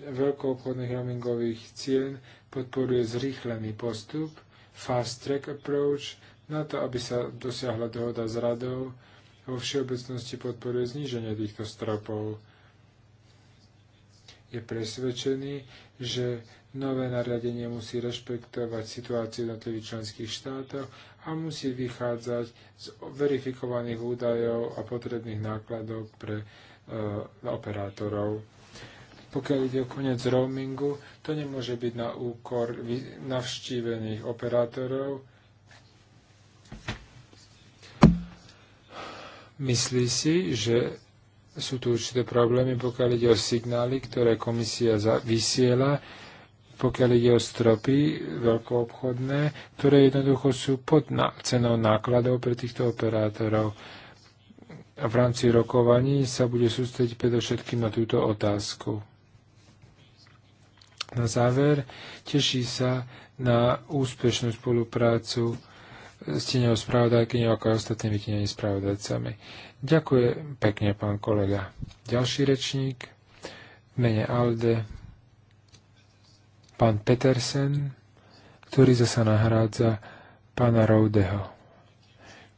veľkoobchodných roamingových cien, podporuje zrýchlený postup, fast track approach, na to, aby sa dosiahla dohoda s radou vo všeobecnosti podporuje zníženie týchto stropov. Je presvedčený, že nové nariadenie musí rešpektovať situáciu jednotlivých členských štátov a musí vychádzať z verifikovaných údajov a potrebných nákladov pre e, operátorov. Pokiaľ ide o koniec roamingu, to nemôže byť na úkor navštívených operátorov, Myslí si, že sú tu určité problémy, pokiaľ ide o signály, ktoré komisia vysiela, pokiaľ ide o stropy veľkoobchodné, ktoré jednoducho sú pod cenou nákladov pre týchto operátorov. A v rámci rokovaní sa bude sústrediť predovšetkým na túto otázku. Na záver teší sa na úspešnú spoluprácu s tieňou spravodajkyňou ako aj ostatnými tieňovými spravodajcami. Ďakujem pekne, pán kolega. Ďalší rečník mene Alde, pán Petersen, ktorý zasa nahrádza pána Roudeho.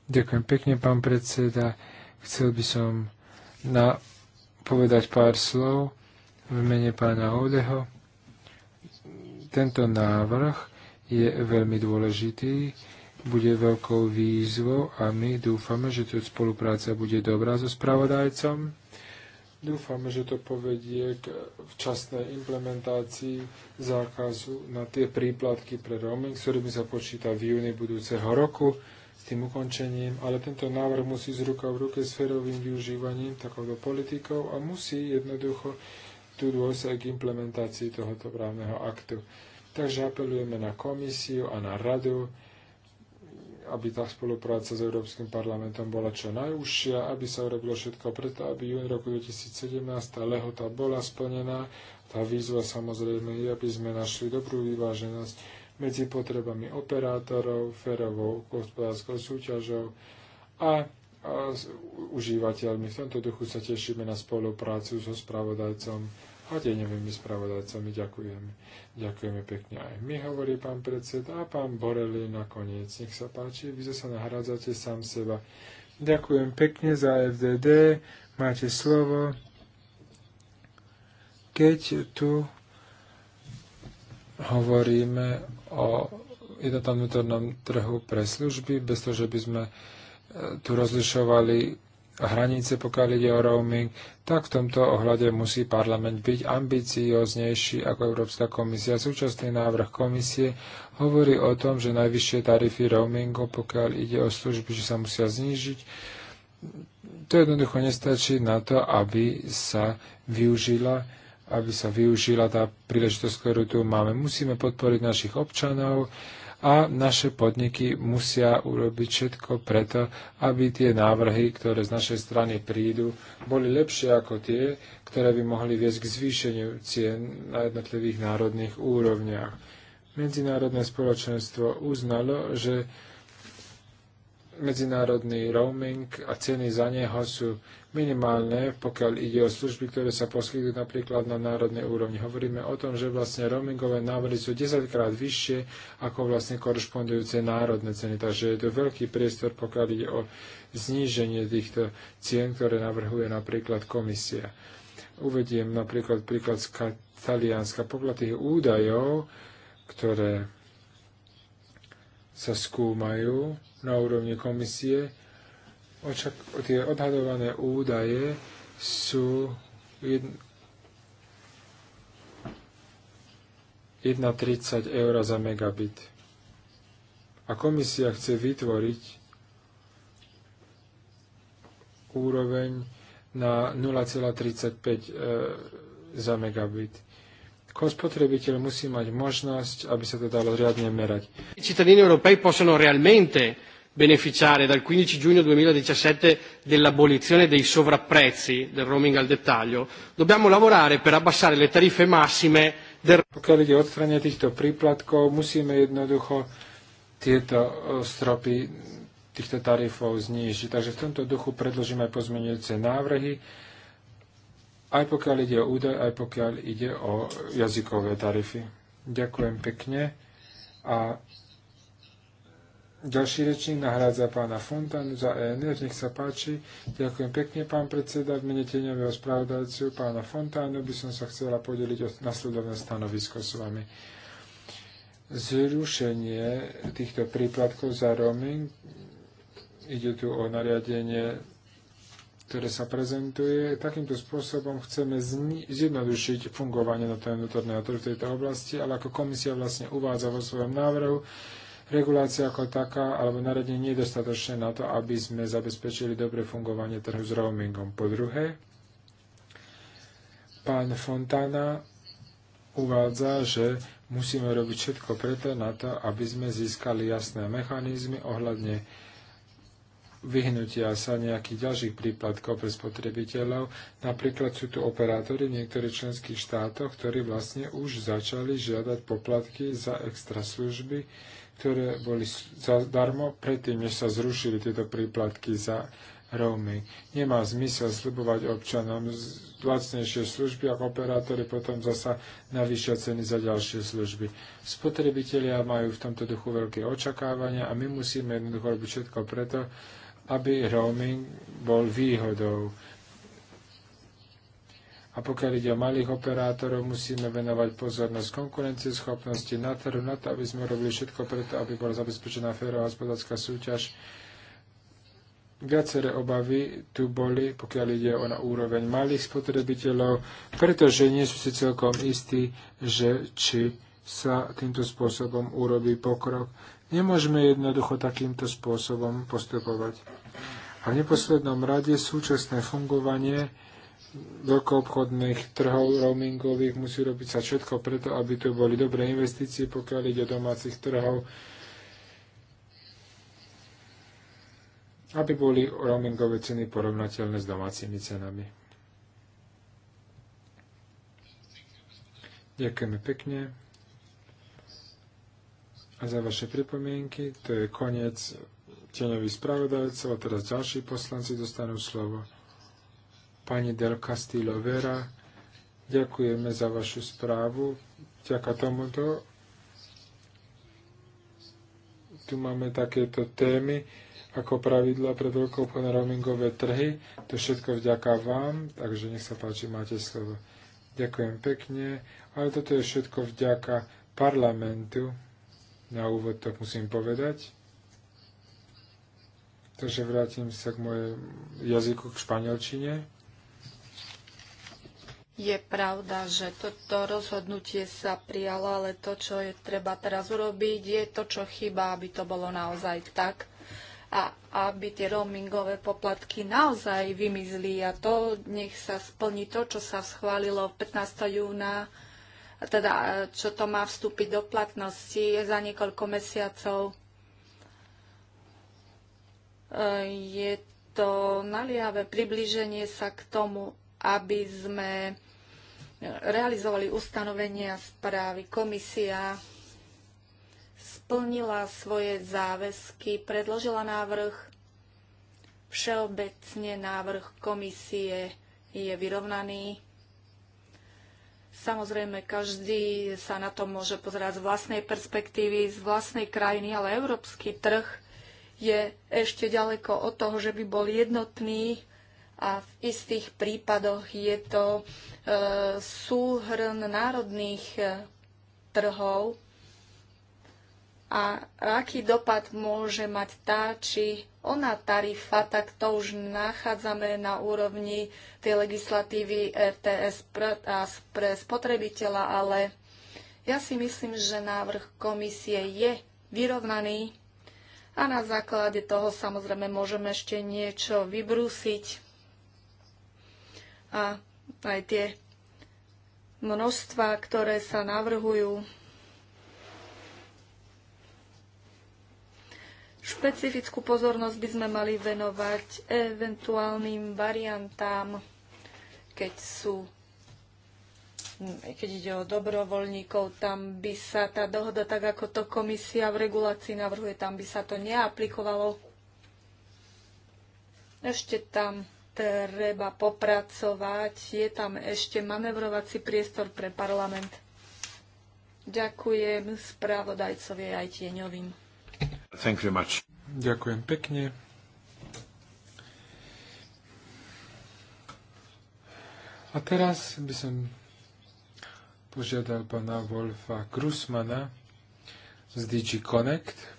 Ďakujem pekne, pán predseda. Chcel by som na povedať pár slov v mene pána Odeho. Tento návrh je veľmi dôležitý bude veľkou výzvou a my dúfame, že tu spolupráca bude dobrá so spravodajcom. Dúfame, že to povedie k včasnej implementácii zákazu na tie príplatky pre roaming, ktorý by sa počíta v júni budúceho roku s tým ukončením, ale tento návrh musí z ruka v ruke s férovým využívaním takovou politikou a musí jednoducho tu dôjsť k implementácii tohoto právneho aktu. Takže apelujeme na komisiu a na radu, aby tá spolupráca s Európskym parlamentom bola čo najúžšia, aby sa urobilo všetko preto, aby jún roku 2017 tá lehota bola splnená. Tá výzva samozrejme je, aby sme našli dobrú vyváženosť medzi potrebami operátorov, ferovou hospodárskou súťažou a, a užívateľmi. V tomto duchu sa tešíme na spoluprácu so spravodajcom a tieňovými spravodajcami. Ďakujeme. Ďakujeme pekne aj my, hovorí pán predseda a pán boreli nakoniec. Nech sa páči, vy sa nahradzate sám seba. Ďakujem pekne za FDD, máte slovo. Keď tu hovoríme o jednotnom vnútornom trhu pre služby, bez toho, že by sme eh, tu rozlišovali hranice, pokiaľ ide o roaming, tak v tomto ohľade musí parlament byť ambicioznejší ako Európska komisia. Súčasný návrh komisie hovorí o tom, že najvyššie tarify roamingu, pokiaľ ide o služby, že sa musia znížiť. To jednoducho nestačí na to, aby sa využila aby sa využila tá príležitosť, ktorú tu máme. Musíme podporiť našich občanov, a naše podniky musia urobiť všetko preto, aby tie návrhy, ktoré z našej strany prídu, boli lepšie ako tie, ktoré by mohli viesť k zvýšeniu cien na jednotlivých národných úrovniach. Medzinárodné spoločenstvo uznalo, že medzinárodný roaming a ceny za neho sú minimálne, pokiaľ ide o služby, ktoré sa poskytujú napríklad na národnej úrovni. Hovoríme o tom, že vlastne roamingové návrhy sú 10 krát vyššie ako vlastne korešpondujúce národné ceny. Takže je to veľký priestor, pokiaľ ide o zníženie týchto cien, ktoré navrhuje napríklad komisia. Uvediem napríklad príklad z Talianska. Podľa tých údajov, ktoré sa skúmajú, na úrovni komisie. Očak, tie odhadované údaje sú 1,30 eur za megabit. A komisia chce vytvoriť úroveň na 0,35 e, za megabit. Spotrebiteľ musí mať možnosť, aby sa to dalo riadne merať. Cittadini europei possono realmente beneficiare dal 15 giugno 2017 dell'abolizione dei sovrapprezzi del roaming al dettaglio, dobbiamo lavorare per abbassare le tariffe massime del... Pokiaľ ide odstranie týchto príplatkov, musíme jednoducho tieto eh, stropy týchto tarifov znižiť. Takže v tomto duchu predložíme aj pozmenujúce návrhy, aj pokiaľ ide o údaj, aj pokiaľ ide o jazykové tarify. Ďakujem pekne a ďalší rečník nahrádza pána fontanu za ENF. Nech sa páči. Ďakujem pekne, pán predseda. V mene teňového spravodajcu pána Fontánu by som sa chcela podeliť o nasledovné stanovisko s vami. Zrušenie týchto príplatkov za roaming, ide tu o nariadenie, ktoré sa prezentuje. Takýmto spôsobom chceme zjednodušiť fungovanie na vnútorného trhu v tejto oblasti, ale ako komisia vlastne uvádza vo svojom návrhu, regulácia ako taká alebo nariadenie nie je dostatočné na to, aby sme zabezpečili dobre fungovanie trhu s roamingom. Po druhé, pán Fontana uvádza, že musíme robiť všetko preto na to, aby sme získali jasné mechanizmy ohľadne vyhnutia sa nejakých ďalších príplatkov pre spotrebiteľov. Napríklad sú tu operátori v niektorých členských štátoch, ktorí vlastne už začali žiadať poplatky za extra služby ktoré boli zadarmo predtým, než sa zrušili tieto príplatky za roaming. Nemá zmysel slibovať občanom lacnejšie služby a operátori potom zasa navýšia ceny za ďalšie služby. Spotrebitelia majú v tomto duchu veľké očakávania a my musíme jednoducho robiť všetko preto, aby roaming bol výhodou a pokiaľ ide o malých operátorov, musíme venovať pozornosť schopnosti na trhu, na to, aby sme robili všetko preto, aby bola zabezpečená férová hospodárska súťaž. Viaceré obavy tu boli, pokiaľ ide o na úroveň malých spotrebiteľov, pretože nie sú si celkom istí, že či sa týmto spôsobom urobí pokrok. Nemôžeme jednoducho takýmto spôsobom postupovať. A v neposlednom rade súčasné fungovanie veľkoobchodných trhov roamingových musí robiť sa všetko preto, aby tu boli dobré investície, pokiaľ ide o domácich trhov, aby boli roamingové ceny porovnateľné s domácimi cenami. Ďakujeme pekne a za vaše pripomienky. To je koniec tieňových spravodajcov a teraz ďalší poslanci dostanú slovo pani Del Castillo Vera. Ďakujeme za vašu správu. Vďaka tomuto tu máme takéto témy ako pravidla pre veľkoobchodné roamingové trhy. To všetko vďaka vám, takže nech sa páči, máte slovo. Ďakujem pekne, ale toto je všetko vďaka parlamentu. Na úvod to musím povedať. Takže vrátim sa k mojej jazyku, k španielčine. Je pravda, že toto rozhodnutie sa prijalo, ale to, čo je treba teraz urobiť, je to, čo chyba, aby to bolo naozaj tak a aby tie roamingové poplatky naozaj vymizli a to nech sa splní to, čo sa schválilo 15. júna, teda čo to má vstúpiť do platnosti za niekoľko mesiacov. E, je to naliave priblíženie sa k tomu, aby sme realizovali ustanovenia správy. Komisia splnila svoje záväzky, predložila návrh. Všeobecne návrh komisie je vyrovnaný. Samozrejme, každý sa na to môže pozerať z vlastnej perspektívy, z vlastnej krajiny, ale európsky trh je ešte ďaleko od toho, že by bol jednotný a v istých prípadoch je to e, súhrn národných e, trhov a aký dopad môže mať tá či ona tarifa, tak to už nachádzame na úrovni tej legislatívy RTS e pre spotrebiteľa, ale ja si myslím, že návrh komisie je vyrovnaný a na základe toho samozrejme môžeme ešte niečo vybrúsiť a aj tie množstva, ktoré sa navrhujú. Špecifickú pozornosť by sme mali venovať eventuálnym variantám, keď sú keď ide o dobrovoľníkov, tam by sa tá dohoda, tak ako to komisia v regulácii navrhuje, tam by sa to neaplikovalo. Ešte tam treba popracovať. Je tam ešte manevrovací priestor pre parlament. Ďakujem spravodajcovi aj tieňovým. Thank you much. Ďakujem pekne. A teraz by som požiadal pána Wolfa Krusmana z DigiConnect,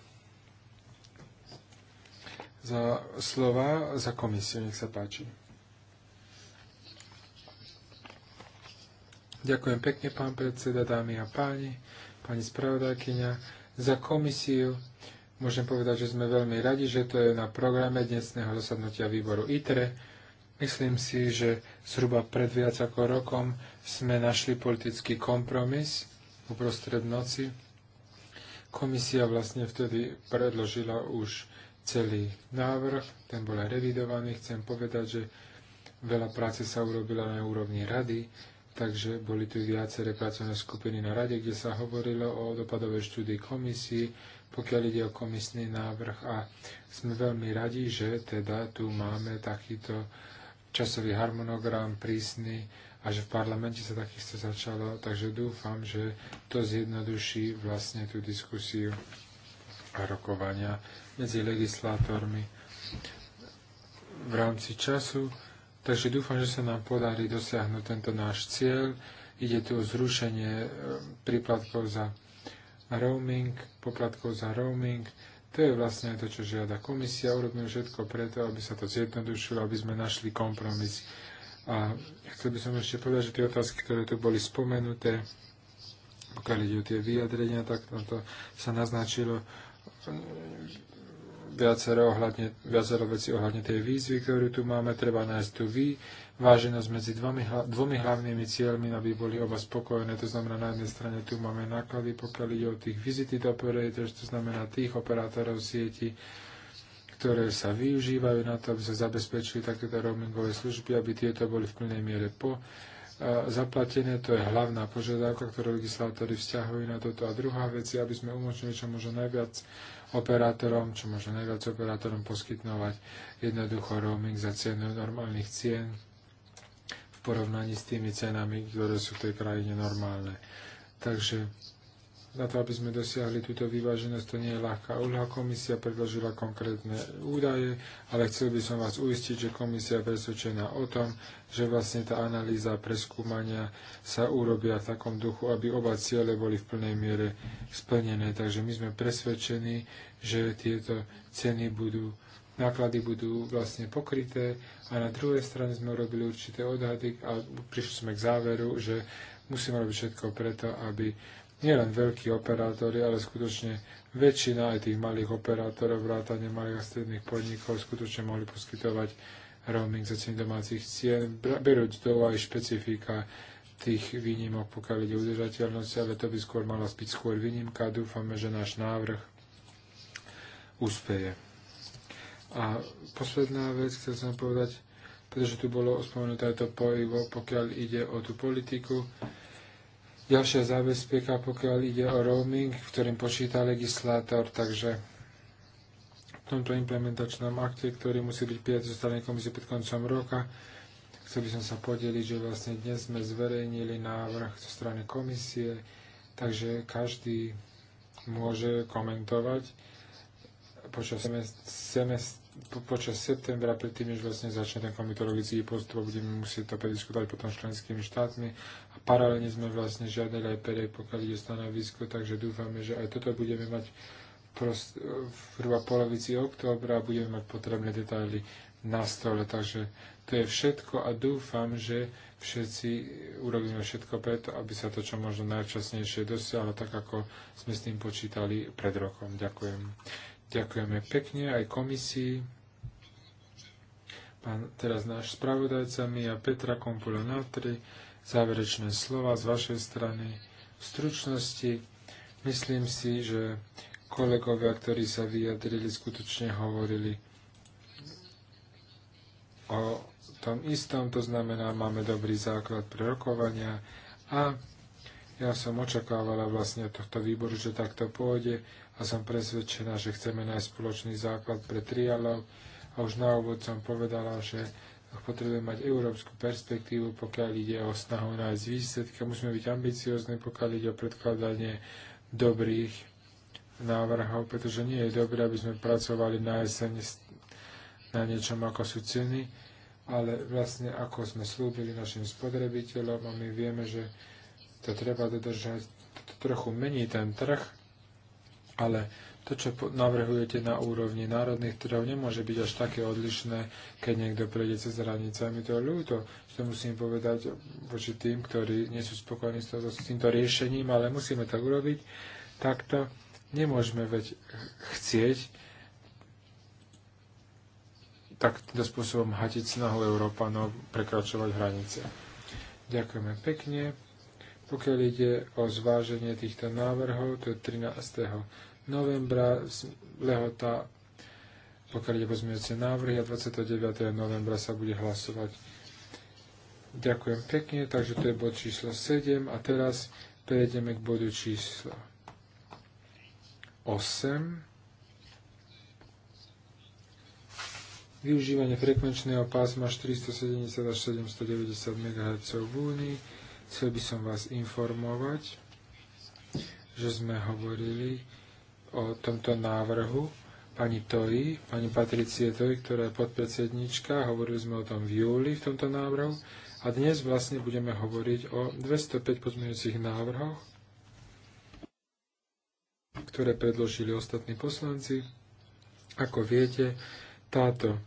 za slova, za komisiu. Nech sa páči. Ďakujem pekne, pán predseda, dámy a páni, pani spravodajkyňa. Za komisiu môžem povedať, že sme veľmi radi, že to je na programe dnesného zasadnutia výboru ITRE. Myslím si, že zhruba pred viac ako rokom sme našli politický kompromis uprostred noci. Komisia vlastne vtedy predložila už celý návrh, ten bol aj revidovaný. Chcem povedať, že veľa práce sa urobila na úrovni rady, takže boli tu viaceré pracovné skupiny na rade, kde sa hovorilo o dopadovej štúdii komisii, pokiaľ ide o komisný návrh a sme veľmi radi, že teda tu máme takýto časový harmonogram prísny a že v parlamente sa takisto začalo, takže dúfam, že to zjednoduší vlastne tú diskusiu a rokovania medzi legislátormi v rámci času. Takže dúfam, že sa nám podarí dosiahnuť tento náš cieľ. Ide tu o zrušenie e, príplatkov za roaming, poplatkov za roaming. To je vlastne to, čo žiada komisia. Urobím všetko preto, aby sa to zjednodušilo, aby sme našli kompromis. A chcel by som ešte povedať, že tie otázky, ktoré tu boli spomenuté, pokiaľ ide o tie vyjadrenia, tak tam to sa naznačilo, viacero, ohľadne, viacero veci ohľadne tej výzvy, ktorú tu máme. Treba nájsť vy, váženosť medzi dvomi, dvomi hlavnými cieľmi, aby boli oba spokojné. To znamená, na jednej strane tu máme náklady, pokiaľ ide o tých visited operators, to znamená tých operátorov sieti, ktoré sa využívajú na to, aby sa zabezpečili takéto roamingové služby, aby tieto boli v plnej miere po zaplatené, to je hlavná požiadavka, ktorú legislátori vzťahujú na toto. A druhá vec je, aby sme umožnili čo možno najviac operátorom, čo možno najviac operátorom poskytnovať jednoducho roaming za cenu normálnych cien v porovnaní s tými cenami, ktoré sú v tej krajine normálne. Takže na to, aby sme dosiahli túto vyváženosť, to nie je ľahká úloha. Komisia predložila konkrétne údaje, ale chcel by som vás uistiť, že komisia je presvedčená o tom, že vlastne tá analýza preskúmania sa urobia v takom duchu, aby oba ciele boli v plnej miere splnené. Takže my sme presvedčení, že tieto ceny budú náklady budú vlastne pokryté a na druhej strane sme urobili určité odhady a prišli sme k záveru, že musíme robiť všetko preto, aby nielen veľkí operátori, ale skutočne väčšina aj tých malých operátorov, vrátane malých a stredných podnikov skutočne mohli poskytovať roaming za ceny domácich cien, berúť do aj špecifika tých výnimok, pokiaľ ide udržateľnosť, ale to by skôr mala byť skôr výnimka. Dúfame, že náš návrh úspeje. A posledná vec, chcel som povedať, pretože tu bolo spomenuté to pojivo, pokiaľ ide o tú politiku, Ďalšia zabezpieka, pokiaľ ide o roaming, v ktorým počíta legislátor, takže v tomto implementačnom akte, ktorý musí byť prijatý zo strany komisie pred koncom roka, chcel by som sa podeliť, že vlastne dnes sme zverejnili návrh zo strany komisie, takže každý môže komentovať počas semestra počas septembra, predtým, než vlastne začne ten komitologický postup, budeme musieť to prediskutovať potom s členskými štátmi a paralelne sme vlastne žiadali aj perej, pokiaľ ide stanovisko, takže dúfame, že aj toto budeme mať prost, v hruba polovici októbra a budeme mať potrebné detaily na stole. Takže to je všetko a dúfam, že všetci urobíme všetko preto, aby sa to čo možno najčasnejšie dosiahlo, tak ako sme s tým počítali pred rokom. Ďakujem. Ďakujeme pekne aj komisii. Pán, teraz náš spravodajca Mia Petra Kompula Natri, záverečné slova z vašej strany v stručnosti. Myslím si, že kolegovia, ktorí sa vyjadrili, skutočne hovorili o tom istom, to znamená, máme dobrý základ pre rokovania a ja som očakávala vlastne tohto výboru, že takto pôjde a som presvedčená, že chceme nájsť spoločný základ pre trialog a už na úvod som povedala, že potrebujeme mať európsku perspektívu, pokiaľ ide o snahu nájsť výsledky. Musíme byť ambiciozni, pokiaľ ide o predkladanie dobrých návrhov, pretože nie je dobré, aby sme pracovali na jeseň na niečom, ako sú ceny, ale vlastne ako sme slúbili našim spotrebiteľom a my vieme, že to treba dodržať, trochu mení ten trh, ale to, čo navrhujete na úrovni národných trhov, nemôže byť až také odlišné, keď niekto prejde cez hranice. mi to ľúto, že to musím povedať voči tým, ktorí nie sú spokojní s, týmto riešením, ale musíme to urobiť. Takto nemôžeme veď chcieť takýmto spôsobom hatiť snahu Európanov prekračovať hranice. Ďakujeme pekne. Pokiaľ ide o zváženie týchto návrhov, to je 13. novembra lehota, pokiaľ ide pozmeňujúce návrhy a 29. novembra sa bude hlasovať. Ďakujem pekne, takže to je bod číslo 7 a teraz prejdeme k bodu číslo 8. využívanie frekvenčného pásma 470 až 790 MHz v Únii, Chcel by som vás informovať, že sme hovorili o tomto návrhu pani Toji, pani Patricie Toji, ktorá je podpredsednička. Hovorili sme o tom v júli v tomto návrhu. A dnes vlastne budeme hovoriť o 205 pozmeňujúcich návrhoch, ktoré predložili ostatní poslanci. Ako viete, táto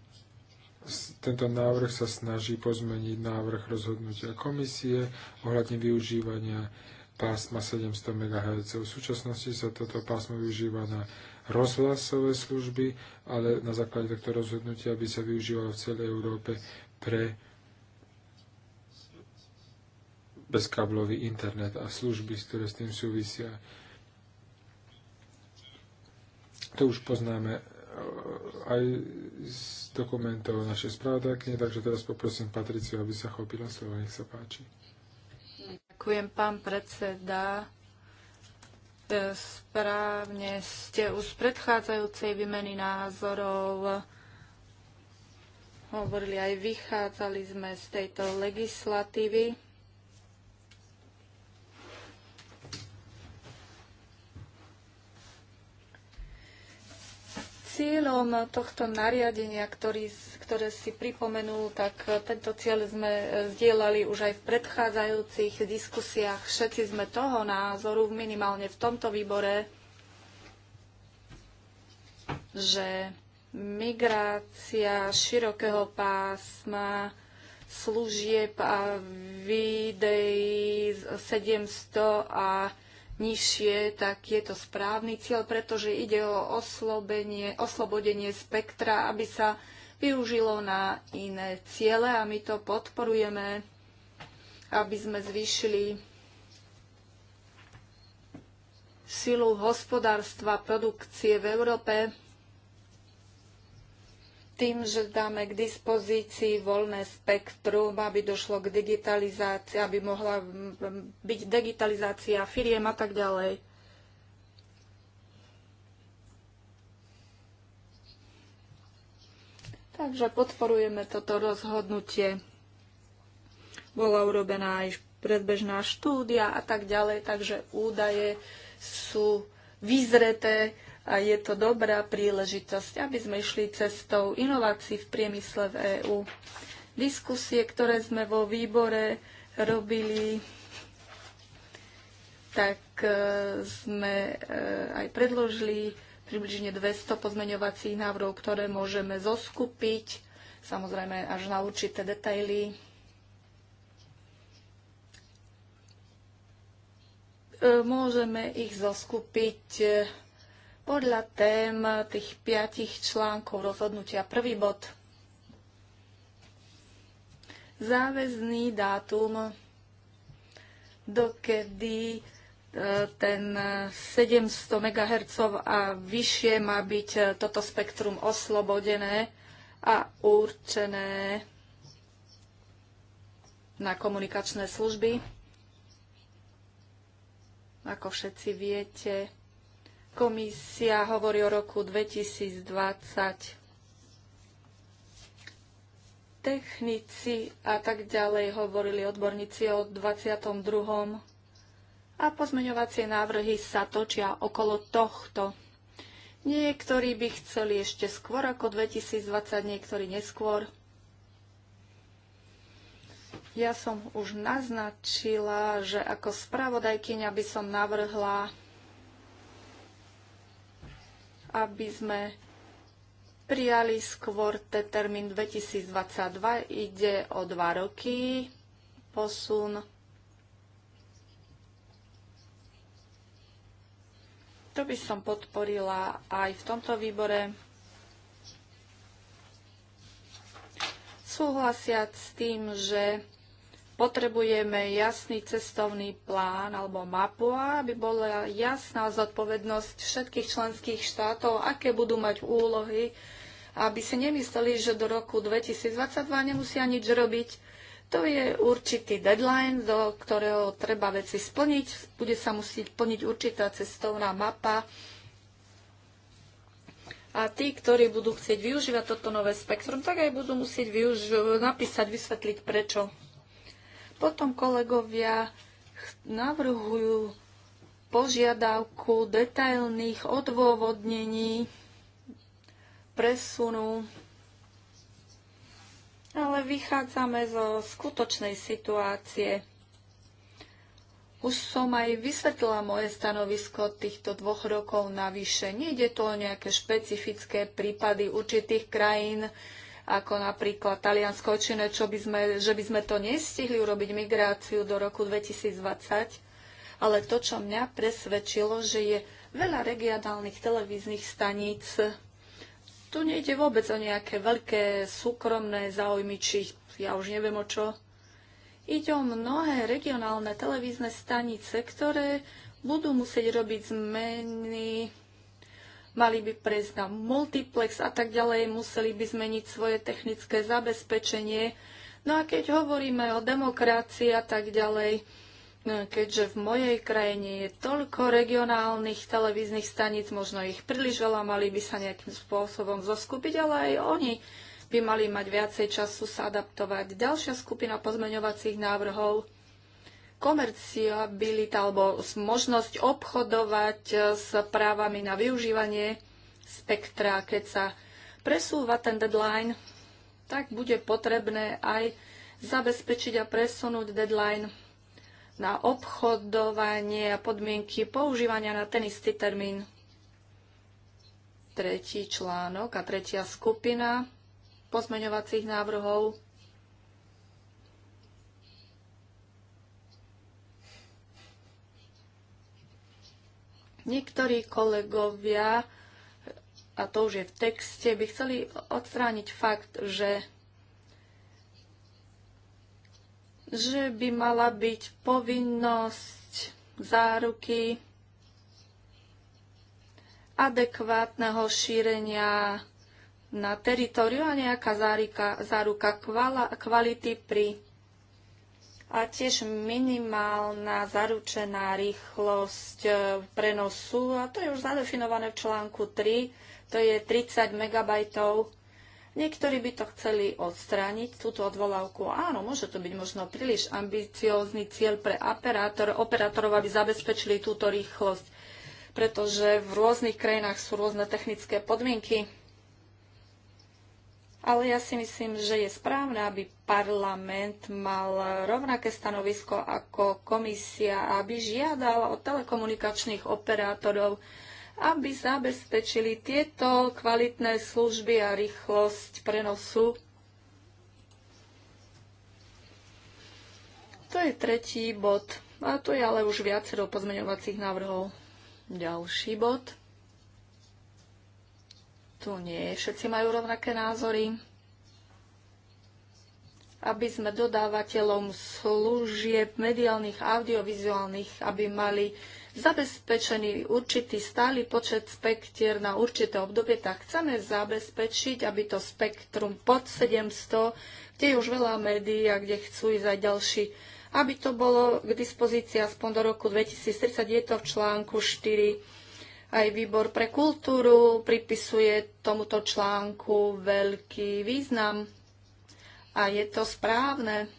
tento návrh sa snaží pozmeniť návrh rozhodnutia komisie ohľadne využívania pásma 700 MHz. V súčasnosti sa toto pásmo využíva na rozhlasové služby, ale na základe tohto rozhodnutia by sa využívalo v celej Európe pre bezkáblový internet a služby, ktoré s tým súvisia. To už poznáme e, aj z dokumentov našej spravodajkyne, takže teraz poprosím Patriciu, aby sa chopila slova. Nech sa páči. Ďakujem, pán predseda. E, správne ste už z predchádzajúcej výmeny názorov hovorili aj vychádzali sme z tejto legislatívy Cieľom tohto nariadenia, ktorý, ktoré si pripomenul, tak e, tento cieľ sme e, zdieľali už aj v predchádzajúcich diskusiách. Všetci sme toho názoru, minimálne v tomto výbore, že migrácia širokého pásma služieb a videí 700 a nižšie, tak je to správny cieľ, pretože ide o oslobenie, oslobodenie spektra, aby sa využilo na iné ciele a my to podporujeme, aby sme zvýšili silu hospodárstva, produkcie v Európe tým, že dáme k dispozícii voľné spektrum, aby došlo k digitalizácii, aby mohla byť digitalizácia firiem a tak ďalej. Takže podporujeme toto rozhodnutie. Bola urobená aj predbežná štúdia a tak ďalej, takže údaje sú vyzreté a je to dobrá príležitosť, aby sme išli cestou inovácií v priemysle v EÚ. Diskusie, ktoré sme vo výbore robili, tak e, sme e, aj predložili približne 200 pozmeňovacích návrhov, ktoré môžeme zoskupiť, samozrejme až na určité detaily. E, môžeme ich zoskupiť podľa tém tých piatich článkov rozhodnutia. Prvý bod. Záväzný dátum, dokedy e, ten 700 MHz a vyššie má byť e, toto spektrum oslobodené a určené na komunikačné služby. Ako všetci viete, Komisia hovorí o roku 2020 technici a tak ďalej hovorili odborníci o 22. a pozmeňovacie návrhy sa točia okolo tohto. Niektorí by chceli ešte skôr ako 2020, niektorí neskôr. Ja som už naznačila, že ako spravodajkyňa by som navrhla aby sme prijali skôr ten termín 2022. Ide o dva roky posun. To by som podporila aj v tomto výbore. Súhlasiať s tým, že Potrebujeme jasný cestovný plán alebo mapu, aby bola jasná zodpovednosť všetkých členských štátov, aké budú mať úlohy, aby si nemysleli, že do roku 2022 nemusia nič robiť. To je určitý deadline, do ktorého treba veci splniť. Bude sa musieť plniť určitá cestovná mapa. A tí, ktorí budú chcieť využívať toto nové spektrum, tak aj budú musieť napísať, vysvetliť prečo. Potom kolegovia navrhujú požiadavku detailných odôvodnení presunu, ale vychádzame zo skutočnej situácie. Už som aj vysvetlila moje stanovisko týchto dvoch rokov navyše. Nejde to o nejaké špecifické prípady určitých krajín, ako napríklad Taliansko či čo by sme, že by sme to nestihli urobiť migráciu do roku 2020. Ale to, čo mňa presvedčilo, že je veľa regionálnych televíznych staníc, tu nejde vôbec o nejaké veľké súkromné záujmy, či ja už neviem o čo. Ide o mnohé regionálne televízne stanice, ktoré budú musieť robiť zmeny mali by prejsť na multiplex a tak ďalej, museli by zmeniť svoje technické zabezpečenie. No a keď hovoríme o demokracii a tak ďalej, e, keďže v mojej krajine je toľko regionálnych televíznych staníc, možno ich príliš veľa, mali by sa nejakým spôsobom zoskupiť, ale aj oni by mali mať viacej času sa adaptovať. Ďalšia skupina pozmeňovacích návrhov komerciabilita alebo možnosť obchodovať eh, s právami na využívanie spektra, keď sa presúva ten deadline, tak bude potrebné aj zabezpečiť a presunúť deadline na obchodovanie a podmienky používania na ten istý termín. Tretí článok a tretia skupina pozmeňovacích návrhov Niektorí kolegovia, a to už je v texte, by chceli odstrániť fakt, že že by mala byť povinnosť záruky adekvátneho šírenia na teritoriu a nejaká záruka, kvala, kvality pri a tiež minimálna zaručená rýchlosť e, prenosu, a to je už zadefinované v článku 3, to je 30 MB. Niektorí by to chceli odstrániť, túto odvolávku. Áno, môže to byť možno príliš ambiciózny cieľ pre operátor, operátorov, aby zabezpečili túto rýchlosť, pretože v rôznych krajinách sú rôzne technické podmienky. Ale ja si myslím, že je správne, aby parlament mal rovnaké stanovisko ako komisia, aby žiadal od telekomunikačných operátorov, aby zabezpečili tieto kvalitné služby a rýchlosť prenosu. To je tretí bod. A tu je ale už viacero pozmeňovacích návrhov. Ďalší bod tu nie všetci majú rovnaké názory. Aby sme dodávateľom služieb mediálnych, audiovizuálnych, aby mali zabezpečený určitý stály počet spektier na určité obdobie, tak chceme zabezpečiť, aby to spektrum pod 700, kde je už veľa médií a kde chcú ísť aj ďalší, aby to bolo k dispozícii aspoň do roku 2030. Je to v článku 4 aj výbor pre kultúru pripisuje tomuto článku veľký význam. A je to správne.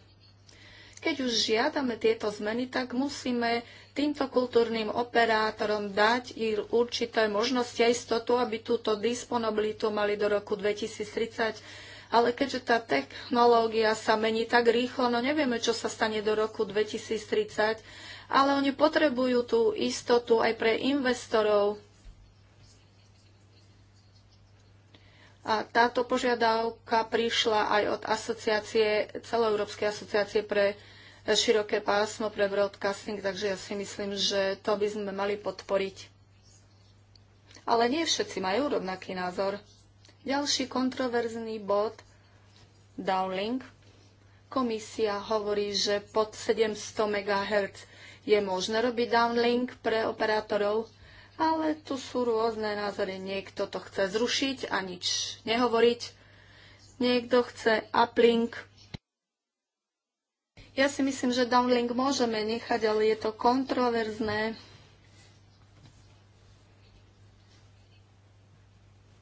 Keď už žiadame tieto zmeny, tak musíme týmto kultúrnym operátorom dať ich určité možnosti a istotu, aby túto disponibilitu mali do roku 2030. Ale keďže tá technológia sa mení tak rýchlo, no nevieme, čo sa stane do roku 2030 ale oni potrebujú tú istotu aj pre investorov. A táto požiadavka prišla aj od asociácie, celoeurópskej asociácie pre široké pásmo pre broadcasting, takže ja si myslím, že to by sme mali podporiť. Ale nie všetci majú rovnaký názor. Ďalší kontroverzný bod, downlink. Komisia hovorí, že pod 700 MHz je možné robiť downlink pre operátorov, ale tu sú rôzne názory. Niekto to chce zrušiť a nič nehovoriť. Niekto chce uplink. Ja si myslím, že downlink môžeme nechať, ale je to kontroverzné.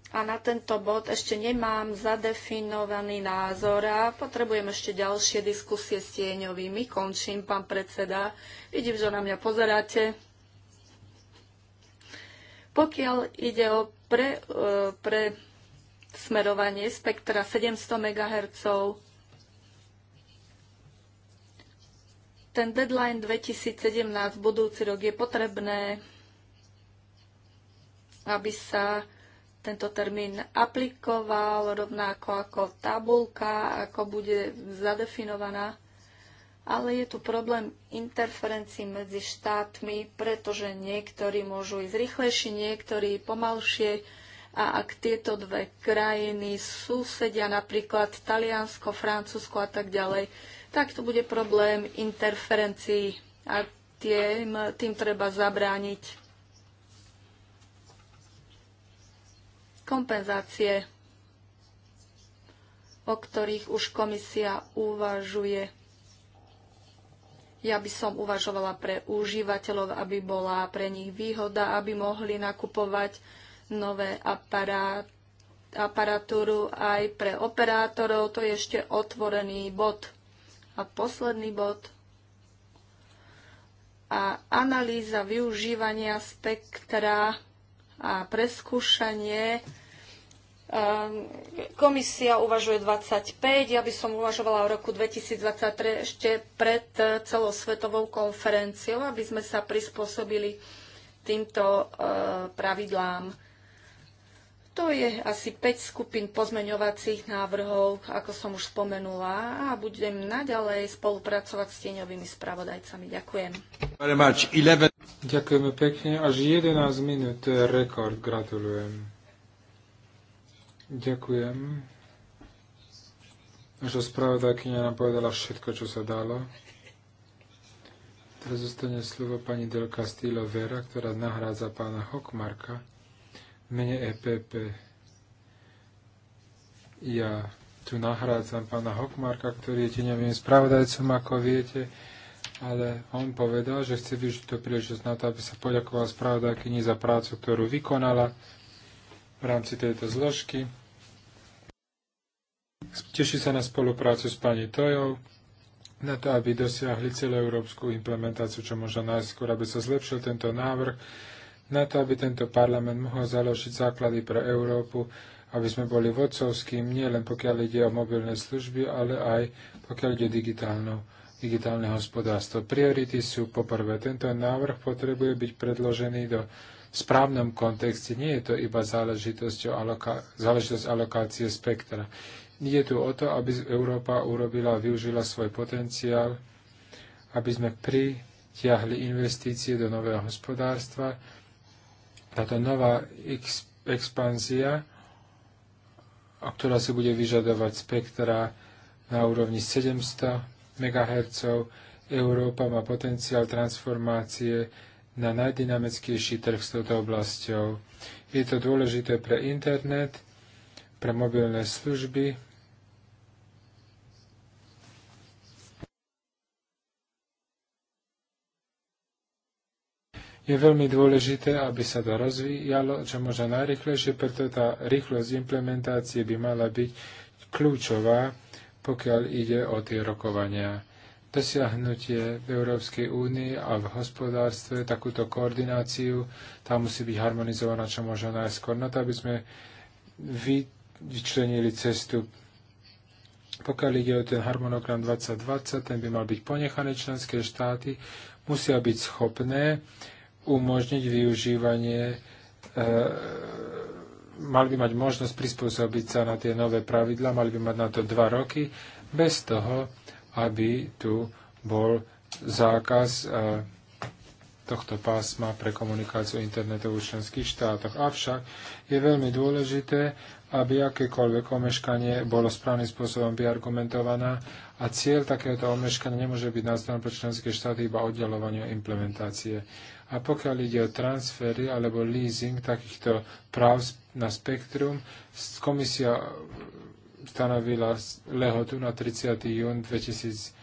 A na tento bod ešte nemám zadefinovaný názor a potrebujem ešte ďalšie diskusie s tieňovými. Končím, pán predseda. Vidím, že na mňa pozeráte. Pokiaľ ide o pre, e, pre smerovanie spektra 700 MHz, ten deadline 2017 budúci rok je potrebné, aby sa tento termín aplikoval, rovnako ako tabulka, ako bude zadefinovaná. Ale je tu problém interferencií medzi štátmi, pretože niektorí môžu ísť rýchlejšie, niektorí pomalšie. A ak tieto dve krajiny susedia, napríklad Taliansko, Francúzsko a tak ďalej, tak tu bude problém interferencií a tým, tým treba zabrániť. kompenzácie, o ktorých už komisia uvažuje. Ja by som uvažovala pre užívateľov, aby bola pre nich výhoda, aby mohli nakupovať nové aparát, aparatúru aj pre operátorov. To je ešte otvorený bod. A posledný bod. A analýza využívania spektra a preskúšanie. Ehm, komisia uvažuje 25, ja by som uvažovala v roku 2023 ešte pred e, celosvetovou konferenciou, aby sme sa prispôsobili týmto e, pravidlám to je asi 5 skupín pozmeňovacích návrhov, ako som už spomenula, a budem naďalej spolupracovať s tieňovými spravodajcami. Ďakujem. Ďakujeme pekne. Až 11 minút, to eh, je rekord. Gratulujem. Ďakujem. Naša spravodajkynia nám povedala všetko, čo sa dalo. Teraz zostane slovo pani Del Castillo Vera, ktorá nahrádza pána Hokmarka mene EPP. Ja tu nahrádzam pána Hokmarka, ktorý je teňovým spravodajcom, ako viete, ale on povedal, že chce využiť to príležitosť na to, aby sa poďakoval spravodajkyni za prácu, ktorú vykonala v rámci tejto zložky. Teší sa na spoluprácu s pani Tojou, na to, aby dosiahli celoeurópsku implementáciu, čo možno najskôr, aby sa zlepšil tento návrh na to, aby tento parlament mohol založiť základy pre Európu, aby sme boli vodcovským, nie len pokiaľ ide o mobilné služby, ale aj pokiaľ ide o digitálne hospodárstvo. Priority sú poprvé, tento návrh potrebuje byť predložený do správnom kontexte. Nie je to iba záležitosť, aloka- záležitosť alokácie spektra. Ide tu o to, aby Európa urobila a využila svoj potenciál, aby sme pritiahli investície do nového hospodárstva, táto nová expanzia, ktorá si bude vyžadovať spektra na úrovni 700 MHz, Európa má potenciál transformácie na najdynamickejší trh s touto oblasťou. Je to dôležité pre internet, pre mobilné služby, Je veľmi dôležité, aby sa to rozvíjalo čo možno najrychlejšie, preto tá rýchlosť implementácie by mala byť kľúčová, pokiaľ ide o tie rokovania. Dosiahnutie v Európskej únii a v hospodárstve takúto koordináciu, tá musí byť harmonizovaná čo možno najskôr, na to, aby sme vyčlenili cestu pokiaľ ide o ten harmonogram 2020, ten by mal byť ponechaný. Členské štáty musia byť schopné umožniť využívanie, e, mali by mať možnosť prispôsobiť sa na tie nové pravidla, mali by mať na to dva roky, bez toho, aby tu bol zákaz e, tohto pásma pre komunikáciu internetu v členských štátoch. Avšak je veľmi dôležité, aby akékoľvek omeškanie bolo správnym spôsobom vyargumentované a cieľ takéhoto omeškania nemôže byť nastavený pre členské štáty iba oddelovanie implementácie. A pokiaľ ide o transfery alebo leasing takýchto práv na spektrum, komisia stanovila lehotu na 30. jún 2022,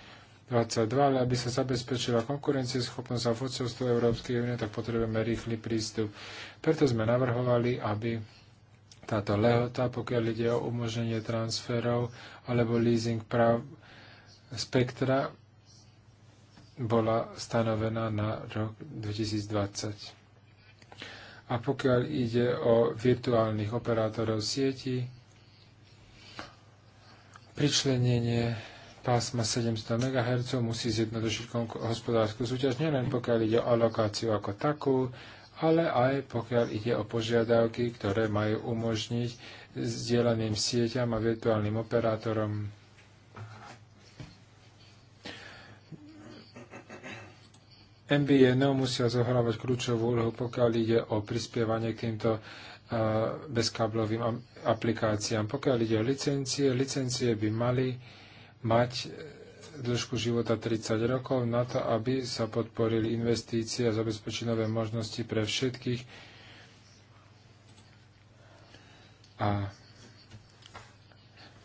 ale aby sa zabezpečila konkurencieschopnosť a vodcovstvo Európskej únie, tak potrebujeme rýchly prístup. Preto sme navrhovali, aby táto lehota, pokiaľ ide o umožnenie transferov alebo leasing práv spektra, bola stanovená na rok 2020. A pokiaľ ide o virtuálnych operátorov sieti, pričlenenie pásma 700 MHz musí zjednodušiť hospodárskú súťaž nielen pokiaľ ide o alokáciu ako takú, ale aj pokiaľ ide o požiadavky, ktoré majú umožniť sdielaným sieťam a virtuálnym operátorom NBA musia zohrávať kľúčovú úlohu, pokiaľ ide o prispievanie k týmto e, bezkáblovým aplikáciám. Pokiaľ ide o licencie, licencie by mali mať e, dĺžku života 30 rokov na to, aby sa podporili investície a zabezpečili nové možnosti pre všetkých. A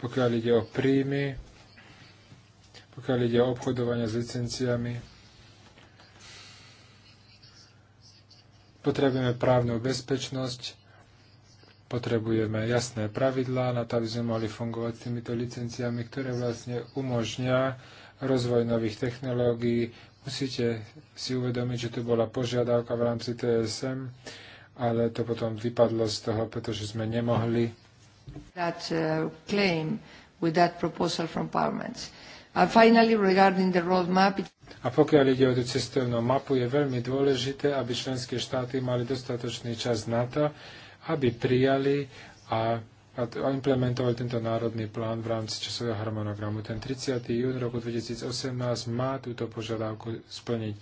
pokiaľ ide o príjmy, pokiaľ ide o obchodovanie s licenciami, Potrebujeme právnu bezpečnosť, potrebujeme jasné pravidlá na to, aby sme mohli fungovať s týmito licenciami, ktoré vlastne umožňa rozvoj nových technológií. Musíte si uvedomiť, že tu bola požiadavka v rámci TSM, ale to potom vypadlo z toho, pretože sme nemohli. That, uh, claim with that proposal from parliament. And finally, regarding the roadmap, it... A pokiaľ ide o tú cestovnú mapu, je veľmi dôležité, aby členské štáty mali dostatočný čas na to, aby prijali a, a implementovali tento národný plán v rámci časového harmonogramu. Ten 30. jún roku 2018 má túto požiadavku splniť.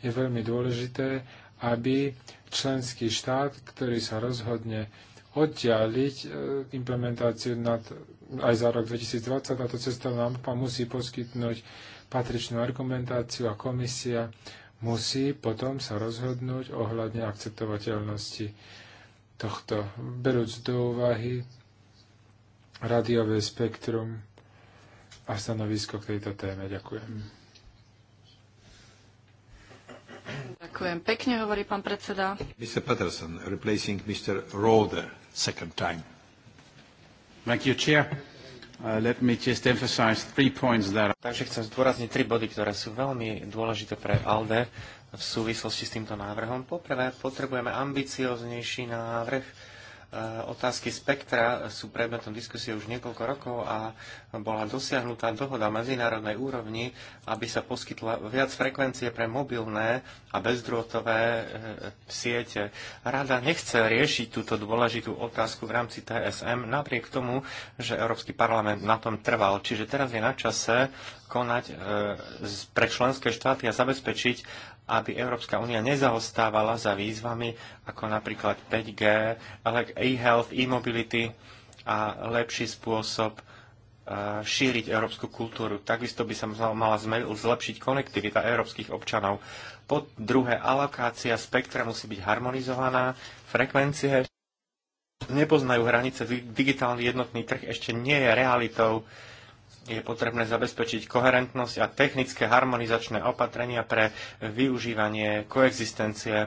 Je veľmi dôležité, aby členský štát, ktorý sa rozhodne oddialiť e, implementáciu nad, aj za rok 2020, táto cestovná mapa musí poskytnúť patričnú argumentáciu a komisia musí potom sa rozhodnúť ohľadne akceptovateľnosti tohto, berúc do úvahy radiové spektrum a stanovisko k tejto téme. Ďakujem. Ďakujem pekne, hovorí pán predseda. Mr. Patterson, replacing Mr. Roder, second time. Thank you, Chair. Uh, that... Takže chcem zdôrazniť tri body, ktoré sú veľmi dôležité pre ALDE v súvislosti s týmto návrhom. Poprvé, potrebujeme ambicioznejší návrh, Eh, otázky spektra sú predmetom diskusie už niekoľko rokov a bola dosiahnutá dohoda medzinárodnej úrovni, aby sa poskytla viac frekvencie pre mobilné a bezdrôtové eh, siete. Rada nechce riešiť túto dôležitú otázku v rámci TSM, napriek tomu, že Európsky parlament na tom trval. Čiže teraz je na čase konať eh, pre členské štáty a zabezpečiť, aby Európska únia nezaostávala za výzvami ako napríklad 5G, ale e-health, e-mobility a lepší spôsob e, šíriť európsku kultúru. Takisto by sa mala zlepšiť konektivita európskych občanov. Po druhé, alokácia spektra musí byť harmonizovaná, frekvencie nepoznajú hranice, digitálny jednotný trh ešte nie je realitou je potrebné zabezpečiť koherentnosť a technické harmonizačné opatrenia pre využívanie koexistencie. E, e,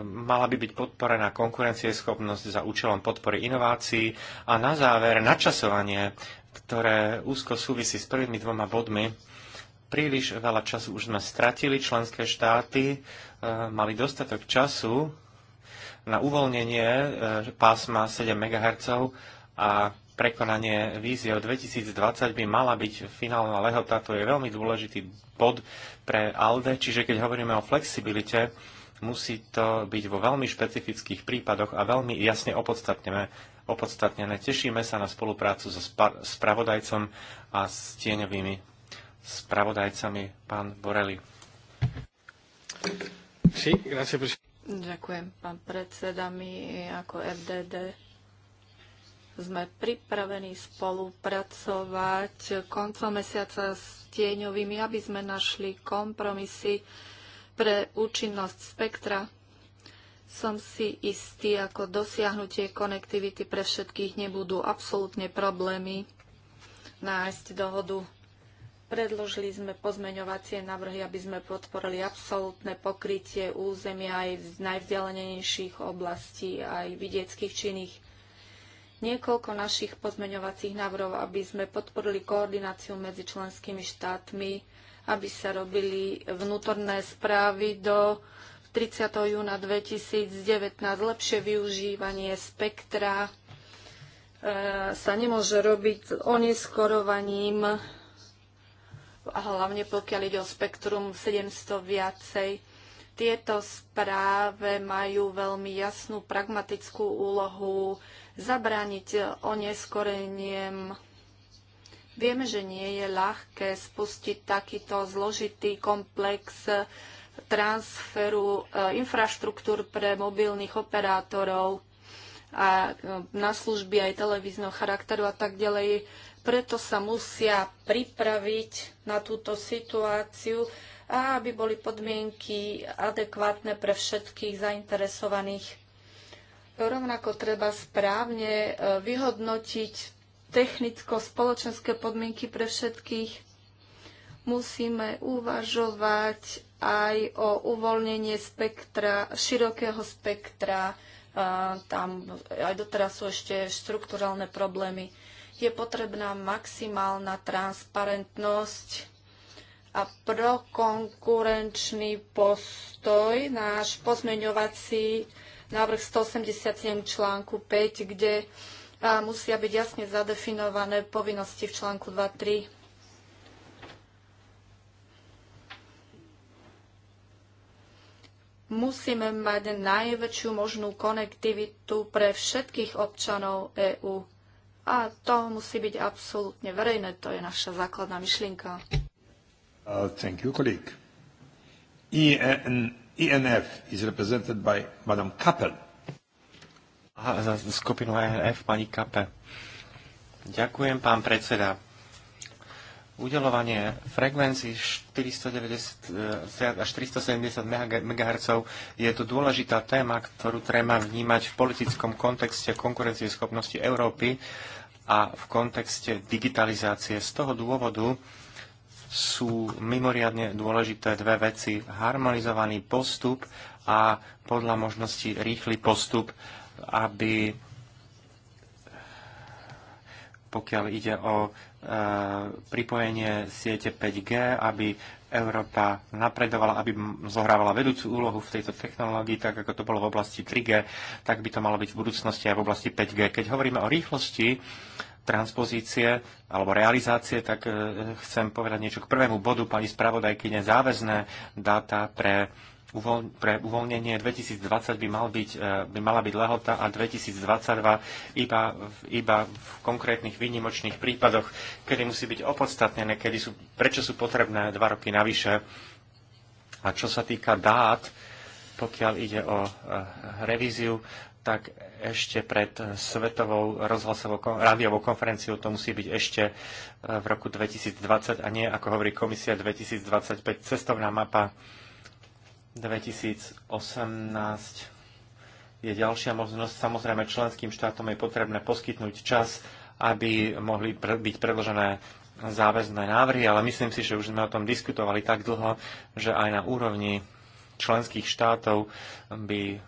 mala by byť podporená konkurencieschopnosť za účelom podpory inovácií a na záver načasovanie, ktoré úzko súvisí s prvými dvoma bodmi. Príliš veľa času už sme stratili, členské štáty e, mali dostatok času na uvoľnenie pásma 7 MHz a prekonanie víziev 2020 by mala byť finálna lehota. To je veľmi dôležitý bod pre ALDE, čiže keď hovoríme o flexibilite, musí to byť vo veľmi špecifických prípadoch a veľmi jasne opodstatnené. opodstatnené. Tešíme sa na spoluprácu so spravodajcom a s tieňovými spravodajcami, pán Borelli. Ďakujem, pán predseda. My ako FDD sme pripravení spolupracovať koncom mesiaca s tieňovými, aby sme našli kompromisy pre účinnosť spektra. Som si istý, ako dosiahnutie konektivity pre všetkých nebudú absolútne problémy nájsť dohodu. Predložili sme pozmeňovacie návrhy, aby sme podporili absolútne pokrytie územia aj z najvzdialenejších oblastí, aj vidieckých činných niekoľko našich pozmeňovacích návrhov, aby sme podporili koordináciu medzi členskými štátmi, aby sa robili vnútorné správy do 30. júna 2019, lepšie využívanie spektra e, sa nemôže robiť oneskorovaním a hlavne pokiaľ ide o spektrum 700 viacej. Tieto správe majú veľmi jasnú pragmatickú úlohu, zabrániť oneskoreniem. Viem, že nie je ľahké spustiť takýto zložitý komplex transferu eh, infraštruktúr pre mobilných operátorov a eh, na služby aj televízneho charakteru a tak ďalej. Preto sa musia pripraviť na túto situáciu aby boli podmienky adekvátne pre všetkých zainteresovaných. Rovnako treba správne e, vyhodnotiť technicko-spoločenské podmienky pre všetkých musíme uvažovať aj o uvoľnenie spektra, širokého spektra. E, tam aj doteraz sú ešte štrukturálne problémy. Je potrebná maximálna transparentnosť a prokonkurenčný postoj. Náš pozmeňovací návrh 187 článku 5, kde musia byť jasne zadefinované povinnosti v článku 2.3. musíme mať najväčšiu možnú konektivitu pre všetkých občanov EÚ. A to musí byť absolútne verejné, to je naša základná myšlienka. Uh, thank you, colleague. ENF ENF is represented by Kappel. za skupinu e pani Ďakujem, pán predseda. Udelovanie frekvencií 490 e, až 470 MHz je to dôležitá téma, ktorú treba vnímať v politickom kontexte konkurencieschopnosti Európy a v kontexte digitalizácie. Z toho dôvodu sú mimoriadne dôležité dve veci. Harmonizovaný postup a podľa možnosti rýchly postup, aby pokiaľ ide o e, pripojenie siete 5G, aby Európa napredovala, aby zohrávala vedúcu úlohu v tejto technológii, tak ako to bolo v oblasti 3G, tak by to malo byť v budúcnosti aj v oblasti 5G. Keď hovoríme o rýchlosti, transpozície alebo realizácie, tak e, chcem povedať niečo k prvému bodu pani spravodajkyne. Záväzné dáta pre pre uvoľnenie 2020 by, mal byť, e, by mala byť lehota a 2022 iba, iba v konkrétnych výnimočných prípadoch, kedy musí byť opodstatnené, kedy sú, prečo sú potrebné dva roky navyše. A čo sa týka dát, pokiaľ ide o e, revíziu, tak ešte pred svetovou rozhlasovou rádiovou konferenciou to musí byť ešte e, v roku 2020 a nie, ako hovorí komisia 2025, cestovná mapa 2018 je ďalšia možnosť. Samozrejme, členským štátom je potrebné poskytnúť čas, aby mohli byť predložené záväzné návrhy, ale myslím si, že už sme o tom diskutovali tak dlho, že aj na úrovni členských štátov by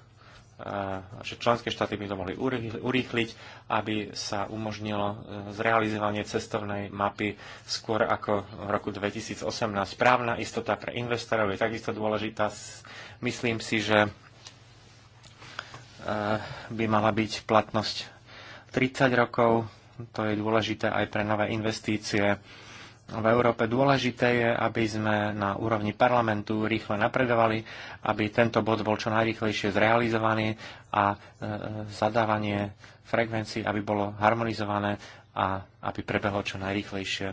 že členské štáty by to mohli urýchliť, aby sa umožnilo e, zrealizovanie cestovnej mapy skôr ako v roku 2018. správna istota pre investorov je takisto dôležitá. Myslím si, že e, by mala byť platnosť 30 rokov. To je dôležité aj pre nové investície v Európe. Dôležité je, aby sme na úrovni parlamentu rýchle napredovali, aby tento bod bol čo najrýchlejšie zrealizovaný a e, zadávanie frekvencií, aby bolo harmonizované a aby prebehlo čo najrýchlejšie.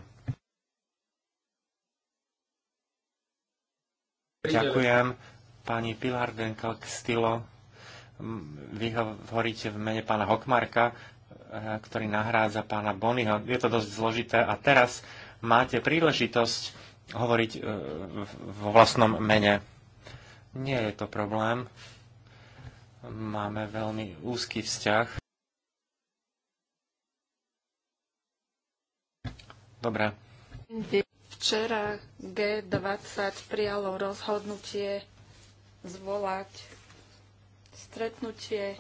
Ďakujem pani Pilar Denkel Kstilo. Vy hovoríte v mene pána Hokmarka, e, ktorý nahrádza pána Bonyho. Je to dosť zložité. A teraz máte príležitosť hovoriť e, vo vlastnom mene. Nie je to problém. Máme veľmi úzky vzťah. Dobre. Včera G20 prijalo rozhodnutie zvolať stretnutie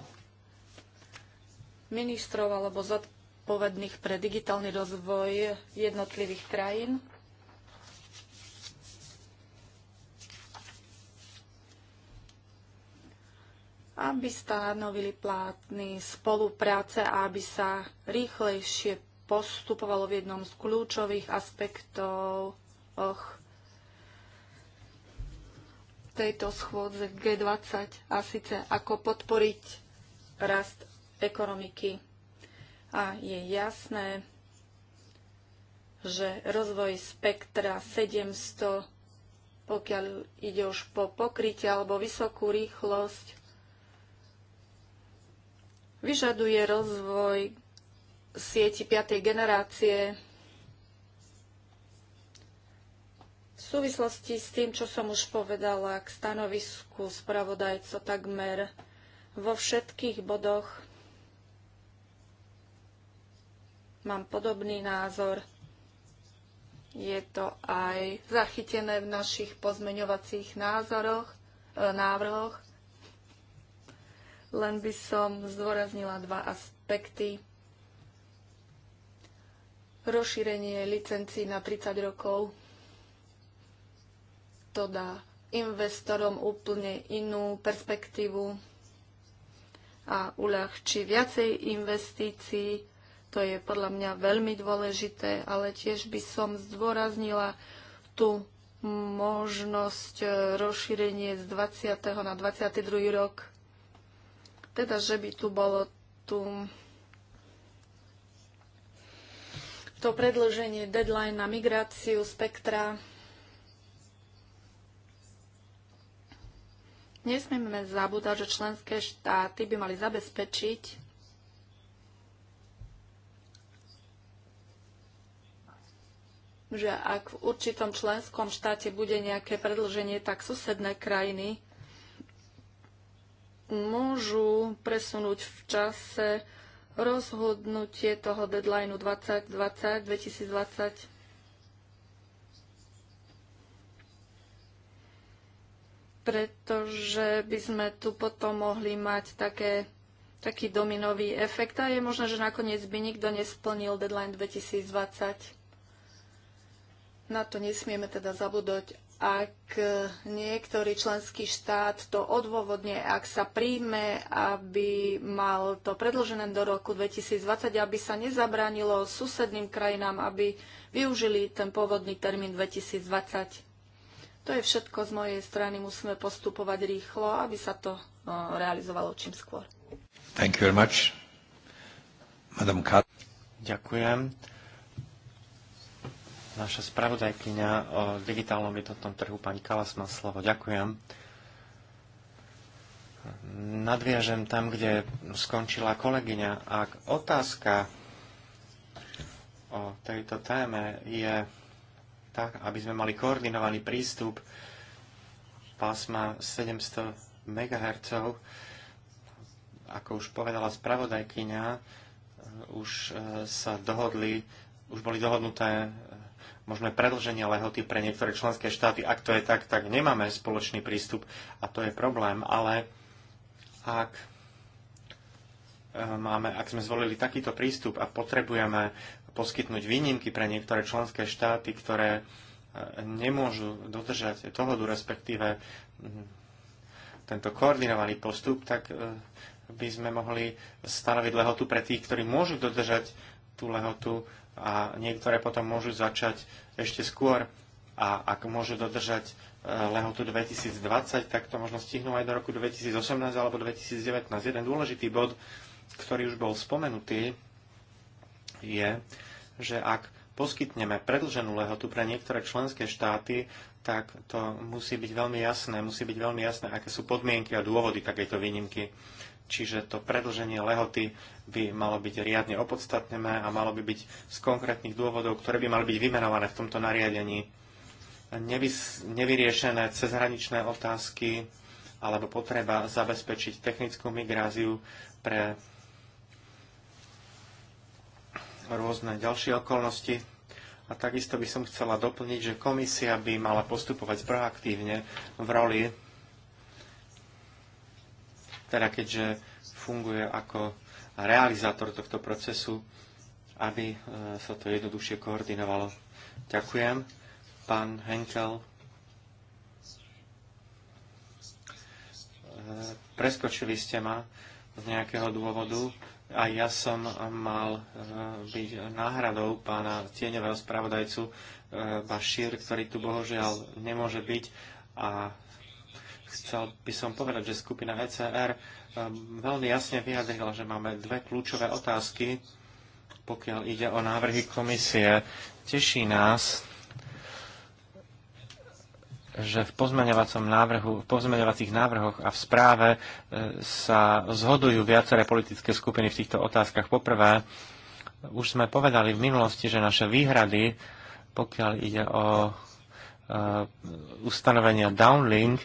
ministrov alebo zodpovedných zodpovedných pre digitálny rozvoj jednotlivých krajín. aby stanovili plátny spolupráce a aby sa rýchlejšie postupovalo v jednom z kľúčových aspektov och tejto schôdze G20 a síce ako podporiť rast ekonomiky a je jasné, že rozvoj spektra 700, pokiaľ ide už po pokrytie alebo vysokú rýchlosť, vyžaduje rozvoj sieti 5. generácie v súvislosti s tým, čo som už povedala k stanovisku spravodajco takmer vo všetkých bodoch Mám podobný názor. Je to aj zachytené v našich pozmeňovacích názoroch, e, návrhoch. Len by som zdôraznila dva aspekty. Rozšírenie licencií na 30 rokov to dá investorom úplne inú perspektívu a uľahčí viacej investícií to je podľa mňa veľmi dôležité, ale tiež by som zdôraznila tú možnosť e, rozšírenie z 20. na 22. rok. Teda, že by tu bolo tu to predloženie deadline na migráciu spektra. Nesmieme zabúdať, že členské štáty by mali zabezpečiť, že ak v určitom členskom štáte bude nejaké predlženie, tak susedné krajiny môžu presunúť v čase rozhodnutie toho deadlineu 2020, 2020. Pretože by sme tu potom mohli mať také, taký dominový efekt a je možné, že nakoniec by nikto nesplnil deadline 2020. Na to nesmieme teda zabúdať, ak niektorý členský štát to odôvodne, ak sa príjme, aby mal to predložené do roku 2020, aby sa nezabránilo susedným krajinám, aby využili ten pôvodný termín 2020. To je všetko z mojej strany. Musíme postupovať rýchlo, aby sa to no, realizovalo čím skôr. Thank you very much. Madam Ďakujem naša spravodajkyňa o eh, digitálnom jednotnom trhu, pani Kalas, má slovo. Ďakujem. Nadviažem tam, kde skončila kolegyňa. Ak otázka o tejto téme je tak, aby sme mali koordinovaný prístup pásma 700 MHz, ako už povedala spravodajkyňa, už eh, sa dohodli, už boli dohodnuté možné predlženie lehoty pre niektoré členské štáty. Ak to je tak, tak nemáme spoločný prístup a to je problém, ale ak e, máme, ak sme zvolili takýto prístup a potrebujeme poskytnúť výnimky pre niektoré členské štáty, ktoré e, nemôžu dodržať dohodu, respektíve tento koordinovaný postup, tak e, by sme mohli stanoviť lehotu pre tých, ktorí môžu dodržať tú lehotu a niektoré potom môžu začať ešte skôr a ak môžu dodržať e, lehotu 2020, tak to možno stihnú aj do roku 2018 alebo 2019. Jeden dôležitý bod, ktorý už bol spomenutý, je, že ak poskytneme predlženú lehotu pre niektoré členské štáty, tak to musí byť veľmi jasné, musí byť veľmi jasné, aké sú podmienky a dôvody takejto výnimky. Čiže to predlženie lehoty by malo byť riadne opodstatnené a malo by byť z konkrétnych dôvodov, ktoré by mali byť vymenované v tomto nariadení. Nevys- nevyriešené cezhraničné otázky alebo potreba zabezpečiť technickú migráziu pre rôzne ďalšie okolnosti. A takisto by som chcela doplniť, že komisia by mala postupovať proaktívne v roli teda keďže funguje ako realizátor tohto procesu, aby e, sa to jednoduchšie koordinovalo. Ďakujem. Pán Henkel. E, preskočili ste ma z nejakého dôvodu a ja som mal e, byť náhradou pána tieňového spravodajcu Bašír, ktorý tu bohužiaľ nemôže byť a Chcel by som povedať, že skupina VCR e ehm, veľmi jasne vyjadrila, že máme dve kľúčové otázky, pokiaľ ide o návrhy komisie. Teší nás, že v, pozmeňovacom návrhu, v pozmeňovacích návrhoch a v správe e, sa zhodujú viaceré politické skupiny v týchto otázkach. Poprvé, už sme povedali v minulosti, že naše výhrady, pokiaľ ide o e, ustanovenia downlink,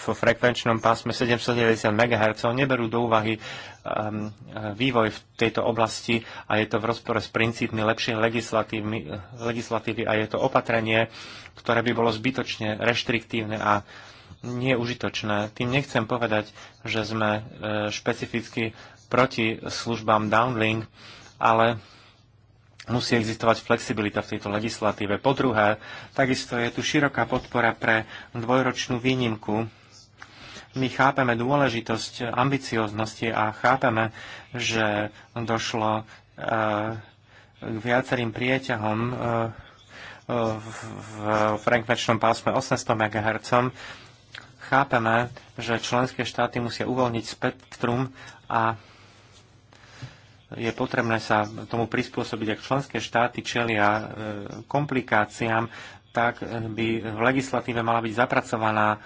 v frekvenčnom pásme 790 MHz neberú do úvahy um, vývoj v tejto oblasti a je to v rozpore s princípmi lepšej legislatívy a je to opatrenie, ktoré by bolo zbytočne reštriktívne a nie užitočné. Tým nechcem povedať, že sme e, špecificky proti službám downlink, ale musí existovať flexibilita v tejto legislatíve. Po druhé, takisto je tu široká podpora pre dvojročnú výnimku. My chápeme dôležitosť ambicioznosti a chápeme, že došlo eh, k viacerým prieťahom eh, v frekvenčnom pásme 800 MHz. Chápeme, že členské štáty musia uvoľniť spektrum a je potrebné sa tomu prispôsobiť, ak členské štáty čelia e, komplikáciám, tak e, by v legislatíve mala byť zapracovaná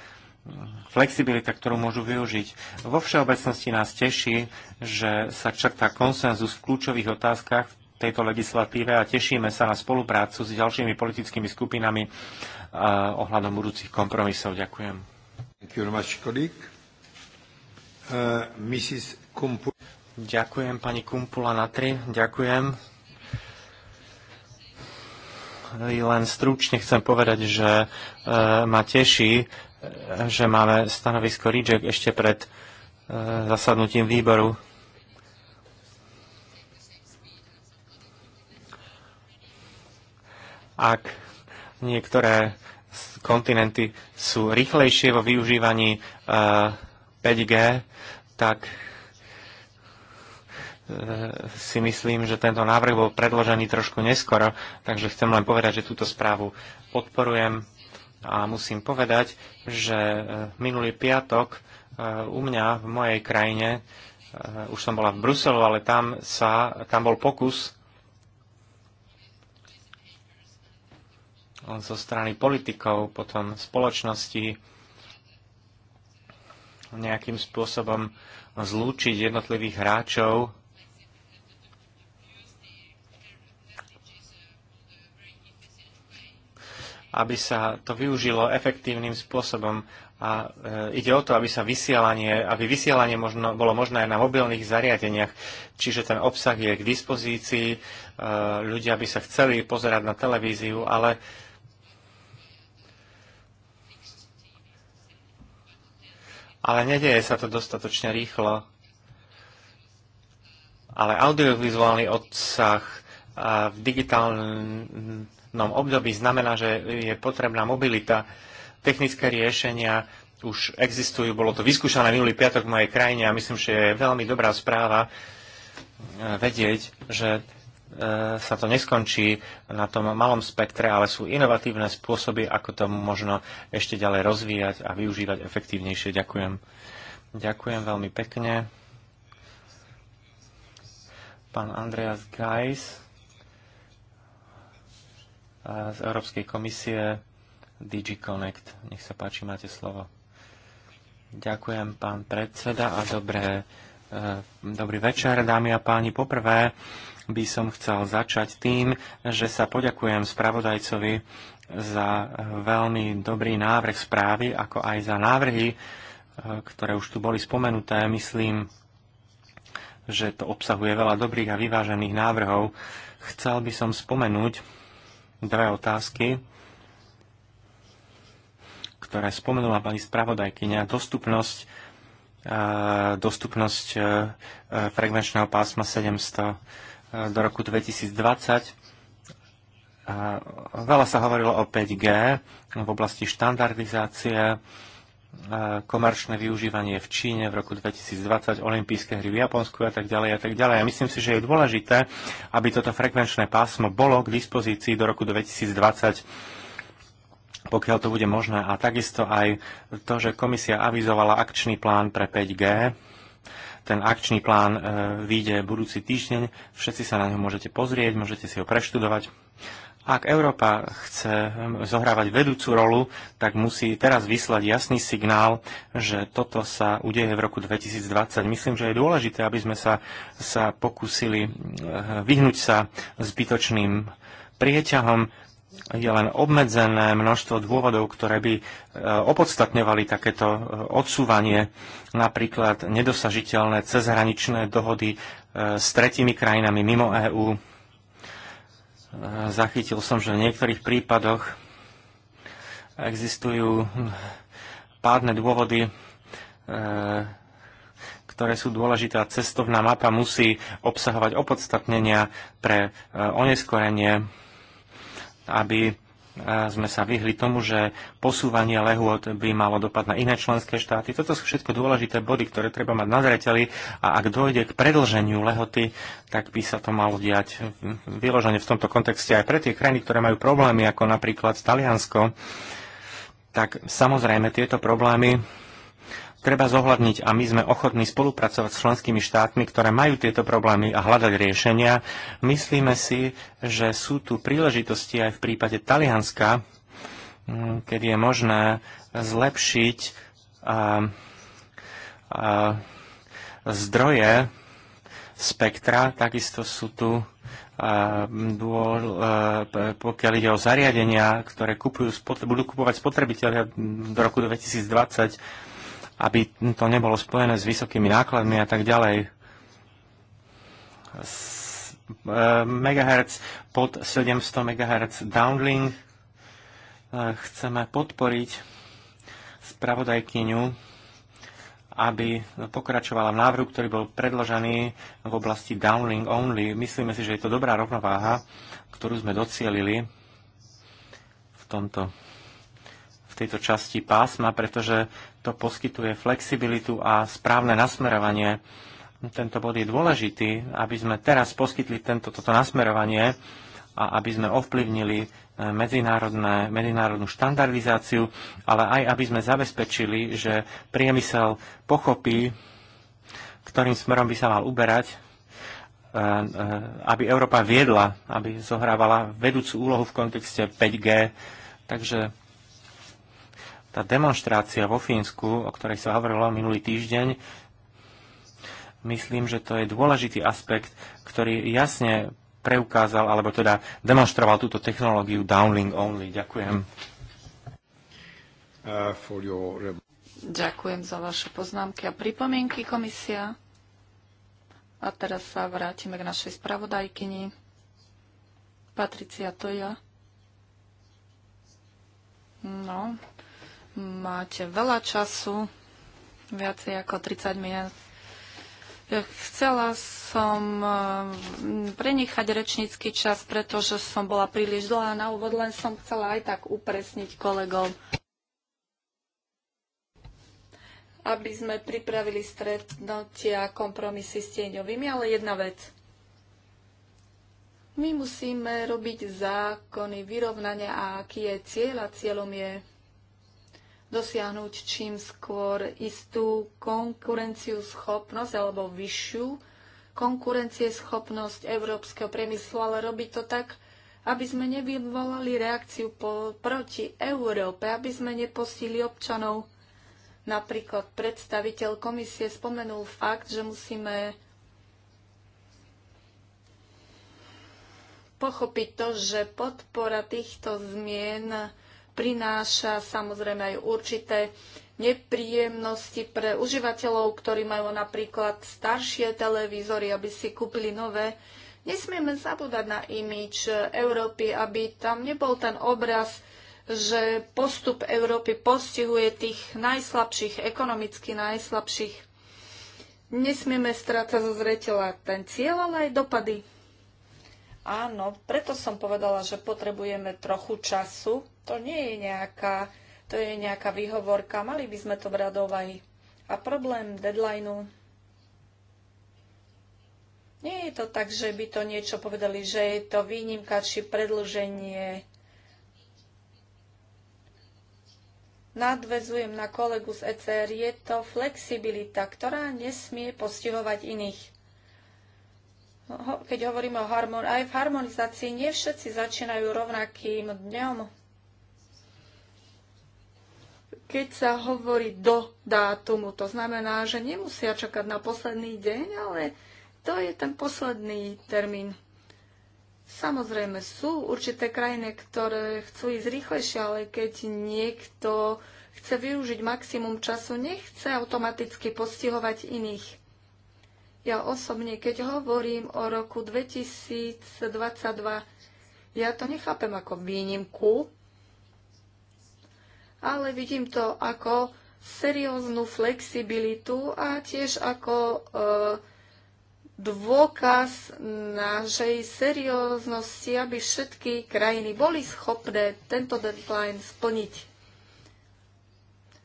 flexibilita, ktorú môžu využiť. Vo všeobecnosti nás teší, že sa črta konsenzus v kľúčových otázkach v tejto legislatíve a tešíme sa na spoluprácu s ďalšími politickými skupinami e, ohľadom budúcich kompromisov. Ďakujem. Thank you very much, colleague. Uh, Mrs. Ďakujem pani Kumpula na tri. Ďakujem. Len stručne chcem povedať, že e, ma teší, e, že máme stanovisko RIDŽEK ešte pred e, zasadnutím výboru. Ak niektoré kontinenty sú rýchlejšie vo využívaní e, 5G, tak E, si myslím, že tento návrh bol predložený trošku neskoro, takže chcem len povedať, že túto správu podporujem a musím povedať, že e, minulý piatok e, u mňa v mojej krajine, už som bola v Bruselu, ale tam, sa, tam bol pokus zo strany politikov, potom spoločnosti nejakým spôsobom zlúčiť jednotlivých hráčov aby sa to využilo efektívnym spôsobom. A e, ide o to, aby sa vysielanie, aby vysielanie možno, bolo možné aj na mobilných zariadeniach, čiže ten obsah je k dispozícii, e, ľudia by sa chceli pozerať na televíziu, ale ale nedieje sa to dostatočne rýchlo. Ale audiovizuálny obsah v digitálnom prechodnom období znamená, že je potrebná mobilita. Technické riešenia už existujú, bolo to vyskúšané minulý piatok v mojej krajine a myslím, že je veľmi dobrá správa e, vedieť, že e, sa to neskončí na tom malom spektre, ale sú inovatívne spôsoby, ako to možno ešte ďalej rozvíjať a využívať efektívnejšie. Ďakujem. Ďakujem veľmi pekne. Pán Andreas Geis z Európskej komisie DG Connect. Nech sa páči, máte slovo. Ďakujem, pán predseda, a dobré, e, dobrý večer, dámy a páni. Poprvé by som chcel začať tým, že sa poďakujem spravodajcovi za veľmi dobrý návrh správy, ako aj za návrhy, e, ktoré už tu boli spomenuté. Myslím, že to obsahuje veľa dobrých a vyvážených návrhov. Chcel by som spomenúť, dve otázky, ktoré spomenula pani spravodajkyňa. Dostupnosť, e, dostupnosť e, e, frekvenčného pásma 700 do roku 2020. Veľa sa hovorilo o 5G v oblasti štandardizácie komerčné využívanie v Číne v roku 2020, olympijské hry v Japonsku a tak ďalej a tak ďalej. A myslím si, že je dôležité, aby toto frekvenčné pásmo bolo k dispozícii do roku 2020 pokiaľ to bude možné. A takisto aj to, že komisia avizovala akčný plán pre 5G. Ten akčný plán e, vyjde budúci týždeň. Všetci sa na ňu môžete pozrieť, môžete si ho preštudovať. Ak Európa chce zohrávať vedúcu rolu, tak musí teraz vyslať jasný signál, že toto sa udeje v roku 2020. Myslím, že je dôležité, aby sme sa, sa pokúsili eh, vyhnúť sa zbytočným prieťahom. Je len obmedzené množstvo dôvodov, ktoré by eh, opodstatňovali takéto eh, odsúvanie, napríklad nedosažiteľné cezhraničné dohody s tretimi krajinami mimo EÚ, zachytil som, že v niektorých prípadoch existujú pádne dôvody, e, ktoré sú dôležité a cestovná mapa musí obsahovať opodstatnenia pre e, oneskorenie, aby sme sa vyhli tomu, že posúvanie lehôd by malo dopad na iné členské štáty. Toto sú všetko dôležité body, ktoré treba mať na zreteli a ak dojde k predlženiu lehoty, tak by sa to malo diať vyložené v tomto kontexte aj pre tie krajiny, ktoré majú problémy, ako napríklad Taliansko, tak samozrejme tieto problémy treba zohľadniť a my sme ochotní spolupracovať s členskými štátmi, ktoré majú tieto problémy a hľadať riešenia. Myslíme si, že sú tu príležitosti aj v prípade Talianska, mm, kedy je možné zlepšiť a, a, zdroje spektra. Takisto sú tu dôl, pokiaľ ide o zariadenia, ktoré kupujú, budú kupovať spotrebitelia do roku 2020 aby to nebolo spojené s vysokými nákladmi a tak ďalej. E, megahertz pod 700 MHz downlink e, chceme podporiť spravodajkyňu, aby pokračovala v návrhu, ktorý bol predložený v oblasti downlink only. Myslíme si, že je to dobrá rovnováha, ktorú sme docielili v tomto v tejto časti pásma, pretože to poskytuje flexibilitu a správne nasmerovanie. Tento bod je dôležitý, aby sme teraz poskytli tento, toto nasmerovanie a aby sme ovplyvnili eh, medzinárodnú štandardizáciu, ale aj aby sme zabezpečili, že priemysel pochopí, ktorým smerom by sa mal uberať, eh, eh, aby Európa viedla, aby zohrávala vedúcu úlohu v kontexte 5G. Takže tá demonstrácia vo Fínsku, o ktorej sa hovorilo minulý týždeň, myslím, že to je dôležitý aspekt, ktorý jasne preukázal, alebo teda demonstroval túto technológiu downlink only. Ďakujem. Uh, Ďakujem za vaše poznámky a pripomienky, komisia. A teraz sa vrátime k našej spravodajkyni. Patricia, to ja. No, Máte veľa času, viacej ako 30 minút. Chcela som eh, prenechať rečnícky čas, pretože som bola príliš dlhá na úvod, len som chcela aj tak upresniť kolegov, aby sme pripravili stretnutia a kompromisy s tieňovými, ale jedna vec. My musíme robiť zákony, vyrovnania a aký je cieľ a cieľom je dosiahnuť čím skôr istú konkurenciu schopnosť alebo vyššiu schopnosť európskeho priemyslu, ale robiť to tak, aby sme nevyvolali reakciu po, proti Európe, aby sme nepostili občanov. Napríklad predstaviteľ komisie spomenul fakt, že musíme pochopiť to, že podpora týchto zmien prináša samozrejme aj určité nepríjemnosti pre užívateľov, ktorí majú napríklad staršie televízory, aby si kúpili nové. Nesmieme zabúdať na imič Európy, aby tam nebol ten obraz, že postup Európy postihuje tých najslabších, ekonomicky najslabších. Nesmieme strácať zo zreteľa ten cieľ, ale aj dopady Áno, preto som povedala, že potrebujeme trochu času. To nie je nejaká, to je nejaká výhovorka. Mali by sme to v radovaj. A problém deadlineu nie je to tak, že by to niečo povedali, že je to výnimka či predlženie. Nadvezujem na kolegu z ECR, je to flexibilita, ktorá nesmie postihovať iných keď hovoríme o harmonii, aj v harmonizácii nie všetci začínajú rovnakým dňom. Keď sa hovorí do dátumu, to znamená, že nemusia čakať na posledný deň, ale to je ten posledný termín. Samozrejme, sú určité krajiny, ktoré chcú ísť rýchlejšie, ale keď niekto chce využiť maximum času, nechce automaticky postihovať iných. Ja osobne, keď hovorím o roku 2022, ja to nechápem ako výnimku, ale vidím to ako serióznu flexibilitu a tiež ako e, dôkaz našej serióznosti, aby všetky krajiny boli schopné tento deadline splniť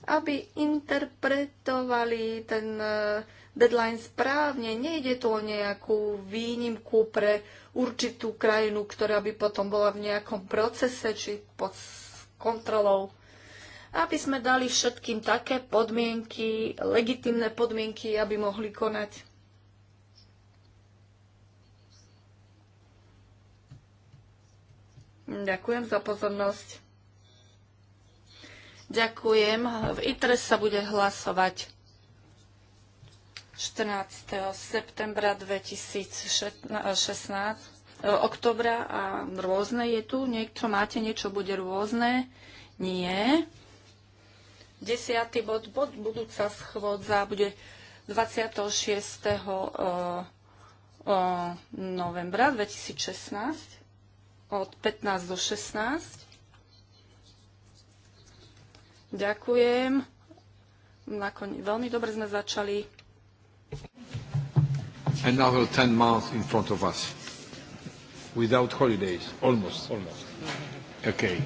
aby interpretovali ten e, deadline správne. Nejde tu o nejakú výnimku pre určitú krajinu, ktorá by potom bola v nejakom procese či pod kontrolou. Aby sme dali všetkým také podmienky, legitimné podmienky, aby mohli konať. Ďakujem za pozornosť. Ďakujem. V ITRE sa bude hlasovať 14. septembra 2016, e, oktobra a rôzne je tu. Niekto máte, niečo bude rôzne? Nie. Desiatý bod, bod budúca schôdza bude 26. E, e, novembra 2016 od 15 do 16. Ďakujem. Nakon, veľmi dobre sme začali Another 10 months in front of us. Without holidays, almost. Almost. Okay.